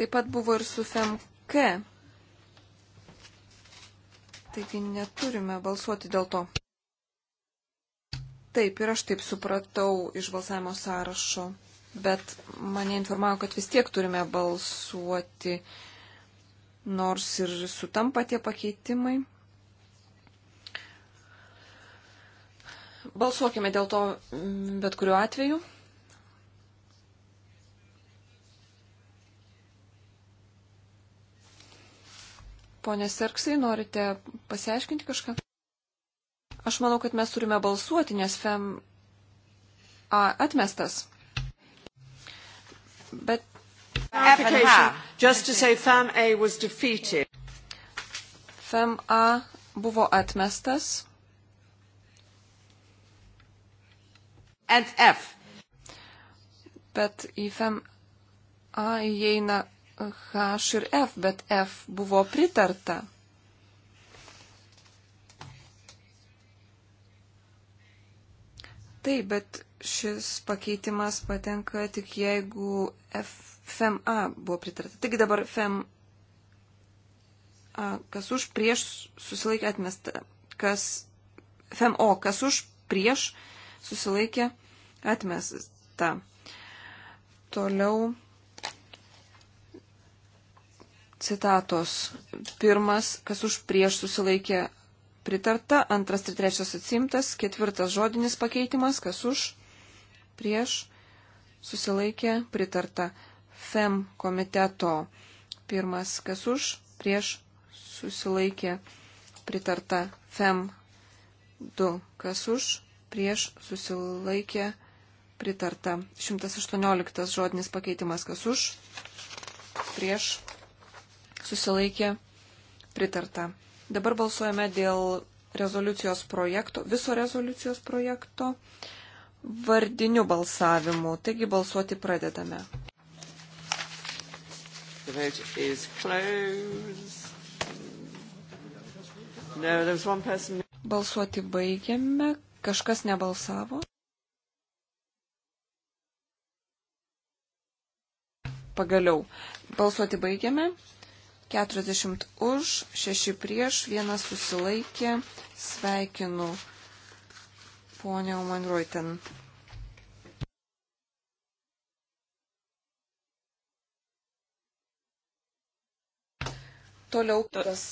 taip pat buvo ir su FMK. Taigi neturime balsuoti dėl to. Taip, ir aš taip supratau iš balsavimo sąrašo, bet mane informavo, kad vis tiek turime balsuoti, nors ir sutampa tie pakeitimai. Balsuokime dėl to bet kuriuo atveju. Pone Serksai, norite pasiaiškinti kažką? Aš manau, kad mes turime balsuoti, nes FEM A, atmestas. Bet. FEM A was defeated. FEM A buvo atmestas. And F. Bet į FEM A įeina H ir F, bet F buvo pritarta. Taip, bet šis pakeitimas patenka tik jeigu F, FMA buvo pritarta. Taigi dabar FEM, a, kas už prieš susilaikė atmesta, kas FMO, kas už prieš susilaikė atmesta. Toliau citatos. Pirmas, kas už prieš susilaikė pritarta, antras ir trečias atsimtas, ketvirtas žodinis pakeitimas, kas už prieš susilaikė pritarta. FEM komiteto pirmas, kas už prieš susilaikė pritarta. FEM 2, kas už prieš susilaikė pritarta. 118 žodinis pakeitimas, kas už prieš susilaikė, pritarta. Dabar balsuojame dėl rezoliucijos projekto, viso rezoliucijos projekto vardiniu balsavimu. Taigi balsuoti pradedame. No, person... Balsuoti baigiame. Kažkas nebalsavo. Pagaliau. Balsuoti baigiame. 40 už, 6 prieš, 1 susilaikė. Sveikinu ponę Omanroiten. Toliau kitas.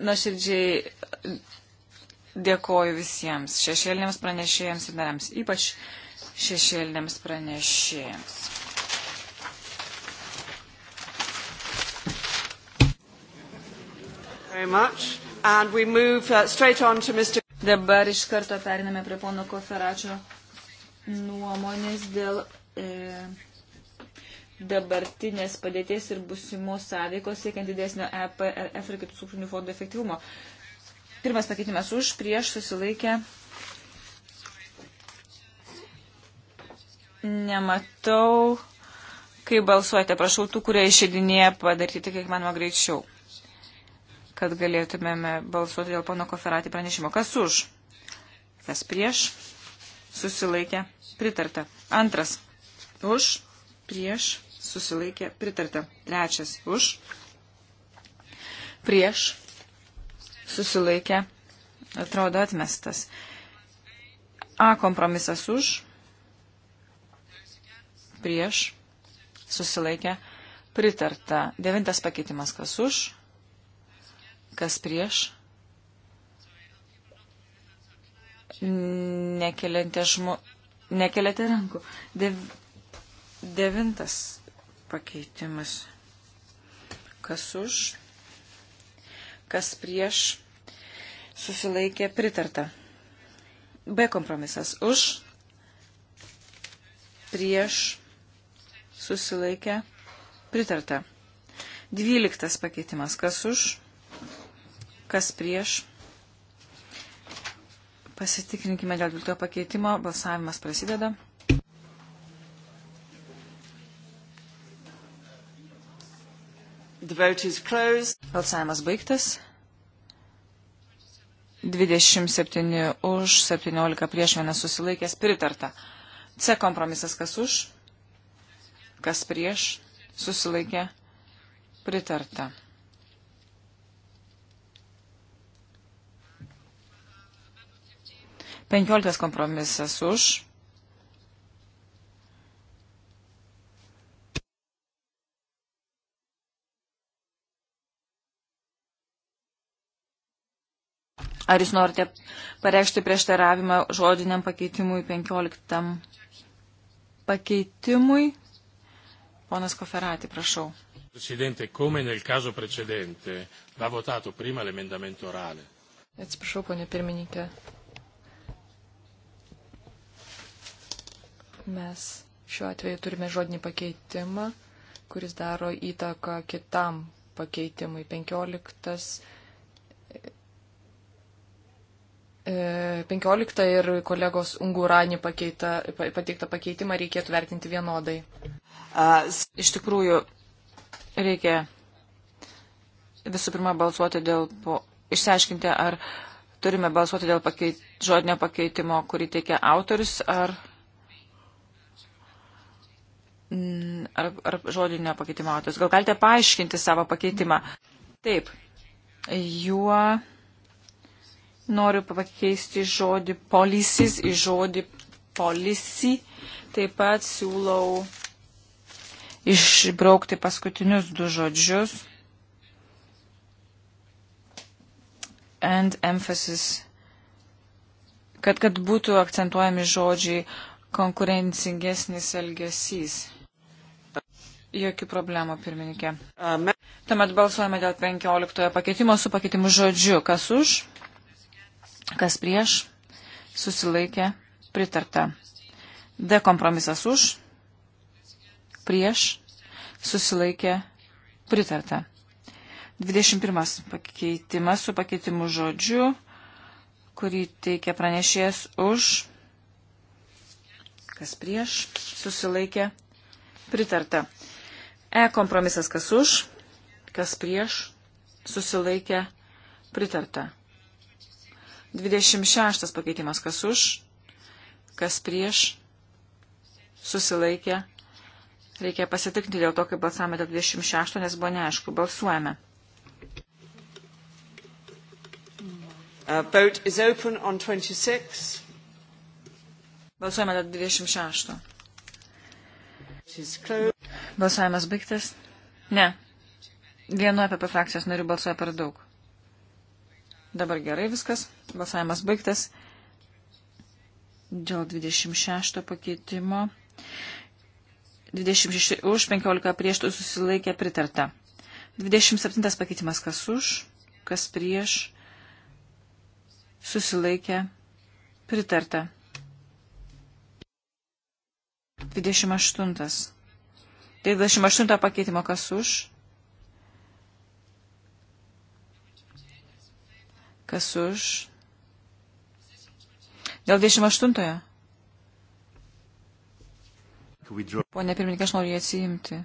Nuoširdžiai dėkoju visiems šešėliniams pranešėjams ir nariams, ypač šešėliniams pranešėjams. Uh, Dabar iš karto periname prie pono Koferačio nuomonės dėl e, dabartinės padėties ir busimos sąveikos siekiant didesnio EPRF ir kitų cukrinių fondų efektyvumo. Pirmas pakeitimas už, prieš susilaikę Nematau, kai balsuojate, prašau tų, kurie išėdinėje padaryti kiek manoma greičiau, kad galėtumėme balsuoti dėl pono koferatį pranešimo. Kas už? Kas prieš? Susilaikė. Pritarta. Antras. Už. Prieš. Susilaikė. Pritarta. Trečias. Už. Prieš. Susilaikė. Atrodo atmestas. A kompromisas už prieš, susilaikė, pritarta. Devintas pakeitimas, kas už, kas prieš, nekeliantė žmo... Nekeliate rankų. Dev... Devintas pakeitimas. Kas už, kas prieš, susilaikė pritarta. B kompromisas už, prieš, susilaikė, pritarta. Dvyliktas pakeitimas, kas už, kas prieš. Pasitikrinkime dėl dvylikto pakeitimo, balsavimas prasideda. Balsavimas baigtas. 27 už, 17 prieš vieną susilaikęs pritarta. C kompromisas kas už, kas prieš, susilaikė, pritarta. Penkioliktas kompromisas už. Ar jūs norite pareikšti prieštaravimą žodiniam pakeitimui 15 pakeitimui? Ponas Koferati, prašau. Presidente, come nel caso precedente, va votato prima l'emendamento orale. Atsiprašau, ponė pirmininkė. Mes šiuo atveju turime žodinį pakeitimą, kuris daro įtaką kitam pakeitimui. 15, 15 e, ir kolegos Ungurani pakeita, pateiktą pakeitimą reikėtų vertinti vienodai. Iš tikrųjų, reikia visų pirma balsuoti dėl, po, išsiaiškinti, ar turime balsuoti dėl pakeit, žodinio pakeitimo, kurį teikia autorius, ar, ar, ar žodinio pakeitimo autorius. Gal galite paaiškinti savo pakeitimą? Taip, juo noriu pakeisti žodį policies į žodį policy. Taip pat siūlau išbraukti paskutinius du žodžius and emphasis, kad, kad būtų akcentuojami žodžiai konkurencingesnis elgesys. Jokių problemų, pirmininkė. Amen. Tuomet balsuojame dėl 15 pakeitimo su pakeitimu žodžiu. Kas už, kas prieš, susilaikė, pritarta. D kompromisas už, prieš, susilaikė, pritarta. 21 pakeitimas su pakeitimu žodžiu, kurį teikia pranešėjas už, kas prieš, susilaikė, pritarta. E kompromisas kas už, kas prieš, susilaikė, pritarta. 26 pakeitimas kas už, kas prieš, susilaikė, Reikia pasitikrinti dėl to, kaip balsavome dėl 26, nes buvo neaišku. Balsuojame. Uh, vote is open on 26. Balsuojame dėl 26. Balsavimas baigtas. Ne. Vienu apie frakcijos narių balsuoja per daug. Dabar gerai viskas. Balsavimas baigtas. Dėl 26 pakeitimo. 26 už, 15 prieš, tu susilaikė pritarta. 27 pakeitimas kas už, kas prieš, susilaikė pritarta. 28. 28 tai pakeitimo kas už, kas už. Dėl 28. Pone pirmininkė, aš noriu jį atsiimti.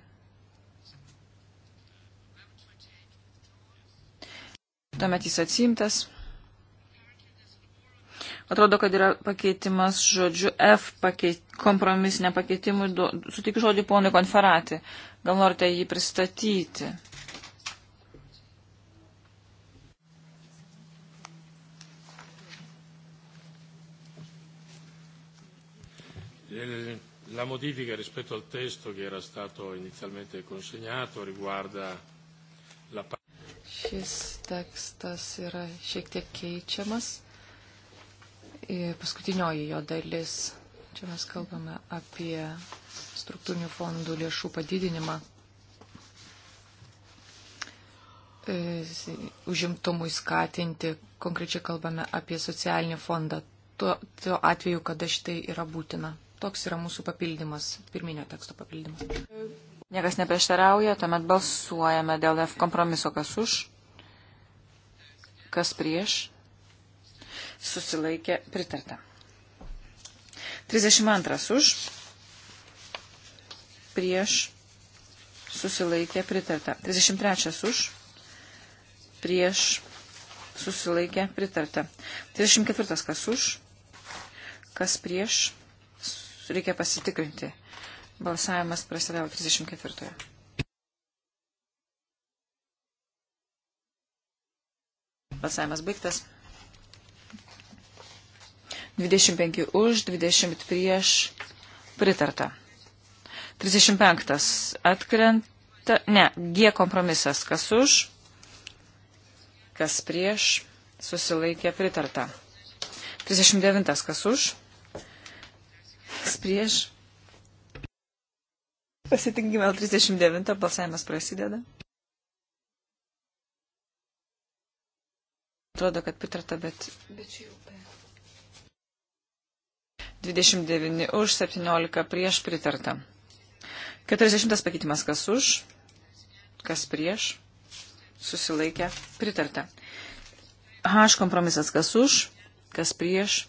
Tuomet jis atsiimtas. Atrodo, kad yra pakeitimas žodžiu F, pakeit, kompromisinė pakeitimų, sutik žodį ponui konferatį. Gal norite jį pristatyti? La modifica rispetto al testo che era stato inizialmente consegnato riguarda la parte. Šis tekstas yra šiek tiek keičiamas. E, paskutinioji jo dalis. Čia mes kalbame apie struktūrinių fondų lėšų padidinimą e, užimtumui skatinti, konkrečiai kalbame apie socialinį fondą, tuo, tuo atveju, kada šitai yra būtina. Toks yra mūsų papildymas, pirminio teksto papildymas. Niekas neprieštarauja, tuomet balsuojame dėl F kompromiso, kas už, kas prieš, susilaikė pritarta. 32 už, prieš, susilaikė pritarta. 33 už, prieš, susilaikė pritarta. 34 kas už, kas prieš, reikia pasitikrinti. Balsavimas prasidėjo 34. Balsavimas baigtas. 25 už, 20 prieš pritarta. 35 atkrenta, ne, G kompromisas, kas už, kas prieš, susilaikė pritarta. 39 kas už kas prieš. Pasitinkime L39, balsavimas prasideda. Atrodo, kad pritarta, bet. Bet čia jau. 29 už, 17 prieš pritarta. 40 pakeitimas kas už, kas prieš, susilaikė, pritarta. H kompromisas kas už, kas prieš,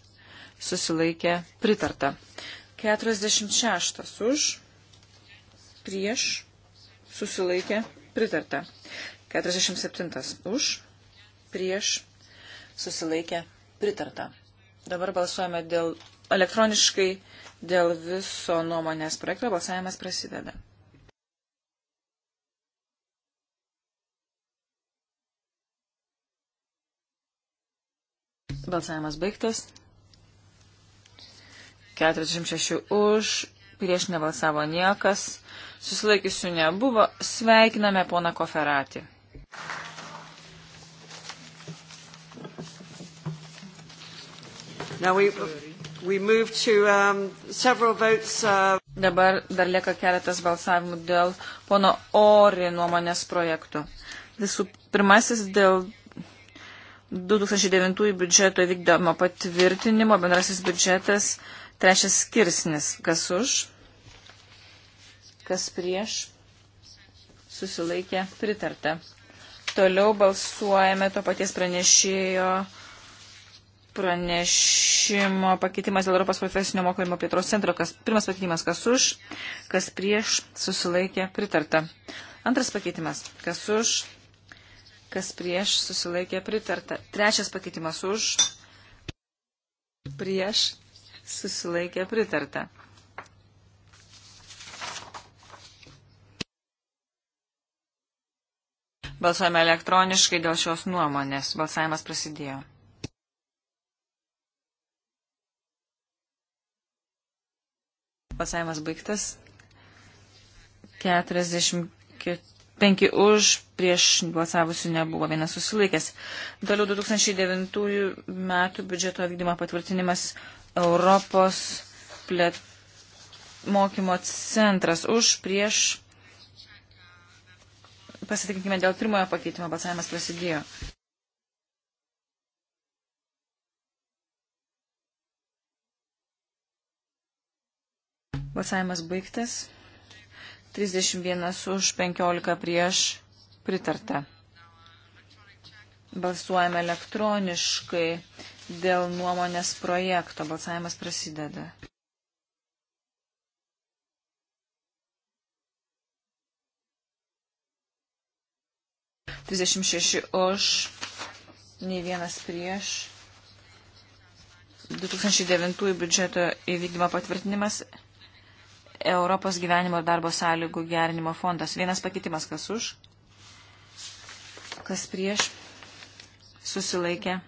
susilaikė, pritarta. 46 už, prieš, susilaikė, pritarta. 47 už, prieš, susilaikė, pritarta. Dabar balsuojame dėl elektroniškai dėl viso nuomonės projekto. Balsavimas prasideda. Balsavimas baigtas. 46 už, prieš nebalsavo niekas, susilaikysiu nebuvo. Sveikiname poną Koferatį. Now we, we move to um, several votes. Uh... Dabar dar lieka keletas balsavimų dėl pono Ori nuomonės projektų. Visų pirmasis dėl 2009 biudžeto vykdomo patvirtinimo bendrasis biudžetas Trečias skirsnis. Kas už? Kas prieš? Susilaikė pritarta. Toliau balsuojame to paties pranešėjo pranešimo pakeitimas dėl Europos profesinio mokymo plėtros centro. Kas, pirmas pakeitimas, kas už, kas prieš, susilaikė, pritarta. Antras pakeitimas, kas už, kas prieš, susilaikė, pritarta. Trečias pakeitimas už, prieš, susilaikė pritarta. Balsuojame elektroniškai dėl šios nuomonės. Balsavimas prasidėjo. Balsavimas baigtas. 45 už, prieš balsavusių nebuvo, vienas susilaikęs. Toliau 2009 metų biudžeto vykdymo patvirtinimas Europos plėt... mokymo centras už prieš. Pasitikinkime dėl pirmojo pakeitimo, balsavimas prasidėjo. Balsavimas baigtas. 31 už 15 prieš pritarta. Balsuojame elektroniškai dėl nuomonės projekto. Balsavimas prasideda. Trisdešimt šeši už, nei vienas prieš. 2009 biudžeto įvykdymo patvirtinimas Europos gyvenimo ir darbo sąlygų gerinimo fondas. Vienas pakeitimas, kas už, kas prieš, susilaikė,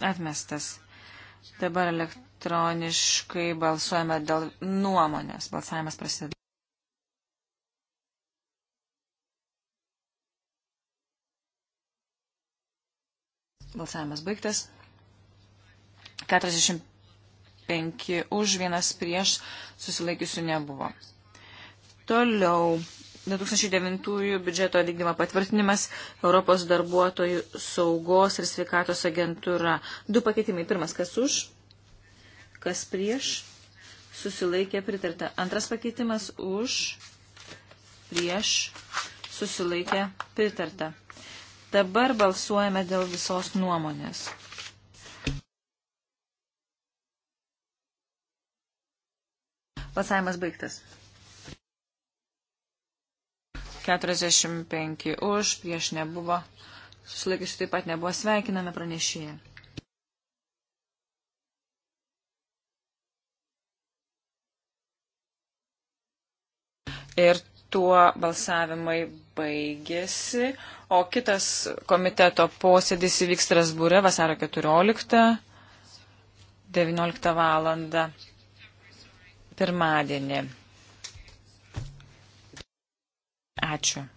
Atmestas. Dabar elektroniškai balsuojame dėl nuomonės. Balsavimas prasideda. Balsavimas baigtas. 45 už, vienas prieš susilaikiusių nebuvo. Toliau 2009 biudžeto vykdymo patvirtinimas Europos darbuotojų saugos ir sveikatos agentūra. Du pakeitimai. Pirmas, kas už, kas prieš, susilaikė pritarta. Antras pakeitimas už, prieš, susilaikė pritarta. Dabar balsuojame dėl visos nuomonės. Balsavimas baigtas. 45 už, prieš nebuvo, susilaikysiu taip pat nebuvo, sveikiname pranešėją. Ir tuo balsavimai baigėsi, o kitas komiteto posėdis įvyks Strasbūre vasaro 14, 19 val. pirmadienį. Ačiū.